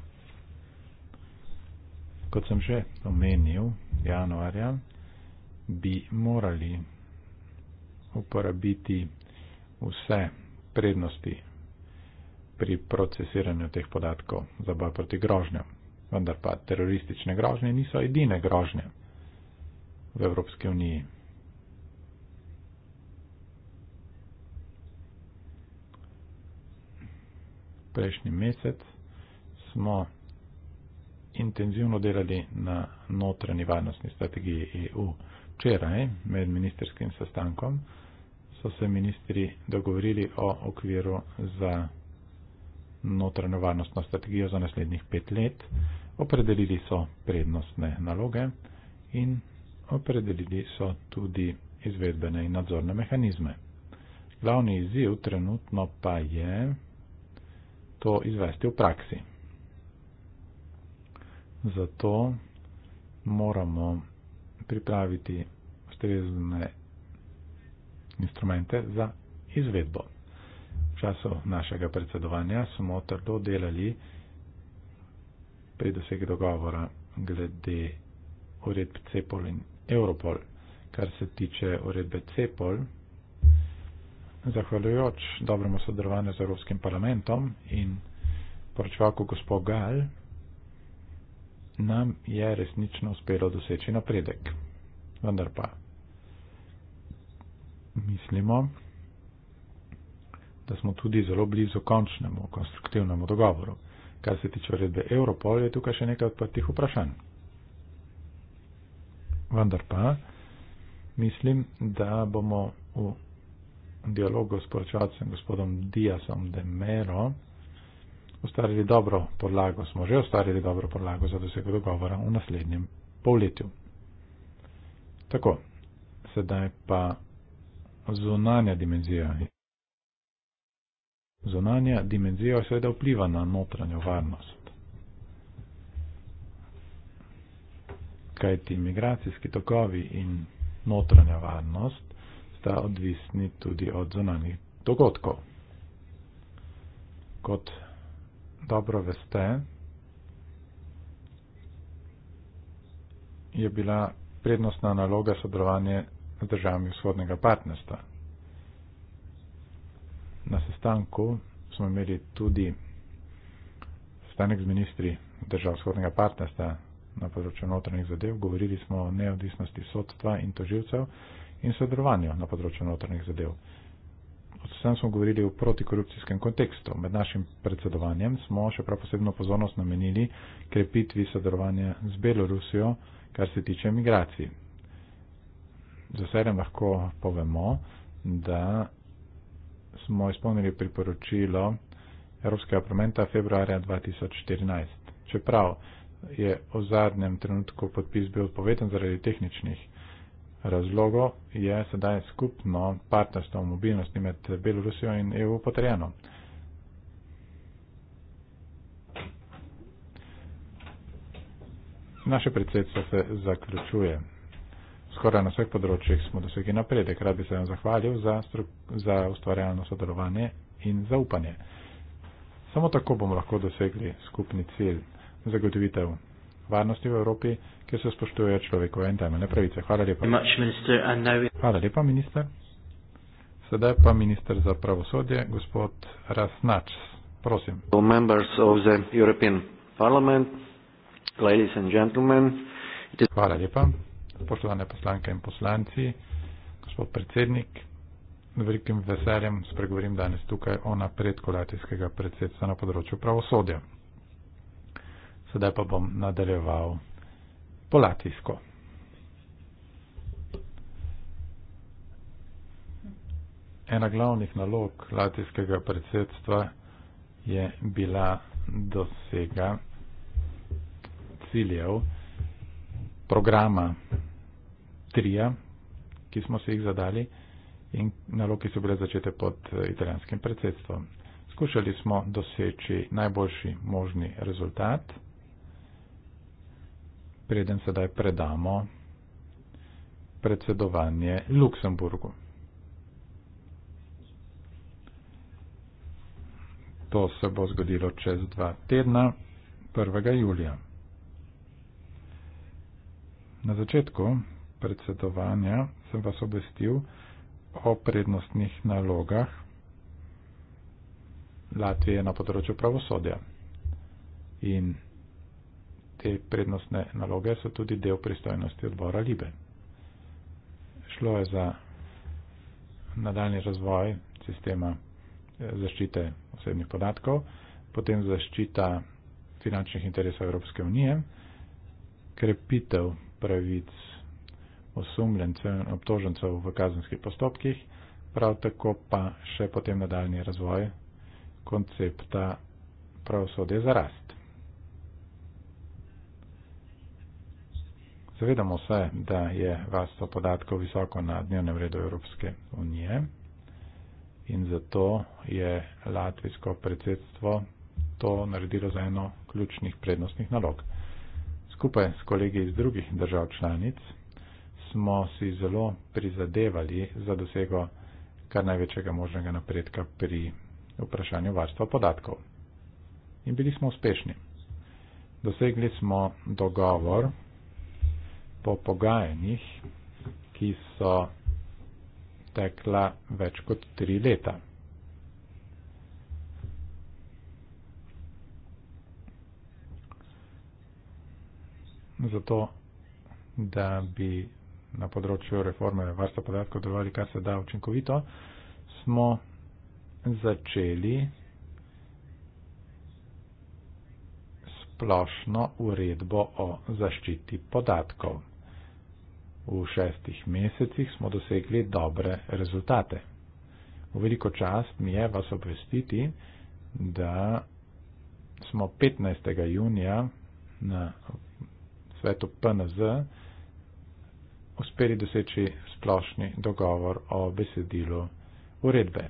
Kot sem že omenil, januarja bi morali uporabiti vse prednosti pri procesiranju teh podatkov za boj proti grožnjam. Vendar pa teroristične grožnje niso edine grožnje v Evropski uniji. Prejšnji mesec smo intenzivno delali na notranji varnostni strategiji EU. Včeraj med ministerskim sestankom so se ministri dogovorili o okviru za notranjo varnostno strategijo za naslednjih pet let, opredelili so prednostne naloge in opredelili so tudi izvedbene in nadzorne mehanizme. Glavni izziv trenutno pa je to izvesti v praksi. Zato moramo pripraviti ustrezne instrumente za izvedbo. V času našega predsedovanja smo trdo delali pri dosegu dogovora glede uredb CEPOL in Europol. Kar se tiče uredbe CEPOL, zahvaljujoč dobremu sodelovanju z Evropskim parlamentom in poročevalko gospod Gal, nam je resnično uspelo doseči napredek. Vendar pa mislimo, da smo tudi zelo blizu končnemu konstruktivnemu dogovoru. Kar se tiče uredbe Europol, je tukaj še nekaj odprtih vprašanj. Vendar pa mislim, da bomo v dialogu s poročevalcem gospodom Diasom de Mero ustvarili dobro podlago, smo že ustvarili dobro podlago za dosego dogovora v naslednjem polletju. Tako, sedaj pa zunanja dimenzija. Zunanja dimenzija seveda vpliva na notranjo varnost. Kajti migracijski tokovi in notranja varnost sta odvisni tudi od zunanjih dogodkov. Kot dobro veste, je bila prednostna naloga sodelovanje z državami vzhodnega partnerstva. Na sestanku smo imeli tudi sestanek z ministri držav vzhodnega partnerstva na področju notranjih zadev, govorili smo o neodvisnosti sodstva in toživcev in sodelovanju na področju notranjih zadev. Sam smo govorili o protikorupcijskem kontekstu. Med našim predsedovanjem smo še prav posebno pozornost namenili krepitvi sodelovanja z Belorusijo, kar se tiče migracij. Z veseljem lahko povemo, da smo izpolnili priporočilo Evropskega parlamenta februarja 2014. Čeprav je v zadnjem trenutku podpis bil odpoveden zaradi tehničnih razlogov je sedaj skupno partnerstvo mobilnosti med Belorusijo in EU potrjeno. Naše predsedstvo se zaključuje. Skoraj na vseh področjih smo dosegli napredek. Rad bi se vam zahvalil za, za ustvarjalno sodelovanje in zaupanje. Samo tako bomo lahko dosegli skupni cilj zagotovitev varnosti v Evropi, kjer se spoštujejo človekove in temeljne pravice. Hvala lepa. Hvala lepa, minister. Sedaj pa minister za pravosodje, gospod Rasnač. Prosim. Hvala lepa. Spoštovane poslanke in poslanci, gospod predsednik, z velikim veseljem spregovorim danes tukaj o napredku latijskega predsedstva na področju pravosodja. Sedaj pa bom nadaljeval po latinsko. Ena glavnih nalog latinskega predsedstva je bila dosega ciljev programa trija, ki smo si jih zadali in naloge so bile začete pod eh, italijanskim predsedstvom. Skušali smo doseči najboljši možni rezultat preden sedaj predamo predsedovanje Luksemburgu. To se bo zgodilo čez dva tedna, 1. julija. Na začetku predsedovanja sem vas obvestil o prednostnih nalogah Latvije na področju pravosodja. In te prednostne naloge so tudi del pristojnosti odbora Libe. Šlo je za nadaljni razvoj sistema eh, zaščite osebnih podatkov, potem zaščita finančnih interesov Evropske unije, krepitev pravic osumljencev in obtožencev v kazenskih postopkih, prav tako pa še potem nadaljni razvoj koncepta pravosodje za rast. Zavedamo se, da je varstvo podatkov visoko na dnevnem redu Evropske unije in zato je latvijsko predsedstvo to naredilo za eno ključnih prednostnih nalog. Skupaj s kolegi iz drugih držav članic smo si zelo prizadevali za dosego kar največjega možnega napredka pri vprašanju varstva podatkov. In bili smo uspešni. Dosegli smo dogovor, po pogajanjih, ki so tekla več kot tri leta. Zato, da bi na področju reforme varstva podatkov delovali kar se da učinkovito, smo začeli splošno uredbo o zaščiti podatkov. V šestih mesecih smo dosegli dobre rezultate. V veliko čast mi je vas obvestiti, da smo 15. junija na svetu PNZ uspeli doseči splošni dogovor o besedilu uredbe.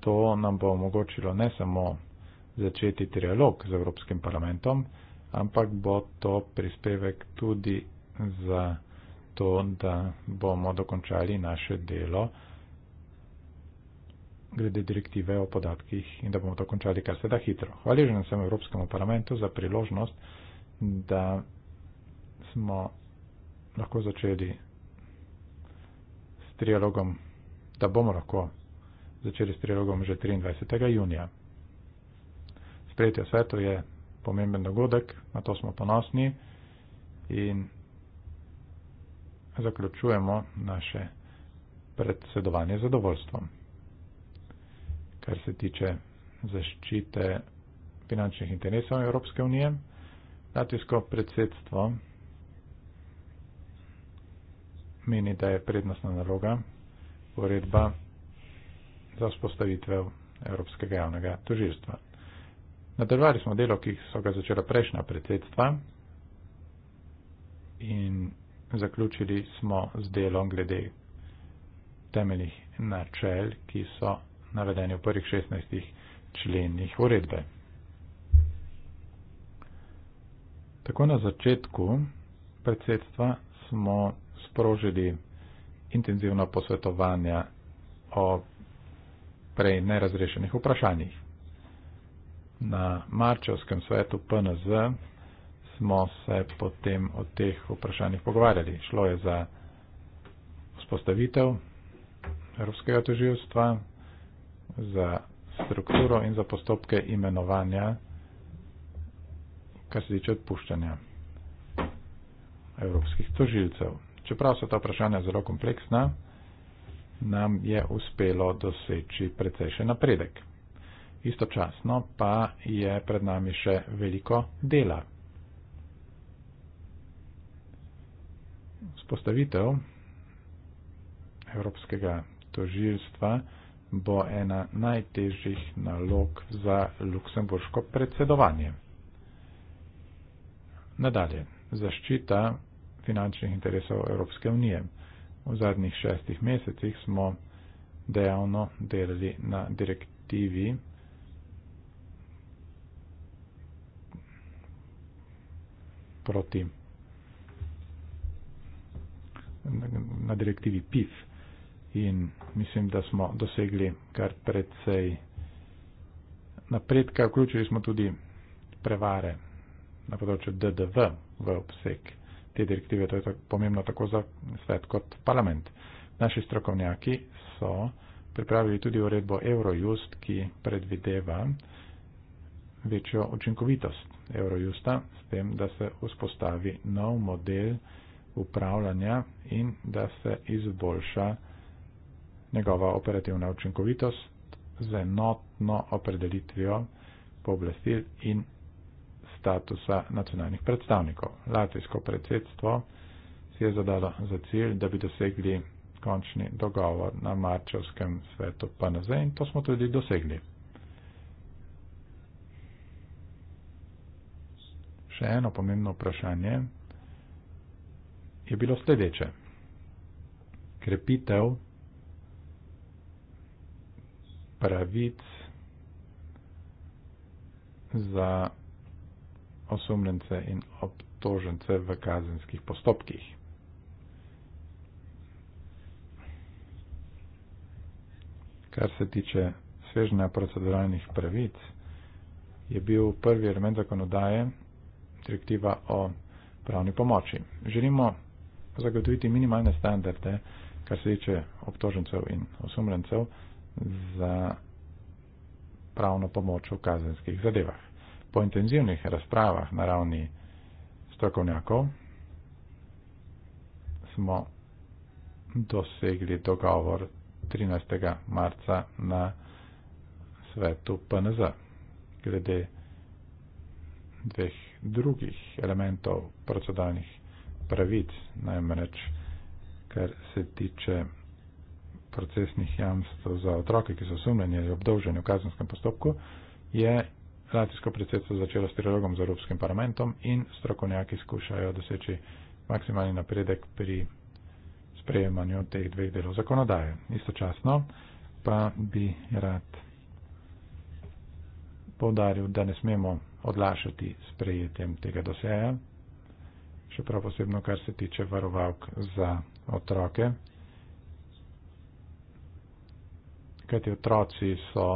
To nam bo omogočilo ne samo začeti trialog z Evropskim parlamentom, ampak bo to prispevek tudi za to, da bomo dokončali naše delo glede direktive o podatkih in da bomo dokončali kar se da hitro. Hvaležen sem Evropskemu parlamentu za priložnost, da smo lahko začeli s trialogom, da bomo lahko začeli s trialogom že 23. junija. Sprejetje svetu je pomemben dogodek, na to smo ponosni in zaključujemo naše predsedovanje zadovoljstvom. Kar se tiče zaščite finančnih interesov Evropske unije, latvijsko predsedstvo meni, da je prednostna naloga uredba za vzpostavitev Evropskega javnega tožilstva. Nadaljevali smo delo, ki so ga začela prejšnja predsedstva in zaključili smo z delom glede temeljnih načel, ki so navedeni v prvih 16 členih uredbe. Tako na začetku predsedstva smo sprožili intenzivno posvetovanje o prej nerazrešenih vprašanjih. Na marčevskem svetu PNZ smo se potem o teh vprašanjih pogovarjali. Šlo je za vzpostavitev Evropskega toživstva, za strukturo in za postopke imenovanja, kar se tiče odpuščanja evropskih tožilcev. Čeprav so ta vprašanja zelo kompleksna, nam je uspelo doseči precejšen napredek. Istočasno pa je pred nami še veliko dela. spostavitev Evropskega tožilstva bo ena najtežjih nalog za luksemburško predsedovanje. Nadalje, zaščita finančnih interesov Evropske unije. V zadnjih šestih mesecih smo dejavno delali na direktivi proti na direktivi PIF in mislim, da smo dosegli kar predvsej napredka. Vključili smo tudi prevare na področju DDV v obseg te direktive. To je tako pomembno tako za svet kot parlament. Naši strokovnjaki so pripravili tudi uredbo Eurojust, ki predvideva večjo učinkovitost Eurojusta s tem, da se vzpostavi nov model upravljanja in da se izboljša njegova operativna učinkovitost z enotno opredelitvijo pooblastil in statusa nacionalnih predstavnikov. Latvijsko predsedstvo si je zadalo za cilj, da bi dosegli končni dogovor na marčevskem svetu PNZ in to smo tudi dosegli. Še eno pomembno vprašanje je bilo sledeče. Krepitev pravic za osumljence in obtožence v kazenskih postopkih. Kar se tiče svežnja proceduralnih pravic, je bil prvi element zakonodaje direktiva o pravni pomoči. Želimo zagotoviti minimalne standarde, kar se tiče obtožencev in osumljencev, za pravno pomoč v kazenskih zadevah. Po intenzivnih razpravah na ravni strokovnjakov smo dosegli dogovor 13. marca na svetu PNZ glede dveh drugih elementov procedalnih pravic, namreč kar se tiče procesnih jamstv za otroke, ki so osumljeni ali obdolženi v kazenskem postopku, je Latvijsko predsedstvo začelo s trilogom z Evropskim parlamentom in strokovnjaki skušajo doseči maksimalni napredek pri sprejemanju teh dveh delov zakonodaje. Istočasno pa bi rad povdaril, da ne smemo odlašati sprejetjem tega doseja, še prav posebno, kar se tiče varovalk za otroke. Kajti otroci so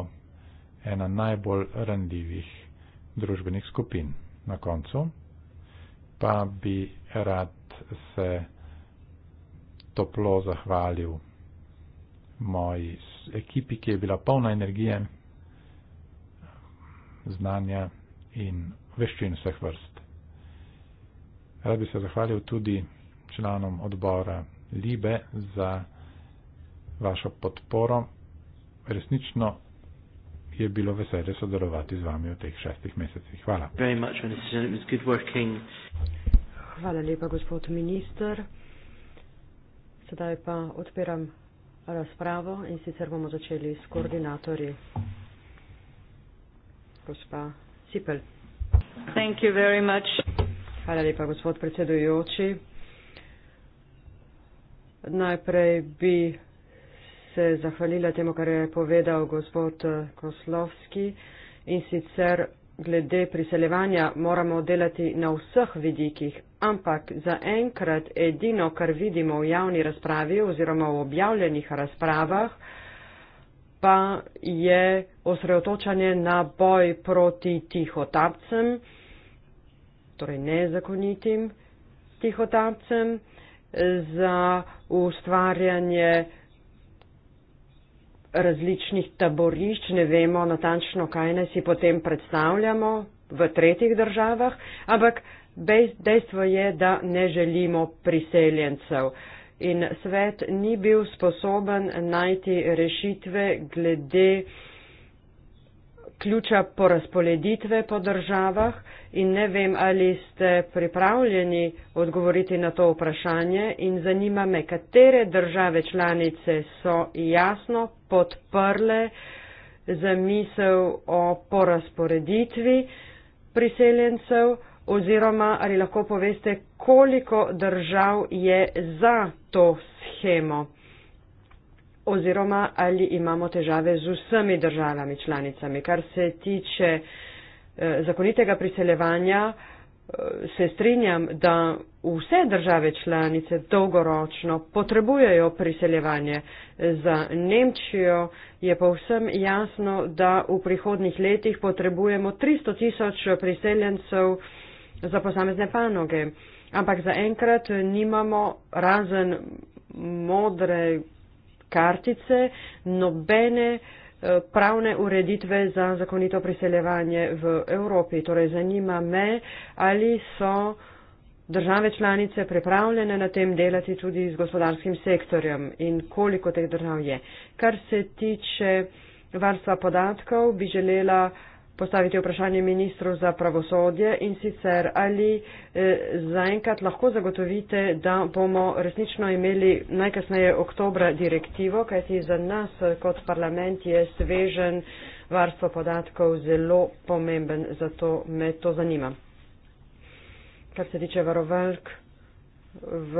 ena najbolj randljivih družbenih skupin. Na koncu pa bi rad se toplo zahvalil moji ekipi, ki je bila polna energije, znanja in veščin vseh vrst. Rad bi se zahvalil tudi članom odbora Libe za vašo podporo. Resnično je bilo veselje sodelovati z vami v teh šestih mesecih. Hvala. Hvala lepa, gospod minister. Sedaj pa odpiram razpravo in sicer bomo začeli s koordinatorji. Gospa Sipel. Thank you very much. Hvala lepa, gospod predsedujoči. Najprej bi se zahvalila temu, kar je povedal gospod eh, Koslovski in sicer glede priseljevanja moramo delati na vseh vidikih, ampak zaenkrat edino, kar vidimo v javni razpravi oziroma v objavljenih razpravah, pa je osredotočanje na boj proti tihotapcem torej nezakonitim tihotapcem, za ustvarjanje različnih taborišč, ne vemo natančno, kaj naj si potem predstavljamo v tretjih državah, ampak dejstvo je, da ne želimo priseljencev. In svet ni bil sposoben najti rešitve glede uh, ključa porazporeditve po državah in ne vem, ali ste pripravljeni odgovoriti na to vprašanje in zanima me, katere države članice so jasno podprle zamisel o porazporeditvi priseljencev oziroma ali lahko poveste, koliko držav je za to schemo oziroma ali imamo težave z vsemi državami članicami. Kar se tiče eh, zakonitega priseljevanja, eh, se strinjam, da vse države članice dolgoročno potrebujejo priseljevanje. Za Nemčijo je povsem jasno, da v prihodnih letih potrebujemo 300 tisoč priseljencev za posamezne panoge. Ampak zaenkrat nimamo razen modre kartice, nobene eh, pravne ureditve za zakonito priseljevanje v Evropi. Torej zanima me, ali so države članice pripravljene na tem delati tudi z gospodarskim sektorjem in koliko teh držav je. Kar se tiče varstva podatkov, bi želela postaviti vprašanje ministru za pravosodje in sicer ali e, zaenkrat lahko zagotovite, da bomo resnično imeli najkasneje oktobra direktivo, kajti za nas kot parlament je svežen varstvo podatkov zelo pomemben, zato me to zanima. Kar se tiče varovalk v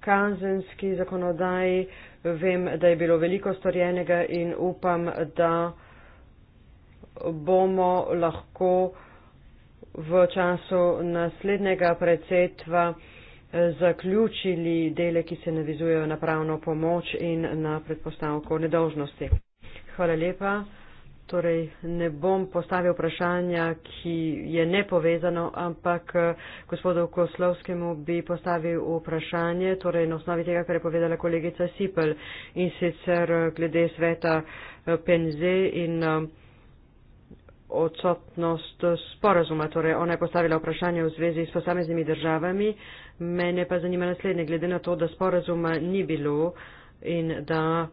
kanzenski zakonodaji, vem, da je bilo veliko storjenega in upam, da bomo lahko v času naslednjega predsedstva eh, zaključili dele, ki se navizujejo na pravno pomoč in na predpostavko nedolžnosti. Hvala lepa. Torej, ne bom postavil vprašanja, ki je nepovezano, ampak eh, gospodu Koslovskemu bi postavil vprašanje, torej na osnovi tega, kar je povedala kolegica Sipel in sicer eh, glede sveta Penze in odsotnost sporazuma. Torej, ona je postavila vprašanje v zvezi s posameznimi državami. Mene pa zanima naslednje, glede na to, da sporazuma ni bilo in da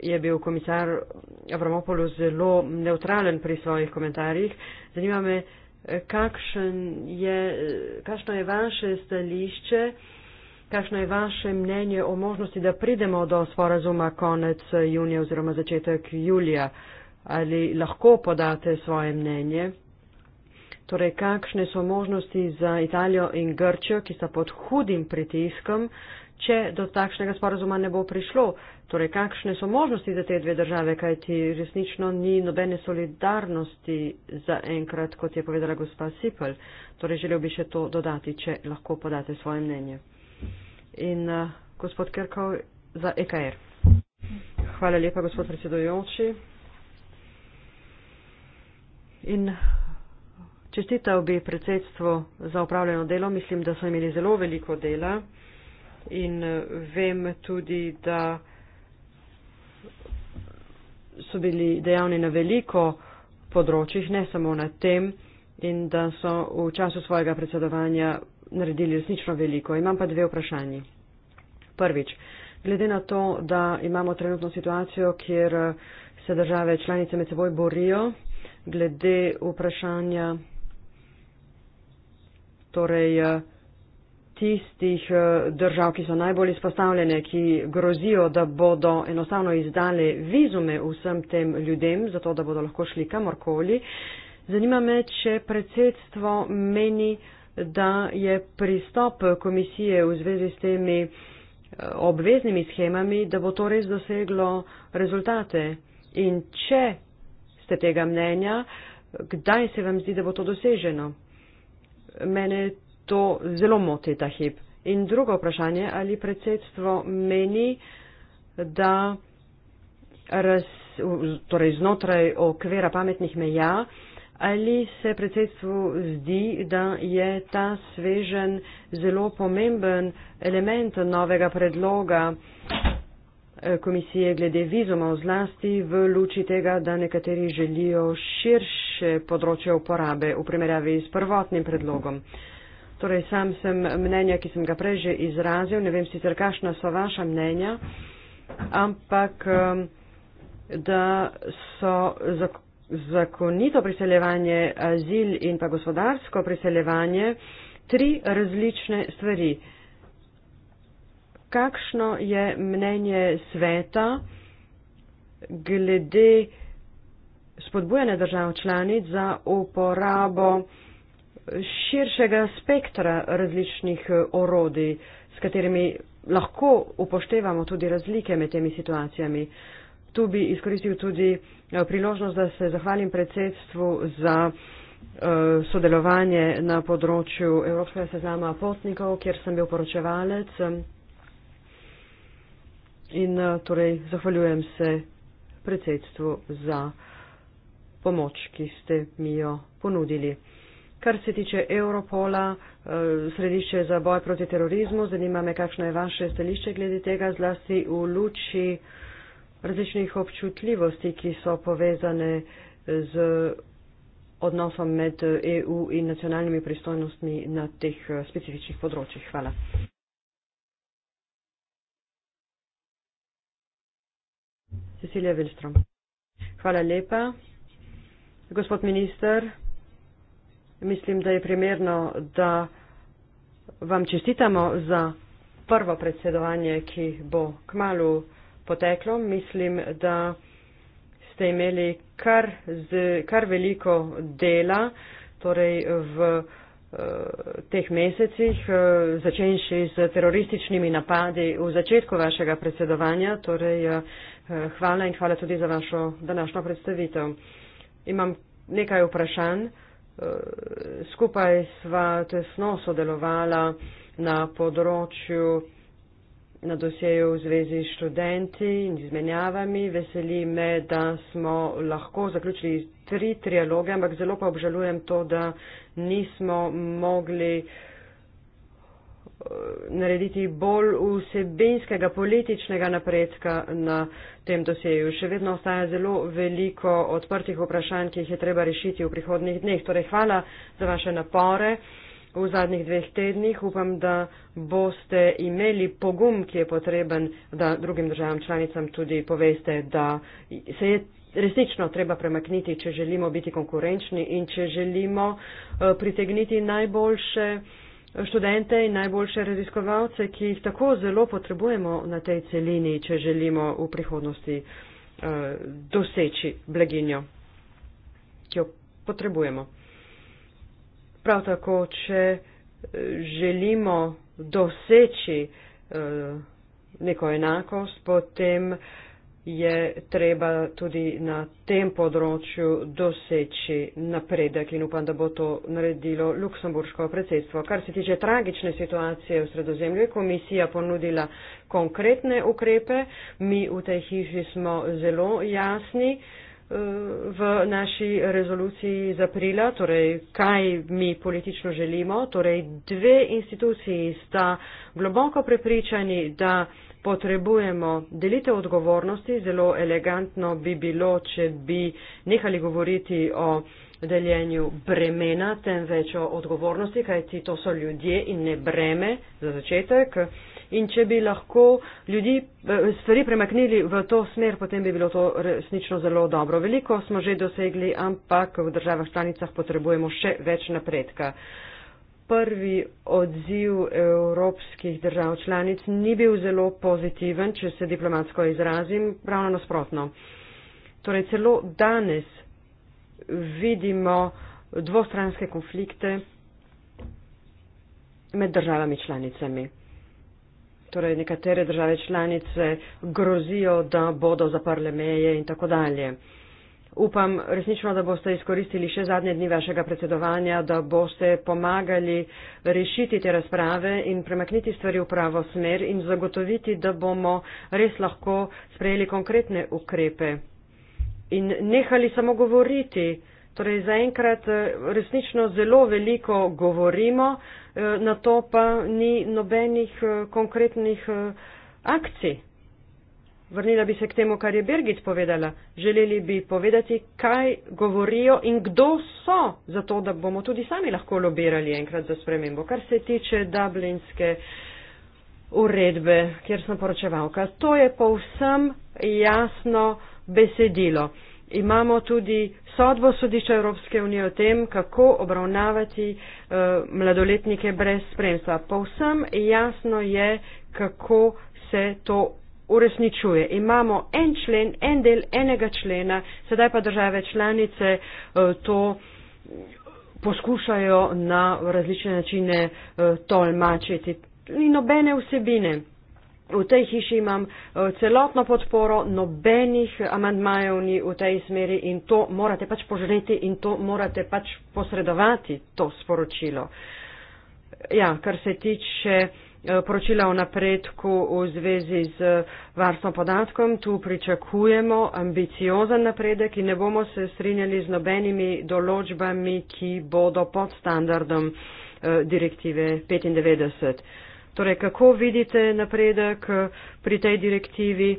je bil komisar Avramopolo zelo neutralen pri svojih komentarjih. Zanima me, je, kakšno je vaše stališče, kakšno je vaše mnenje o možnosti, da pridemo do sporazuma konec junija oziroma začetek julija ali lahko podate svoje mnenje. Torej, kakšne so možnosti za Italijo in Grčijo, ki sta pod hudim pritiskom, če do takšnega sporazuma ne bo prišlo? Torej, kakšne so možnosti za te dve države, kajti resnično ni nobene solidarnosti za enkrat, kot je povedala gospa Sipel. Torej, želel bi še to dodati, če lahko podate svoje mnenje. In uh, gospod Kerkov za EKR. Hvala lepa, gospod predsedujoči. In čestital bi predsedstvo za upravljeno delo. Mislim, da so imeli zelo veliko dela in eh, vem tudi, da so bili dejavni na veliko področjih, ne samo na tem, in da so v času svojega predsedovanja naredili resnično veliko. Imam pa dve vprašanji. Prvič, glede na to, da imamo trenutno situacijo, kjer eh, se države članice med seboj borijo, glede vprašanja torej, tistih eh, držav, ki so najbolj izpostavljene, ki grozijo, da bodo enostavno izdali vizume vsem tem ljudem, zato da bodo lahko šli kamorkoli. Zanima me, če predsedstvo meni, da je pristop komisije v zvezi s temi eh, obveznimi schemami, da bo to res doseglo rezultate. In če ste tega mnenja, kdaj se vam zdi, da bo to doseženo? Mene to zelo moti ta hip. In drugo vprašanje, ali predsedstvo meni, da raz, torej znotraj okvira pametnih meja, ali se predsedstvu zdi, da je ta svežen zelo pomemben element novega predloga Eh, komisije glede vizumov zlasti v luči tega, da nekateri želijo širše področje uporabe v primerjavi s prvotnim predlogom. Torej, sam sem mnenja, ki sem ga prej že izrazil, ne vem sicer, kakšna so vaša mnenja, ampak eh, da so zakonito priseljevanje, azil in pa gospodarsko priseljevanje tri različne stvari kakšno je mnenje sveta glede spodbujanja držav članic za uporabo širšega spektra različnih orodij, s katerimi lahko upoštevamo tudi razlike med temi situacijami. Tu bi izkoristil tudi eh, priložnost, da se zahvalim predsedstvu za eh, sodelovanje na področju Evropskega seznama potnikov, kjer sem bil poročevalec in eh, torej zahvaljujem se predsedstvu za pomoč, ki ste mi jo ponudili. Kar se tiče Europola, eh, središče za boj proti terorizmu, zanima me, kakšno je vaše stališče glede tega, zlasti v luči različnih občutljivosti, ki so povezane eh, z odnosom med EU e in nacionalnimi pristojnostmi na teh specifičnih področjih. Hvala. Cecilija Vilstrom. Hvala lepa. Gospod minister, mislim, da je primerno, da vam čestitamo za prvo predsedovanje, ki bo kmalo poteklo. Mislim, da ste imeli kar, z, kar veliko dela torej v uh, teh mesecih, uh, začenši z terorističnimi napadi v začetku vašega predsedovanja, torej uh, Eh, hvala in hvala tudi za vašo današnjo predstavitev. Imam nekaj vprašanj. Eh, skupaj sva tesno sodelovala na področju, na dosjeju v zvezi s študenti in izmenjavami. Veseli me, da smo lahko zaključili tri trialoge, ampak zelo pa obžalujem to, da nismo mogli. Uh, narediti bolj vsebinskega političnega napredka na tem doseju. Še vedno ostaja zelo veliko odprtih vprašanj, ki jih je treba rešiti v prihodnih dneh. Torej, hvala za vaše napore v zadnjih dveh tednih. Upam, da boste imeli pogum, ki je potreben, da drugim državam članicam tudi poveste, da se je resnično treba premakniti, če želimo biti konkurenčni in če želimo uh, pritegniti najboljše študente in najboljše raziskovalce, ki jih tako zelo potrebujemo na tej celini, če želimo v prihodnosti uh, doseči blaginjo, ki jo potrebujemo. Prav tako, če eh, želimo doseči uh, neko enakost, potem uh, je treba tudi na tem področju doseči napredek in upam, da bo to naredilo luksemburško predsedstvo. Kar se tiče tragične situacije v sredozemlju, je komisija ponudila konkretne ukrepe. Mi v tej hiši smo zelo jasni. Uh, v naši rezoluciji iz aprila, torej kaj mi politično želimo. Torej dve instituciji sta globoko prepričani, da potrebujemo delitev odgovornosti. Zelo elegantno bi bilo, če bi nehali govoriti o deljenju bremena, temveč o odgovornosti, kajti to so ljudje in ne breme za začetek in če bi lahko ljudi, eh, stvari premaknili v to smer, potem bi bilo to resnično zelo dobro. Veliko smo že dosegli, ampak v državah članicah potrebujemo še več napredka. Prvi odziv evropskih držav članic ni bil zelo pozitiven, če se diplomatsko izrazim, ravno nasprotno. Torej, celo danes vidimo dvostranske konflikte med državami članicami torej nekatere države članice grozijo, da bodo zaprle meje in tako dalje. Upam resnično, da boste izkoristili še zadnje dni vašega predsedovanja, da boste pomagali rešiti te razprave in premakniti stvari v pravo smer in zagotoviti, da bomo res lahko sprejeli konkretne ukrepe. In nehali samo govoriti, Torej, zaenkrat eh, resnično zelo veliko govorimo, eh, na to pa ni nobenih eh, konkretnih akcij. Vrnila bi se k temu, kar je Birgit povedala. Želeli bi povedati, kaj govorijo in kdo so, zato da bomo tudi sami lahko lobirali enkrat za spremembo. Kar se tiče dublinske uredbe, kjer sem poročevalka, to je povsem jasno besedilo imamo tudi sodbo sodišča Evropske unije o tem, kako obravnavati uh, mladoletnike brez spremstva. Povsem jasno je, kako se to uresničuje. Imamo en člen, en del enega člena, sedaj pa države članice uh, to poskušajo na različne načine uh, tolmačiti. Ni nobene vsebine. V tej hiši imam eh, celotno podporo, nobenih amandmajev ni v tej smeri in to morate pač požreti in to morate pač posredovati, to sporočilo. Ja, kar se tiče eh, poročila o napredku v zvezi z eh, varstvom podatkom, tu pričakujemo ambiciozen napredek in ne bomo se strinjali z nobenimi določbami, ki bodo pod standardom direktive 95. Torej, kako vidite napredek eh, pri tej direktivi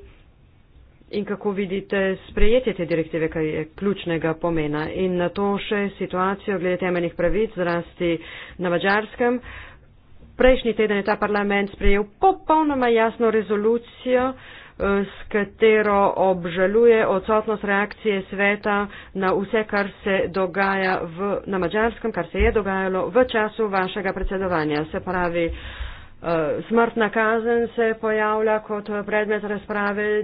in kako vidite sprejetje te direktive, kaj je ključnega pomena. In na to še situacijo glede temeljnih pravic zrasti na mačarskem. Prejšnji teden je ta parlament sprejel popolnoma jasno rezolucijo, eh, s katero obžaluje odsotnost reakcije sveta na vse, kar se dogaja v, na mačarskem, kar se je dogajalo v času vašega predsedovanja. Se pravi, Eh, smrtna kazen se pojavlja kot predmet razprave,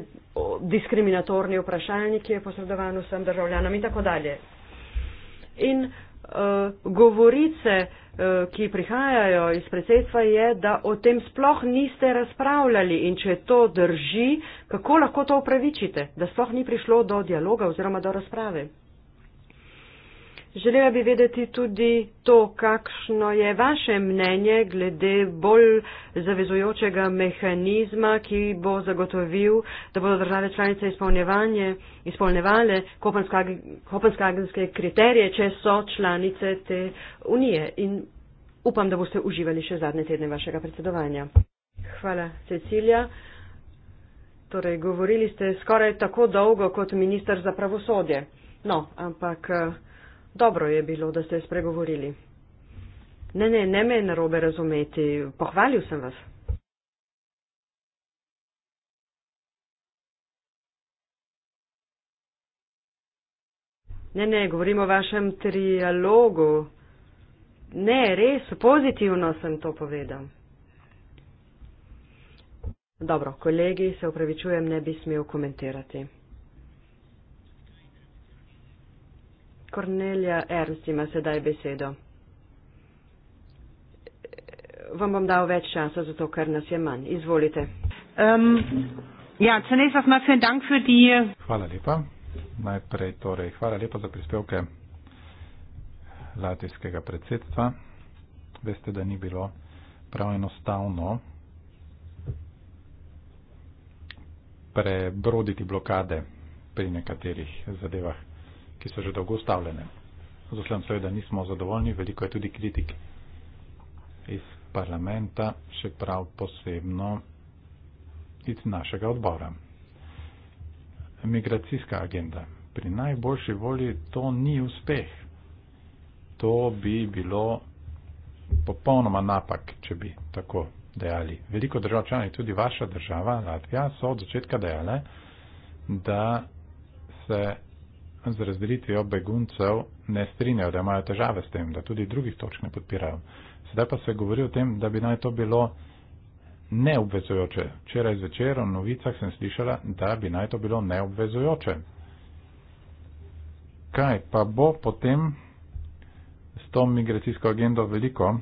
diskriminatorni vprašalnik je posredovan vsem državljanom in tako dalje. In uh, govorice, uh, ki prihajajo iz predsedstva, je, da o tem sploh niste razpravljali in če to drži, kako lahko to upravičite, da sploh ni prišlo do dialoga oziroma do razprave. Želela bi vedeti tudi to, kakšno je vaše mnenje glede bolj zavezujočega mehanizma, ki bo zagotovil, da bodo države članice izpolnevale kopenske agenske kriterije, če so članice te unije. In upam, da boste uživali še zadnje tedne vašega predsedovanja. Hvala, Cecilija. Torej, govorili ste skoraj tako dolgo kot minister za pravosodje. No, ampak. Eh, Dobro je bilo, da ste spregovorili. Ne, ne, ne me narobe razumeti. Pohvalil sem vas. Ne, ne, govorim o vašem trialogu. Ne, res, pozitivno sem to povedal. Dobro, kolegi, se upravičujem, ne bi smel komentirati. Kornelija Ernst ima sedaj besedo. Vam bom dal več časa, zato ker nas je manj. Izvolite. Um, ja, zunaj za smrt, vsem dank für die. Hvala lepa. Najprej torej hvala lepa za prispevke latijskega predsedstva. Veste, da ni bilo prav enostavno prebroditi blokade pri nekaterih zadevah ki so že dolgo ustavljene. Z vsem seveda nismo zadovoljni, veliko je tudi kritik iz parlamenta, še prav posebno iz našega odbora. Migracijska agenda. Pri najboljši volji to ni uspeh. To bi bilo popolnoma napak, če bi tako dejali. Veliko držav članic, tudi vaša država, Latvija, so od začetka dejale, da se z razdelitvijo beguncev ne strinjajo, da imajo težave s tem, da tudi drugih točk ne podpirajo. Sedaj pa se govori o tem, da bi naj to bilo neobvezujoče. Včeraj zvečer v novicah sem slišala, da bi naj to bilo neobvezujoče. Kaj pa bo potem s to migracijsko agendo veliko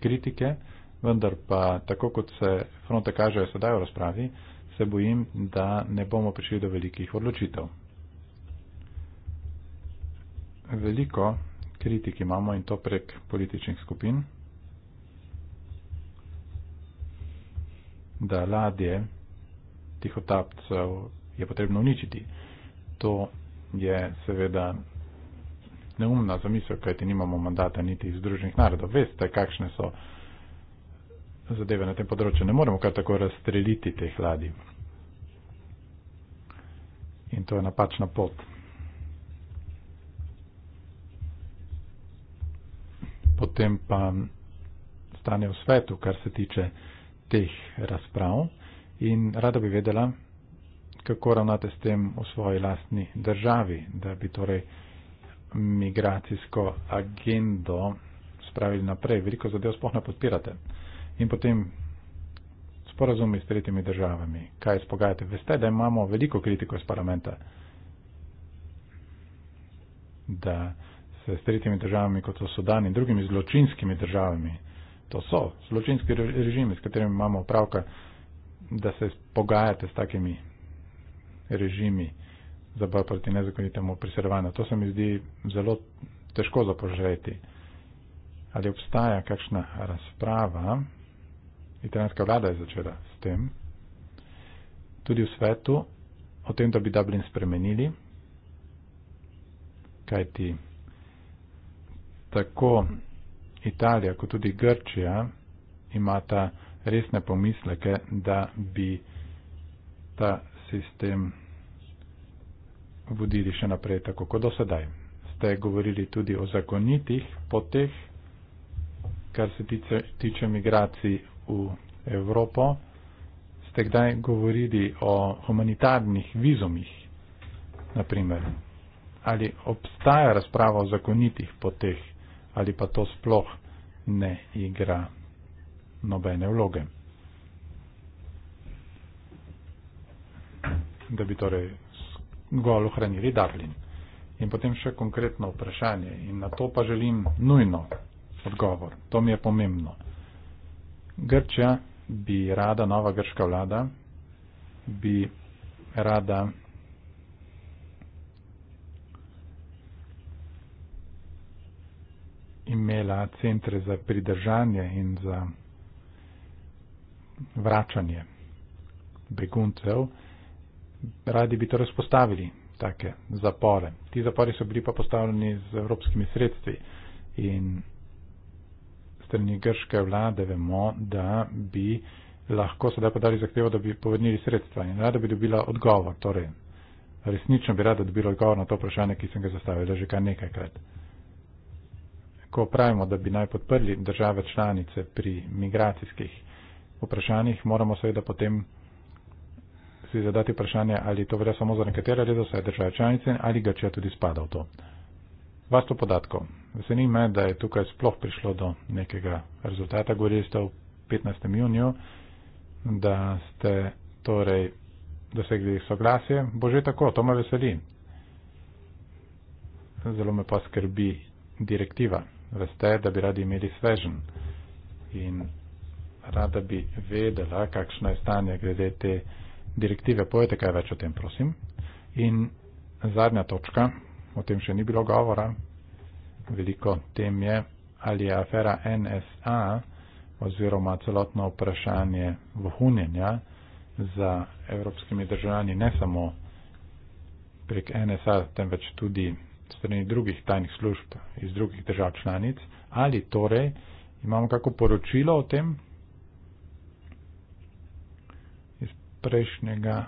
kritike, vendar pa tako kot se fronte kažejo sedaj v razpravi, se bojim, da ne bomo prišli do velikih odločitev veliko kritik imamo in to prek političnih skupin, da ladje tihotapcev je potrebno uničiti. To je seveda neumna zamisel, kajti nimamo mandata niti iz družnih narodov. Veste, kakšne so zadeve na tem področju. Ne moremo kar tako razstreliti teh ladij. In to je napačna pot. potem pa stane v svetu, kar se tiče teh razprav in rada bi vedela, kako ravnate s tem v svoji lastni državi, da bi torej migracijsko agendo spravili naprej. Veliko zadev spoh ne podpirate. In potem sporazumi s tretjimi državami. Kaj spogajate? Veste, da imamo veliko kritiko iz parlamenta. Da s tretjimi državami, kot so Sudan in drugimi zločinskimi državami. To so zločinski režimi, s katerimi imamo opravka, da se pogajate s takimi režimi za boj proti nezakonitemu priservanju. To se mi zdi zelo težko zapoželjeti. Ali obstaja kakšna razprava? Italijanska vlada je začela s tem. Tudi v svetu o tem, da bi Dublin spremenili, kajti tako Italija kot tudi Grčija imata resne pomisleke, da bi ta sistem vodili še naprej tako kot do sedaj. Ste govorili tudi o zakonitih poteh, kar se tiče, tiče migracij v Evropo. Ste kdaj govorili o humanitarnih vizumih, naprimer? Ali obstaja razprava o zakonitih poteh? ali pa to sploh ne igra nobene vloge. Da bi torej zgolj ohranili Dublin. In potem še konkretno vprašanje in na to pa želim nujno odgovor. To mi je pomembno. Grčja bi rada, nova grška vlada, bi rada imela centre za pridržanje in za vračanje beguncev, radi bi to torej razpostavili, take zapore. Ti zapori so bili pa postavljeni z evropskimi sredstvi in strani grške vlade vemo, da bi lahko sedaj podali zahtevo, da bi povednili sredstva in rada bi dobila odgovor, torej resnično bi rada dobila odgovor na to vprašanje, ki sem ga zastavila že kar nekajkrat. Ko pravimo, da bi naj podprli države članice pri migracijskih vprašanjih, moramo seveda potem si zadati vprašanje, ali to velja samo za nekatere ali za vse države članice, ali ga če tudi spada v to. Vas to podatko. Veseli me, da je tukaj sploh prišlo do nekega rezultata. Govorili ste v 15. juniju, da ste torej dosegli soglasje. Bože, tako, to me veseli. Zelo me pa skrbi direktiva veste, da bi radi imeli svežen in rada bi vedela, kakšno je stanje glede te direktive. Povejte kaj več o tem, prosim. In zadnja točka, o tem še ni bilo govora, veliko tem je, ali je afera NSA oziroma celotno vprašanje vohunjenja za evropskimi državljani ne samo prek NSA, temveč tudi strani drugih tajnih služb iz drugih držav članic, ali torej imamo kako poročilo o tem iz prejšnjega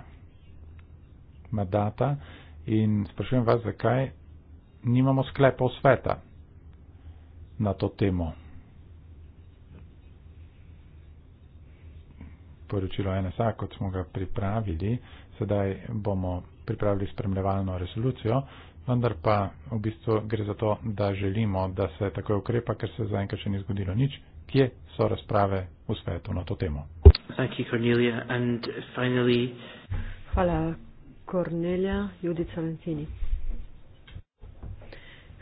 mandata in sprašujem vas, zakaj nimamo sklepov sveta na to temo. poročilo NSA, kot smo ga pripravili. Sedaj bomo pripravili spremljevalno resolucijo, vendar pa v bistvu gre za to, da želimo, da se takoj ukrepa, ker se zaenkrat še ni zgodilo nič, kje so razprave v svetu na to temo. Finally... Hvala, Kornelija, Judica Ventini.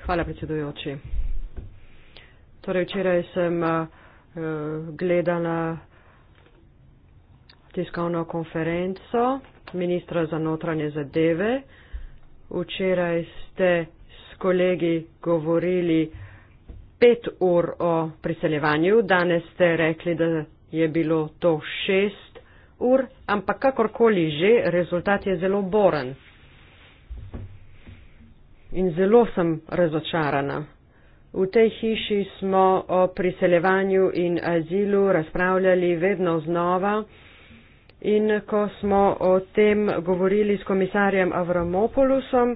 Hvala, predsedujoči. Torej, včeraj sem uh, gledala tiskovno konferenco ministra za notranje zadeve, uh, Včeraj ste s kolegi govorili pet ur o priseljevanju, danes ste rekli, da je bilo to šest ur, ampak kakorkoli že, rezultat je zelo boren. In zelo sem razočarana. V tej hiši smo o priseljevanju in azilu razpravljali vedno znova. In ko smo o tem govorili s komisarjem Avramopolusom,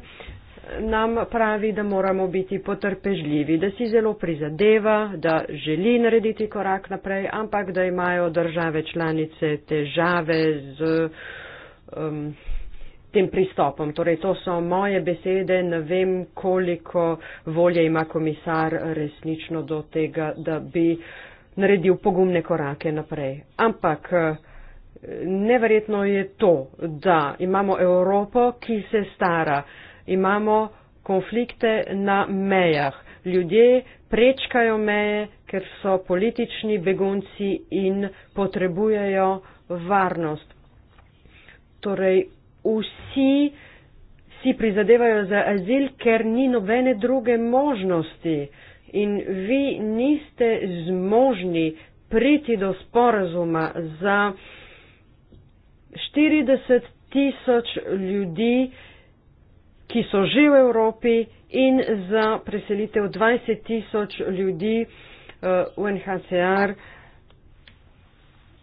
nam pravi, da moramo biti potrpežljivi, da si zelo prizadeva, da želi narediti korak naprej, ampak da imajo države članice težave z um, tem pristopom. Torej, to so moje besede, ne vem, koliko volje ima komisar resnično do tega, da bi naredil pogumne korake naprej. Ampak, uh, neverjetno je to, da imamo Evropo, ki se stara, imamo konflikte na mejah, ljudje prečkajo meje, ker so politični begunci in potrebujejo varnost. Torej, vsi si prizadevajo za azil, ker ni nobene druge možnosti in vi niste zmožni priti do sporazuma za 40 tisoč ljudi, ki so že v Evropi in za preselitev 20 tisoč ljudi uh, eh, UNHCR,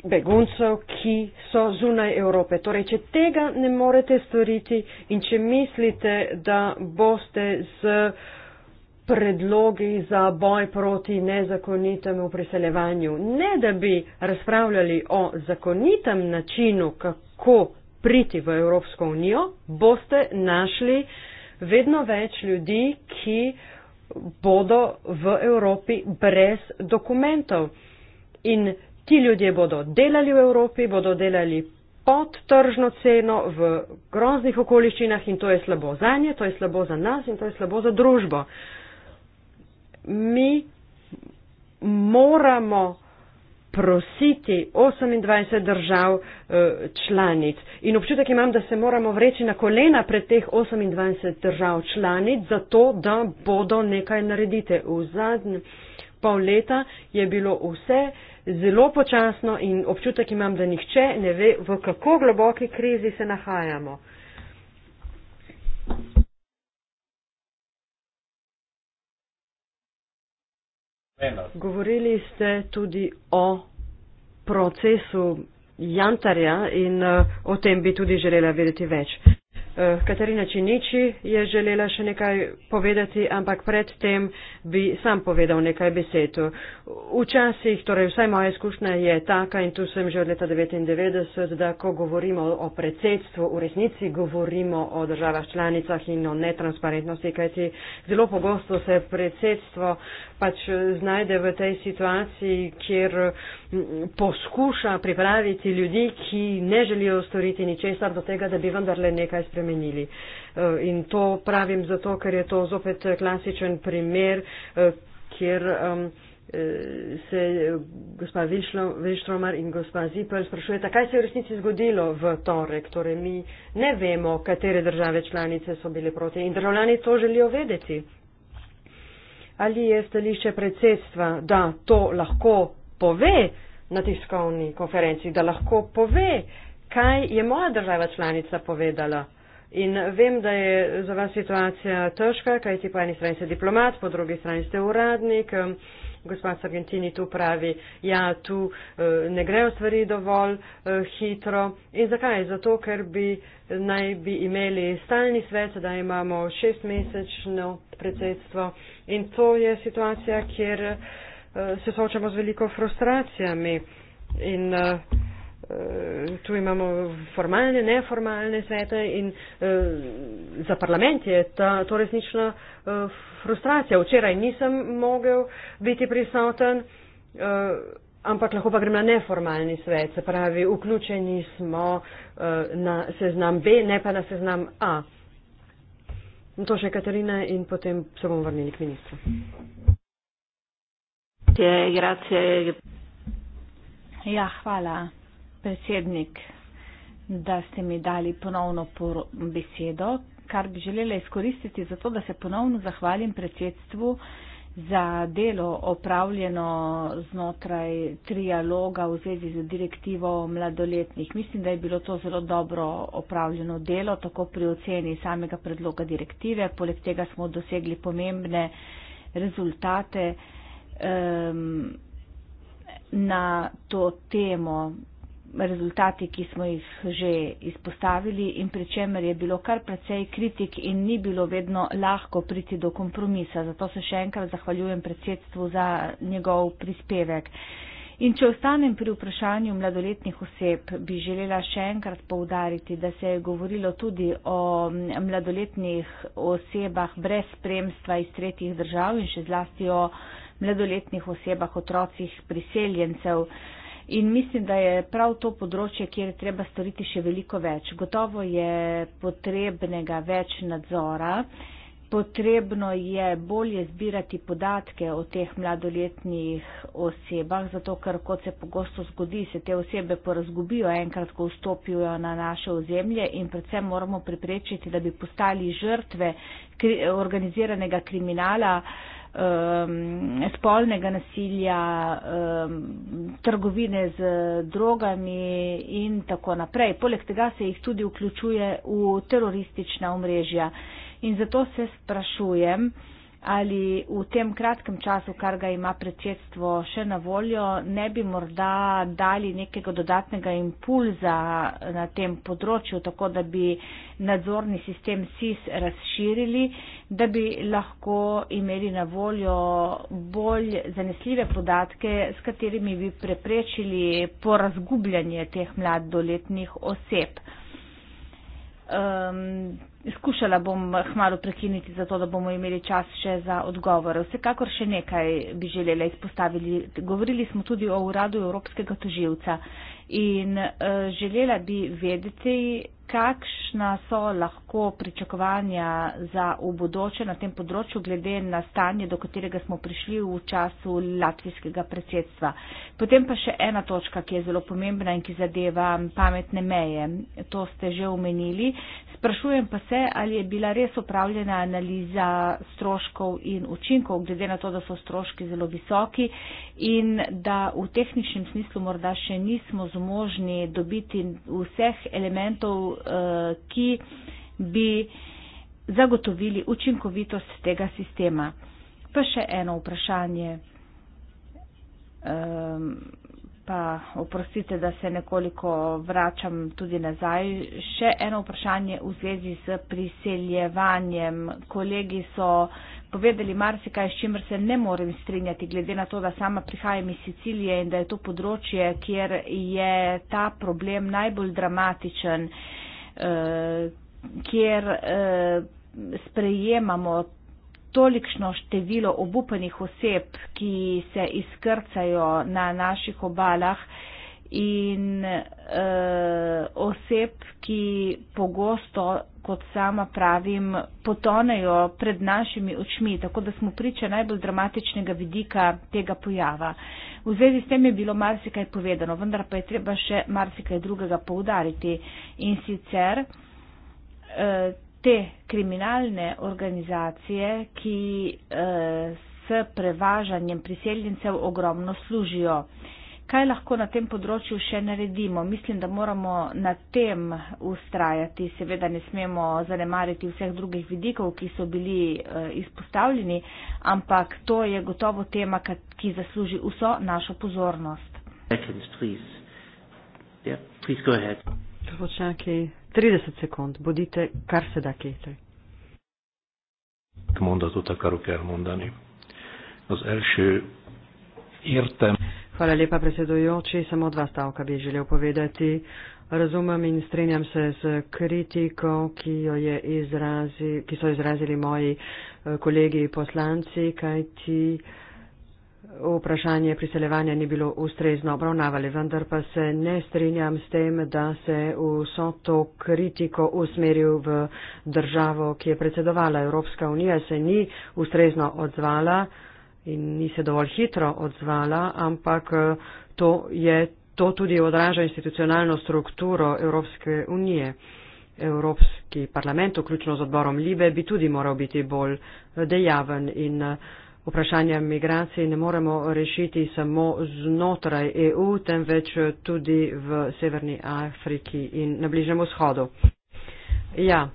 beguncev, ki so zunaj Evrope. Torej, če tega ne morete storiti in če mislite, da boste z uh, predlogi za boj proti nezakonitemu priseljevanju. Ne da bi razpravljali o zakonitem načinu, kako priti v Evropsko unijo, boste našli vedno več ljudi, ki bodo v Evropi brez dokumentov. In ti ljudje bodo delali v Evropi, bodo delali pod tržno ceno v groznih okoliščinah in to je slabo za nje, to je slabo za nas in to je slabo za družbo. Uh, mi moramo prositi 28 držav eh, članic. In občutek imam, da se moramo vreči na kolena pred teh 28 držav članic, zato da bodo nekaj naredite. V zadnjem pol leta je bilo vse zelo počasno in občutek imam, da nihče ne ve, v kako globoki krizi se nahajamo. Govorili ste tudi o procesu Jantarja in eh, o tem bi tudi želela vedeti več. Eh, Katarina Činiči je želela še nekaj povedati, ampak predtem bi sam povedal nekaj besed. Včasih, torej vsaj moja izkušnja je taka in tu sem že od leta 1999, da ko govorimo o predsedstvu, v resnici govorimo o državah članicah in o netransparentnosti, kajti zelo pogosto se predsedstvo pač znajde v tej situaciji, kjer poskuša pripraviti ljudi, ki ne želijo storiti ničesar do tega, da bi vendarle nekaj spremenili spremenili. E, in to pravim zato, ker je to zopet klasičen primer, e, kjer e, se gospa Vilštromar in gospa Zipel sprašujeta, kaj se je v resnici zgodilo v torek. Torej, mi ne vemo, katere države članice so bile proti in državljani to želijo vedeti. Ali je stališče predsedstva, da to lahko pove na tiskovni konferenci, da lahko pove, kaj je moja država članica povedala In vem, da je za vas situacija težka, kaj ti po eni strani ste diplomat, po drugi strani ste uradnik. Gospod Sargentini tu pravi, ja, tu eh, ne grejo stvari dovolj eh, hitro. In zakaj? Zato, ker bi naj bi imeli stalni svet, da imamo šestmesečno predsedstvo. In to je situacija, kjer eh, se soočamo z veliko frustracijami. In, uh, Eh, tu imamo formalne, neformalne svete in uh, za parlament je ta, to resnično uh, frustracija. Včeraj nisem mogel biti prisoten. Uh, Ampak lahko pa grem na neformalni svet, se pravi, vključeni smo uh, na seznam B, ne pa na seznam A. To še Katarina in potem se bomo vrnili k ministru. Ja, hvala predsednik, da ste mi dali ponovno besedo, kar bi želela izkoristiti za to, da se ponovno zahvalim predsedstvu za delo opravljeno znotraj trialoga v zvezi z direktivo mladoletnih. Mislim, da je bilo to zelo dobro opravljeno delo, tako pri oceni samega predloga direktive. Poleg tega smo dosegli pomembne rezultate um, na to temo rezultati, ki smo jih že izpostavili in pri čemer je bilo kar precej kritik in ni bilo vedno lahko priti do kompromisa. Zato se še enkrat zahvaljujem predsedstvu za njegov prispevek. In če ostanem pri vprašanju mladoletnih oseb, bi želela še enkrat poudariti, da se je govorilo tudi o mladoletnih osebah brez spremstva iz tretjih držav in še zlasti o mladoletnih osebah, otrocih priseljencev. In mislim, da je prav to področje, kjer treba storiti še veliko več. Gotovo je potrebnega več nadzora, potrebno je bolje zbirati podatke o teh mladoletnih osebah, zato ker, kot se pogosto zgodi, se te osebe porazgubijo enkrat, ko vstopijo na naše ozemlje in predvsem moramo preprečiti, da bi postali žrtve organiziranega kriminala um, spolnega nasilja, um, trgovine z drogami in tako naprej. Poleg tega se jih tudi vključuje v teroristična omrežja. In zato se sprašujem, ali v tem kratkem času, kar ga ima predsedstvo še na voljo, ne bi morda dali nekega dodatnega impulza na tem področju, tako da bi nadzorni sistem SIS razširili, da bi lahko imeli na voljo bolj zanesljive podatke, s katerimi bi preprečili porazgubljanje teh mladoletnih oseb. Um, Skušala bom hmalo prekiniti, zato da bomo imeli čas še za odgovore. Vsekakor še nekaj bi želela izpostaviti. Govorili smo tudi o uradu Evropskega toživca in uh, želela bi vedeti, kakšna so lahko pričakovanja za v bodoče na tem področju, glede na stanje, do katerega smo prišli v času latvijskega predsedstva. Potem pa še ena točka, ki je zelo pomembna in ki zadeva pametne meje. To ste že omenili. Sprašujem pa se, ali je bila res upravljena analiza stroškov in učinkov, glede na to, da so stroški zelo visoki in da v tehničnem smislu morda še nismo zmožni dobiti vseh elementov, eh, ki bi zagotovili učinkovitost tega sistema. Pa še eno vprašanje. Um, pa oprostite, da se nekoliko vračam tudi nazaj. Še eno vprašanje v zvezi s priseljevanjem. Kolegi so povedali marsikaj, s čimer se ne morem strinjati, glede na to, da sama prihajam iz Sicilije in da je to področje, kjer je ta problem najbolj dramatičen, eh, kjer eh, sprejemamo tolikšno število obupanih oseb, ki se izkrcajo na naših obalah in e, oseb, ki pogosto, kot sama pravim, potonejo pred našimi očmi, tako da smo priča najbolj dramatičnega vidika tega pojava. V zvezi s tem je bilo marsikaj povedano, vendar pa je treba še marsikaj drugega poudariti in sicer e, te kriminalne organizacije, ki eh, s prevažanjem priseljencev ogromno služijo. Kaj lahko na tem področju še naredimo? Mislim, da moramo na tem ustrajati. Seveda ne smemo zanemariti vseh drugih vidikov, ki so bili eh, izpostavljeni, ampak to je gotovo tema, ki zasluži vso našo pozornost. Seconds, please. Yeah, please 30 sekund, bodite kar se da kétre. Mondatot akarok elmondani. Az első értem. Hvala lepa, predsedujoči. Samo dva stavka bi želel povedati. Razumem in strinjam se z kritiko, ki, jo je izrazi, ki so izrazili moji eh, kolegi poslanci, kajti uh, vprašanje priseljevanja ni bilo ustrezno obravnavali, vendar pa se ne strinjam s tem, da se vso to kritiko usmeril v državo, ki je predsedovala. Evropska unija se ni ustrezno odzvala in ni se dovolj hitro odzvala, ampak eh, to, je, to tudi odraža institucionalno strukturo Evropske unije. Evropski parlament, vključno z odborom Libe, bi tudi moral biti bolj eh, dejaven in eh, Vprašanja migracij ne moremo rešiti samo znotraj EU, temveč tudi v Severni Afriki in na Bližnem vzhodu. Ja,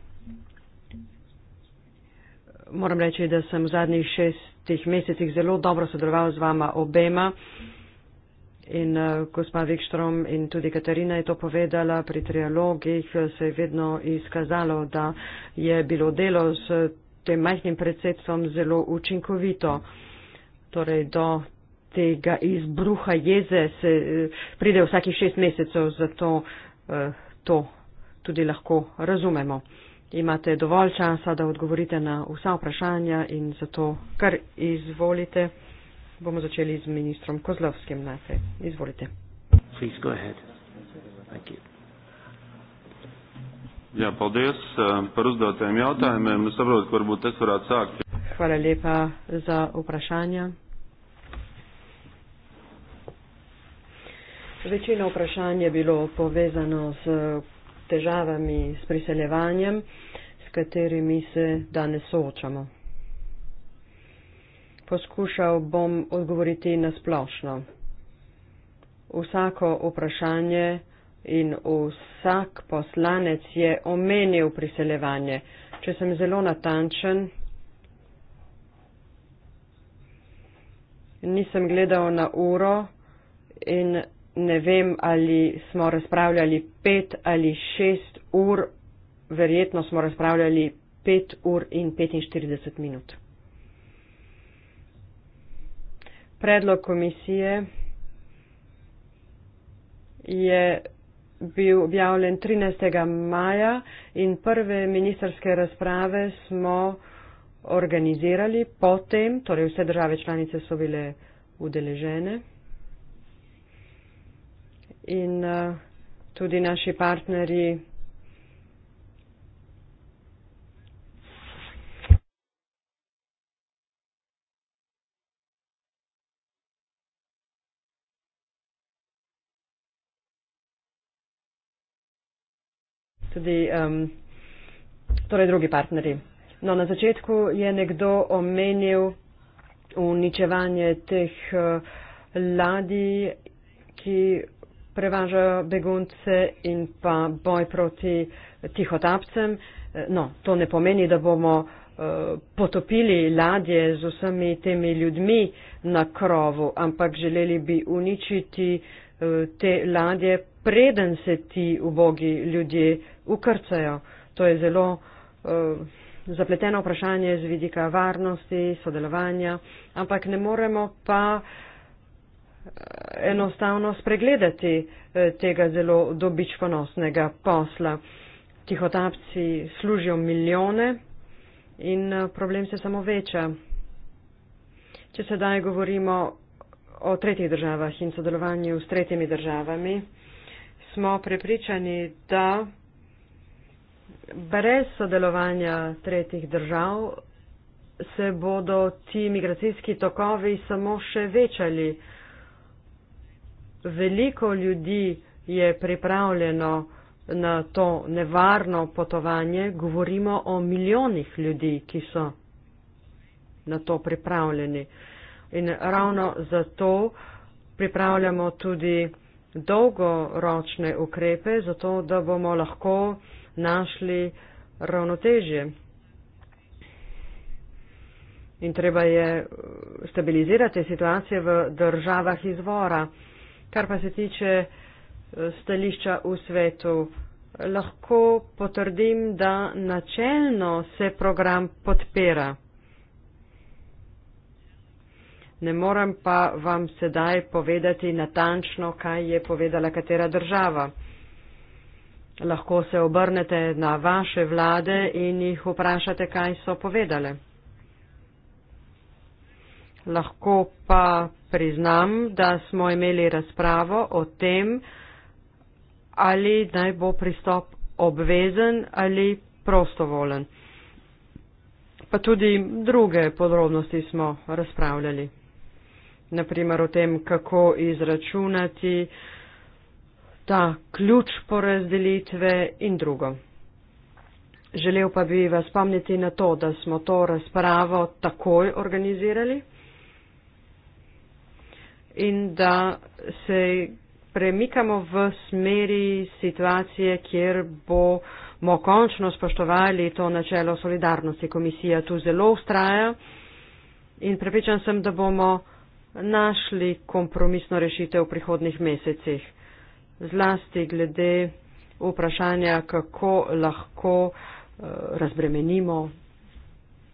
moram reči, da sem v zadnjih šestih mesecih zelo dobro sodeloval z vama obema. In uh, gospa Vikštrom in tudi Katarina je to povedala pri trialogih, se je vedno izkazalo, da je bilo delo s tem majhnim predsedstvom zelo učinkovito. Torej, do tega izbruha jeze se eh, pride vsakih šest mesecev, zato eh, to tudi lahko razumemo. Imate dovolj časa, da odgovorite na vsa vprašanja in zato, kar izvolite, bomo začeli z ministrom Kozlovskim najprej. Izvolite. Please go ahead. Thank you. Ja, paldies eh, par uzdotajiem jautājumiem. Es saprotu, ka varbūt es varētu sākt. Hvala liepa za uprašanja. Večina uprašanj je bilo povezano s eh, težavami, s priseljevanjem, s katerimi se danes soočamo. Poskušal bom odgovoriti na splošno. Vsako vprašanje in vsak poslanec je omenil priseljevanje. Če sem zelo natančen, nisem gledal na uro in ne vem, ali smo razpravljali pet ali šest ur, verjetno smo razpravljali pet ur in 45 minut. Predlog komisije je bil objavljen 13. maja in prve ministerske razprave smo organizirali potem, torej vse države članice so bile udeležene in uh, tudi naši partnerji. tudi um, torej drugi partnerji. No, na začetku je nekdo omenil uničevanje teh uh, ladij, ki prevažajo begunce in pa boj proti tihotapcem. Eh, no, to ne pomeni, da bomo uh, potopili ladje z vsemi temi ljudmi na krovu, ampak želeli bi uničiti uh, Eh, te ladje, preden se ti ubogi ljudje ukrcajo. To je zelo uh, zapleteno vprašanje z vidika varnosti, sodelovanja, ampak ne moremo pa eh, enostavno spregledati tega zelo dobičkonosnega posla. Tihotapci služijo milijone in problem se samo veča. Če sedaj govorimo o tretjih državah in sodelovanju s tretjimi državami, smo prepričani, da brez sodelovanja tretjih držav se bodo ti migracijski tokovi samo še večali. Veliko ljudi je pripravljeno na to nevarno potovanje, govorimo o milijonih ljudi, ki so na to pripravljeni. In ravno zato pripravljamo tudi dolgoročne ukrepe, zato da bomo lahko našli ravnotežje. In treba je stabilizirati situacije v državah izvora. Kar pa se tiče eh, stališča v svetu, lahko potrdim, da načelno se program podpira ne morem pa vam sedaj povedati natančno, kaj je povedala katera država. Lahko se obrnete na vaše vlade in jih vprašate, kaj so povedale. Lahko pa priznam, da smo imeli razpravo o tem, ali naj bo pristop obvezen ali prostovolen. Pa tudi druge podrobnosti smo razpravljali naprimer o tem, kako izračunati ta ključ porazdelitve in drugo. Želel pa bi vas spomniti na to, da smo to razpravo takoj organizirali in da se premikamo v smeri situacije, kjer bomo končno spoštovali to načelo solidarnosti. Komisija tu zelo ustraja in prepričan sem, da bomo našli kompromisno rešitev v prihodnih mesecih. Zlasti glede vprašanja, kako lahko eh, razbremenimo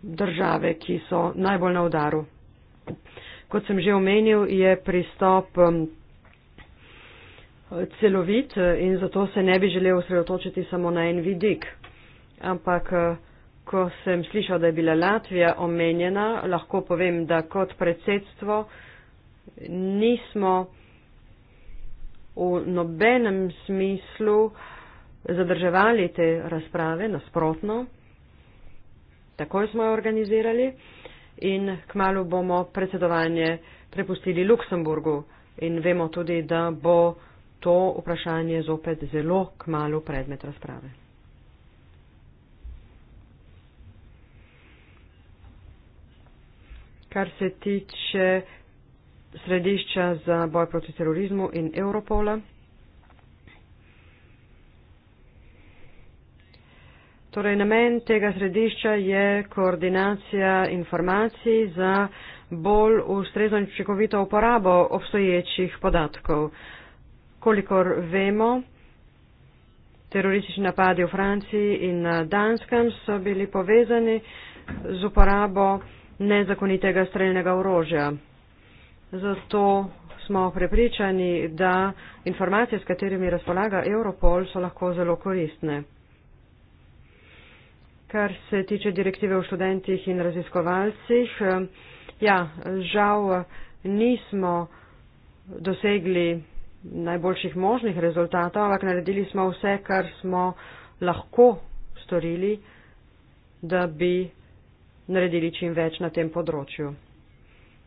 države, ki so najbolj na udaru. Kot sem že omenil, je pristop celovit eh, in zato se ne bi želel osredotočiti samo na en vidik. Ampak, eh, ko sem slišal, da je bila Latvija omenjena, lahko povem, da kot predsedstvo nismo v nobenem smislu zadrževali te razprave nasprotno. Takoj smo jo organizirali in kmalo bomo predsedovanje prepustili Luksemburgu in vemo tudi, da bo to vprašanje zopet zelo kmalo predmet razprave. Kar se tiče središča za boj proti terorizmu in Europola. Torej, namen tega središča je koordinacija informacij za bolj ustrezno in učinkovito uporabo obstoječih podatkov. Kolikor vemo, teroristični napadi v Franciji in na Danskem so bili povezani z uporabo nezakonitega streljnega orožja. Zato smo prepričani, da informacije, s katerimi razpolaga Europol, so lahko zelo koristne. Kar se tiče direktive o študentih in raziskovalcih, eh, ja, žal eh, nismo dosegli najboljših možnih rezultatov, ampak naredili smo vse, kar smo lahko storili, da bi naredili čim več na tem področju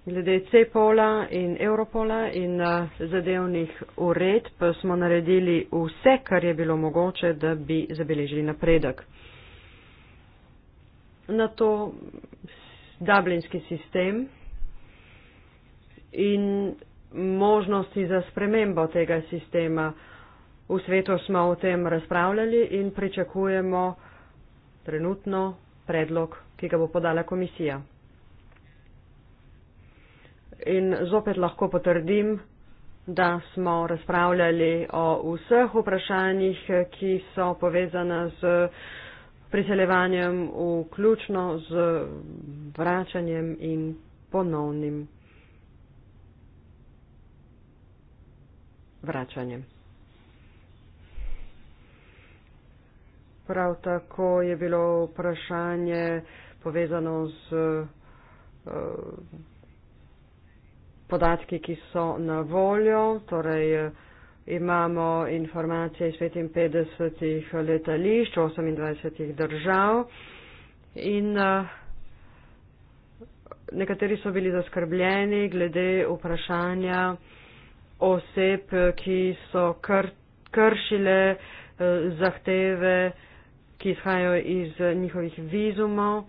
glede CEPOL-a in Europola in eh, zadevnih uredb smo naredili vse, kar je bilo mogoče, da bi zabeležili napredek. Na to dublinski sistem in možnosti za spremembo tega sistema. V svetu smo o tem razpravljali in pričakujemo trenutno predlog, ki ga bo podala komisija in zopet lahko potrdim, da smo razpravljali o vseh vprašanjih, ki so povezane z priseljevanjem, vključno z vračanjem in ponovnim vračanjem. Prav tako je bilo vprašanje povezano z uh, podatki, ki so na voljo, torej imamo informacije iz 55 letališč, 28 držav in eh, nekateri so bili zaskrbljeni glede vprašanja oseb, ki so kr kršile eh, zahteve, ki izhajajo iz njihovih vizumov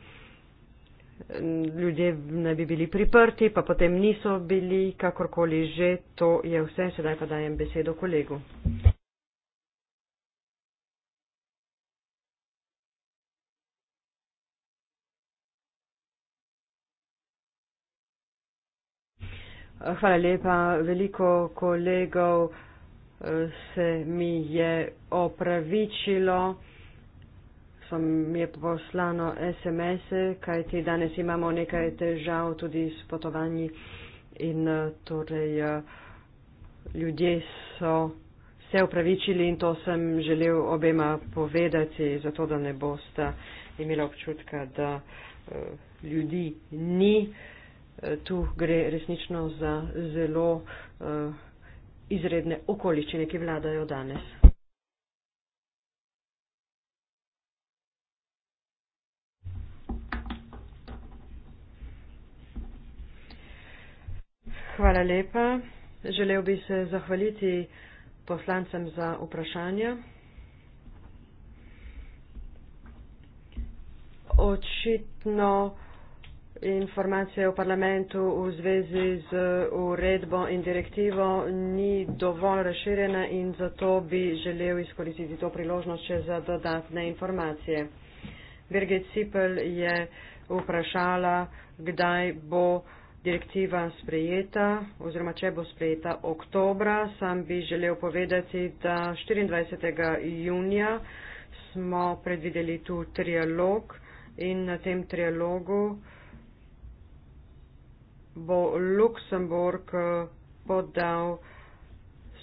ljudje ne bi bili priprti, pa potem niso bili, kakorkoli že, to je vse. Sedaj pa dajem besedo kolegu. Hvala lepa. Veliko kolegov eh, se mi je opravičilo so mi je poslano SMS-e, kajti danes imamo nekaj težav tudi s potovanji in eh, torej eh, ljudje so se upravičili in to sem želel obema povedati, zato da ne boste imeli občutka, da eh, ljudi ni. Tu gre resnično za zelo izredne okoličine, ki vladajo danes. Hvala lepa. Želel bi se zahvaliti poslancem za vprašanja. Očitno informacije v parlamentu v zvezi z uredbo in direktivo ni dovolj razširjena in zato bi želel izkoristiti to priložnost še za dodatne informacije. Birgit Sipel je vprašala, kdaj bo direktiva sprejeta oziroma če bo sprejeta oktobra. Sam bi želel povedati, da 24. junija smo predvideli tu trialog in na tem trialogu bo Luksemburg eh, podal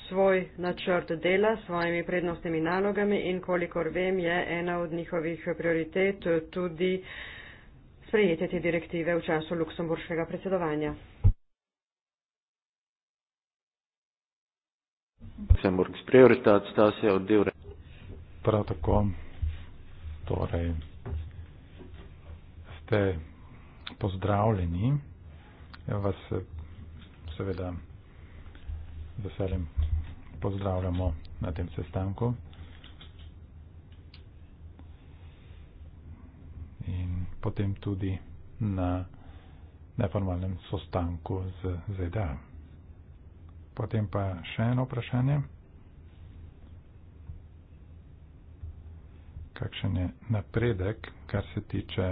svoj načrt dela s svojimi prednostnimi nalogami in kolikor vem, je ena od njihovih prioritet tudi sprejetje te direktive v času luksemburškega predsedovanja. Luksemburg sprejel restat, sta se oddel. Prav tako, torej, ste pozdravljeni, ja vas eh, seveda veselim pozdravljamo na tem sestanku. In potem tudi na neformalnem sostanku z ZDA. Potem pa še eno vprašanje. Kakšen je napredek, kar se tiče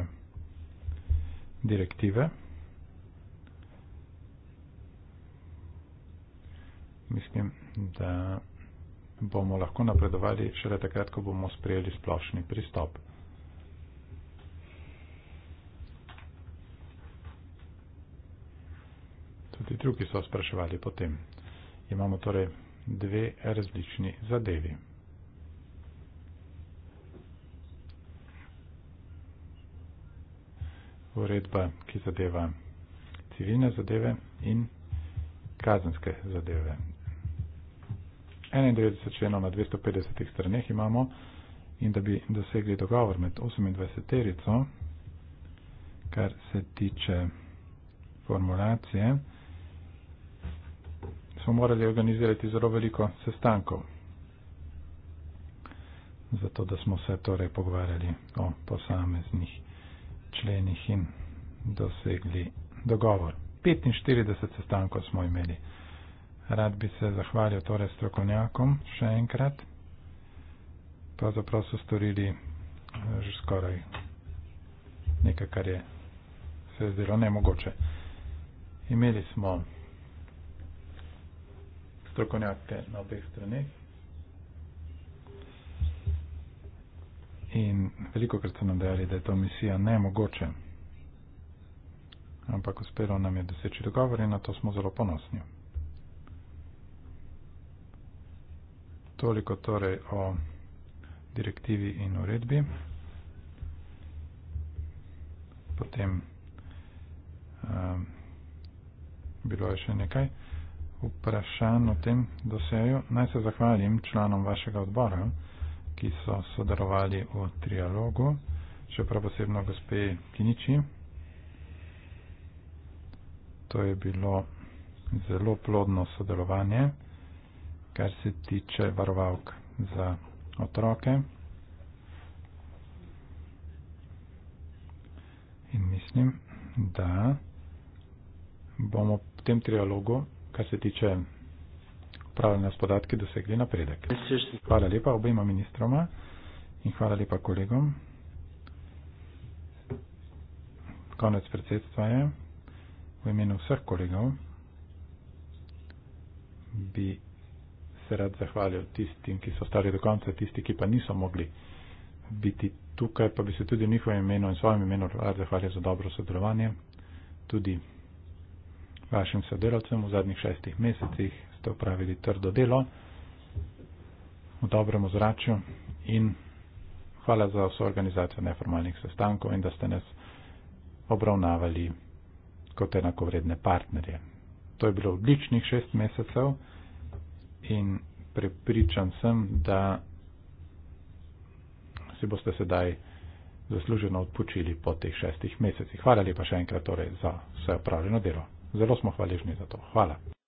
direktive? Mislim, da bomo lahko napredovali šele takrat, ko bomo sprejeli splošni pristop. Tudi drugi so spraševali potem. Imamo torej dve različni zadevi. Uredba, ki zadeva civilne zadeve in kazenske zadeve. 91 členov na 250 straneh imamo in da bi dosegli dogovor med 28 terico, kar se tiče formulacije, smo morali organizirati zelo veliko sestankov, zato da smo se torej pogovarjali o posameznih členih in dosegli dogovor. 45 sestankov smo imeli. Rad bi se zahvalil torej strokovnjakom še enkrat. Pravzaprav so storili eh, že skoraj nekaj, kar je se zdelo nemogoče. Imeli smo strokovnjake na obeh straneh. In veliko krat so nam dejali, da je to misija nemogoče. Ampak uspelo nam je doseči dogovor in na to smo zelo ponosni. Toliko torej o direktivi in uredbi. Potem um, bilo je še nekaj vprašanj o tem doseju, naj se zahvalim članom vašega odbora, ki so sodelovali v trialogu, še prav posebno gospe Kiniči. To je bilo zelo plodno sodelovanje, kar se tiče varovalk za otroke. In mislim, da bomo v tem trialogu kar se tiče upravljanja s podatki, dosegli napredek. Hvala lepa obema ministroma in hvala lepa kolegom. Konec predsedstva je. V imenu vseh kolegov bi se rad zahvalil tistim, ki so stali do konca, tisti, ki pa niso mogli biti tukaj, pa bi se tudi v njihovem imenu in svojem imenu rad zahvalil za dobro sodelovanje. Tudi vašim sodelavcem v zadnjih šestih mesecih ste upravili trdo delo v dobrem ozračju in hvala za vso organizacijo neformalnih sestankov in da ste nas obravnavali kot enakovredne partnerje. To je bilo odličnih šest mesecev in prepričan sem, da si boste sedaj zasluženo odpočili po teh šestih mesecih. Hvala lepa še enkrat torej za vse opravljeno delo. Zelo smo hvaležni za to. Hvala.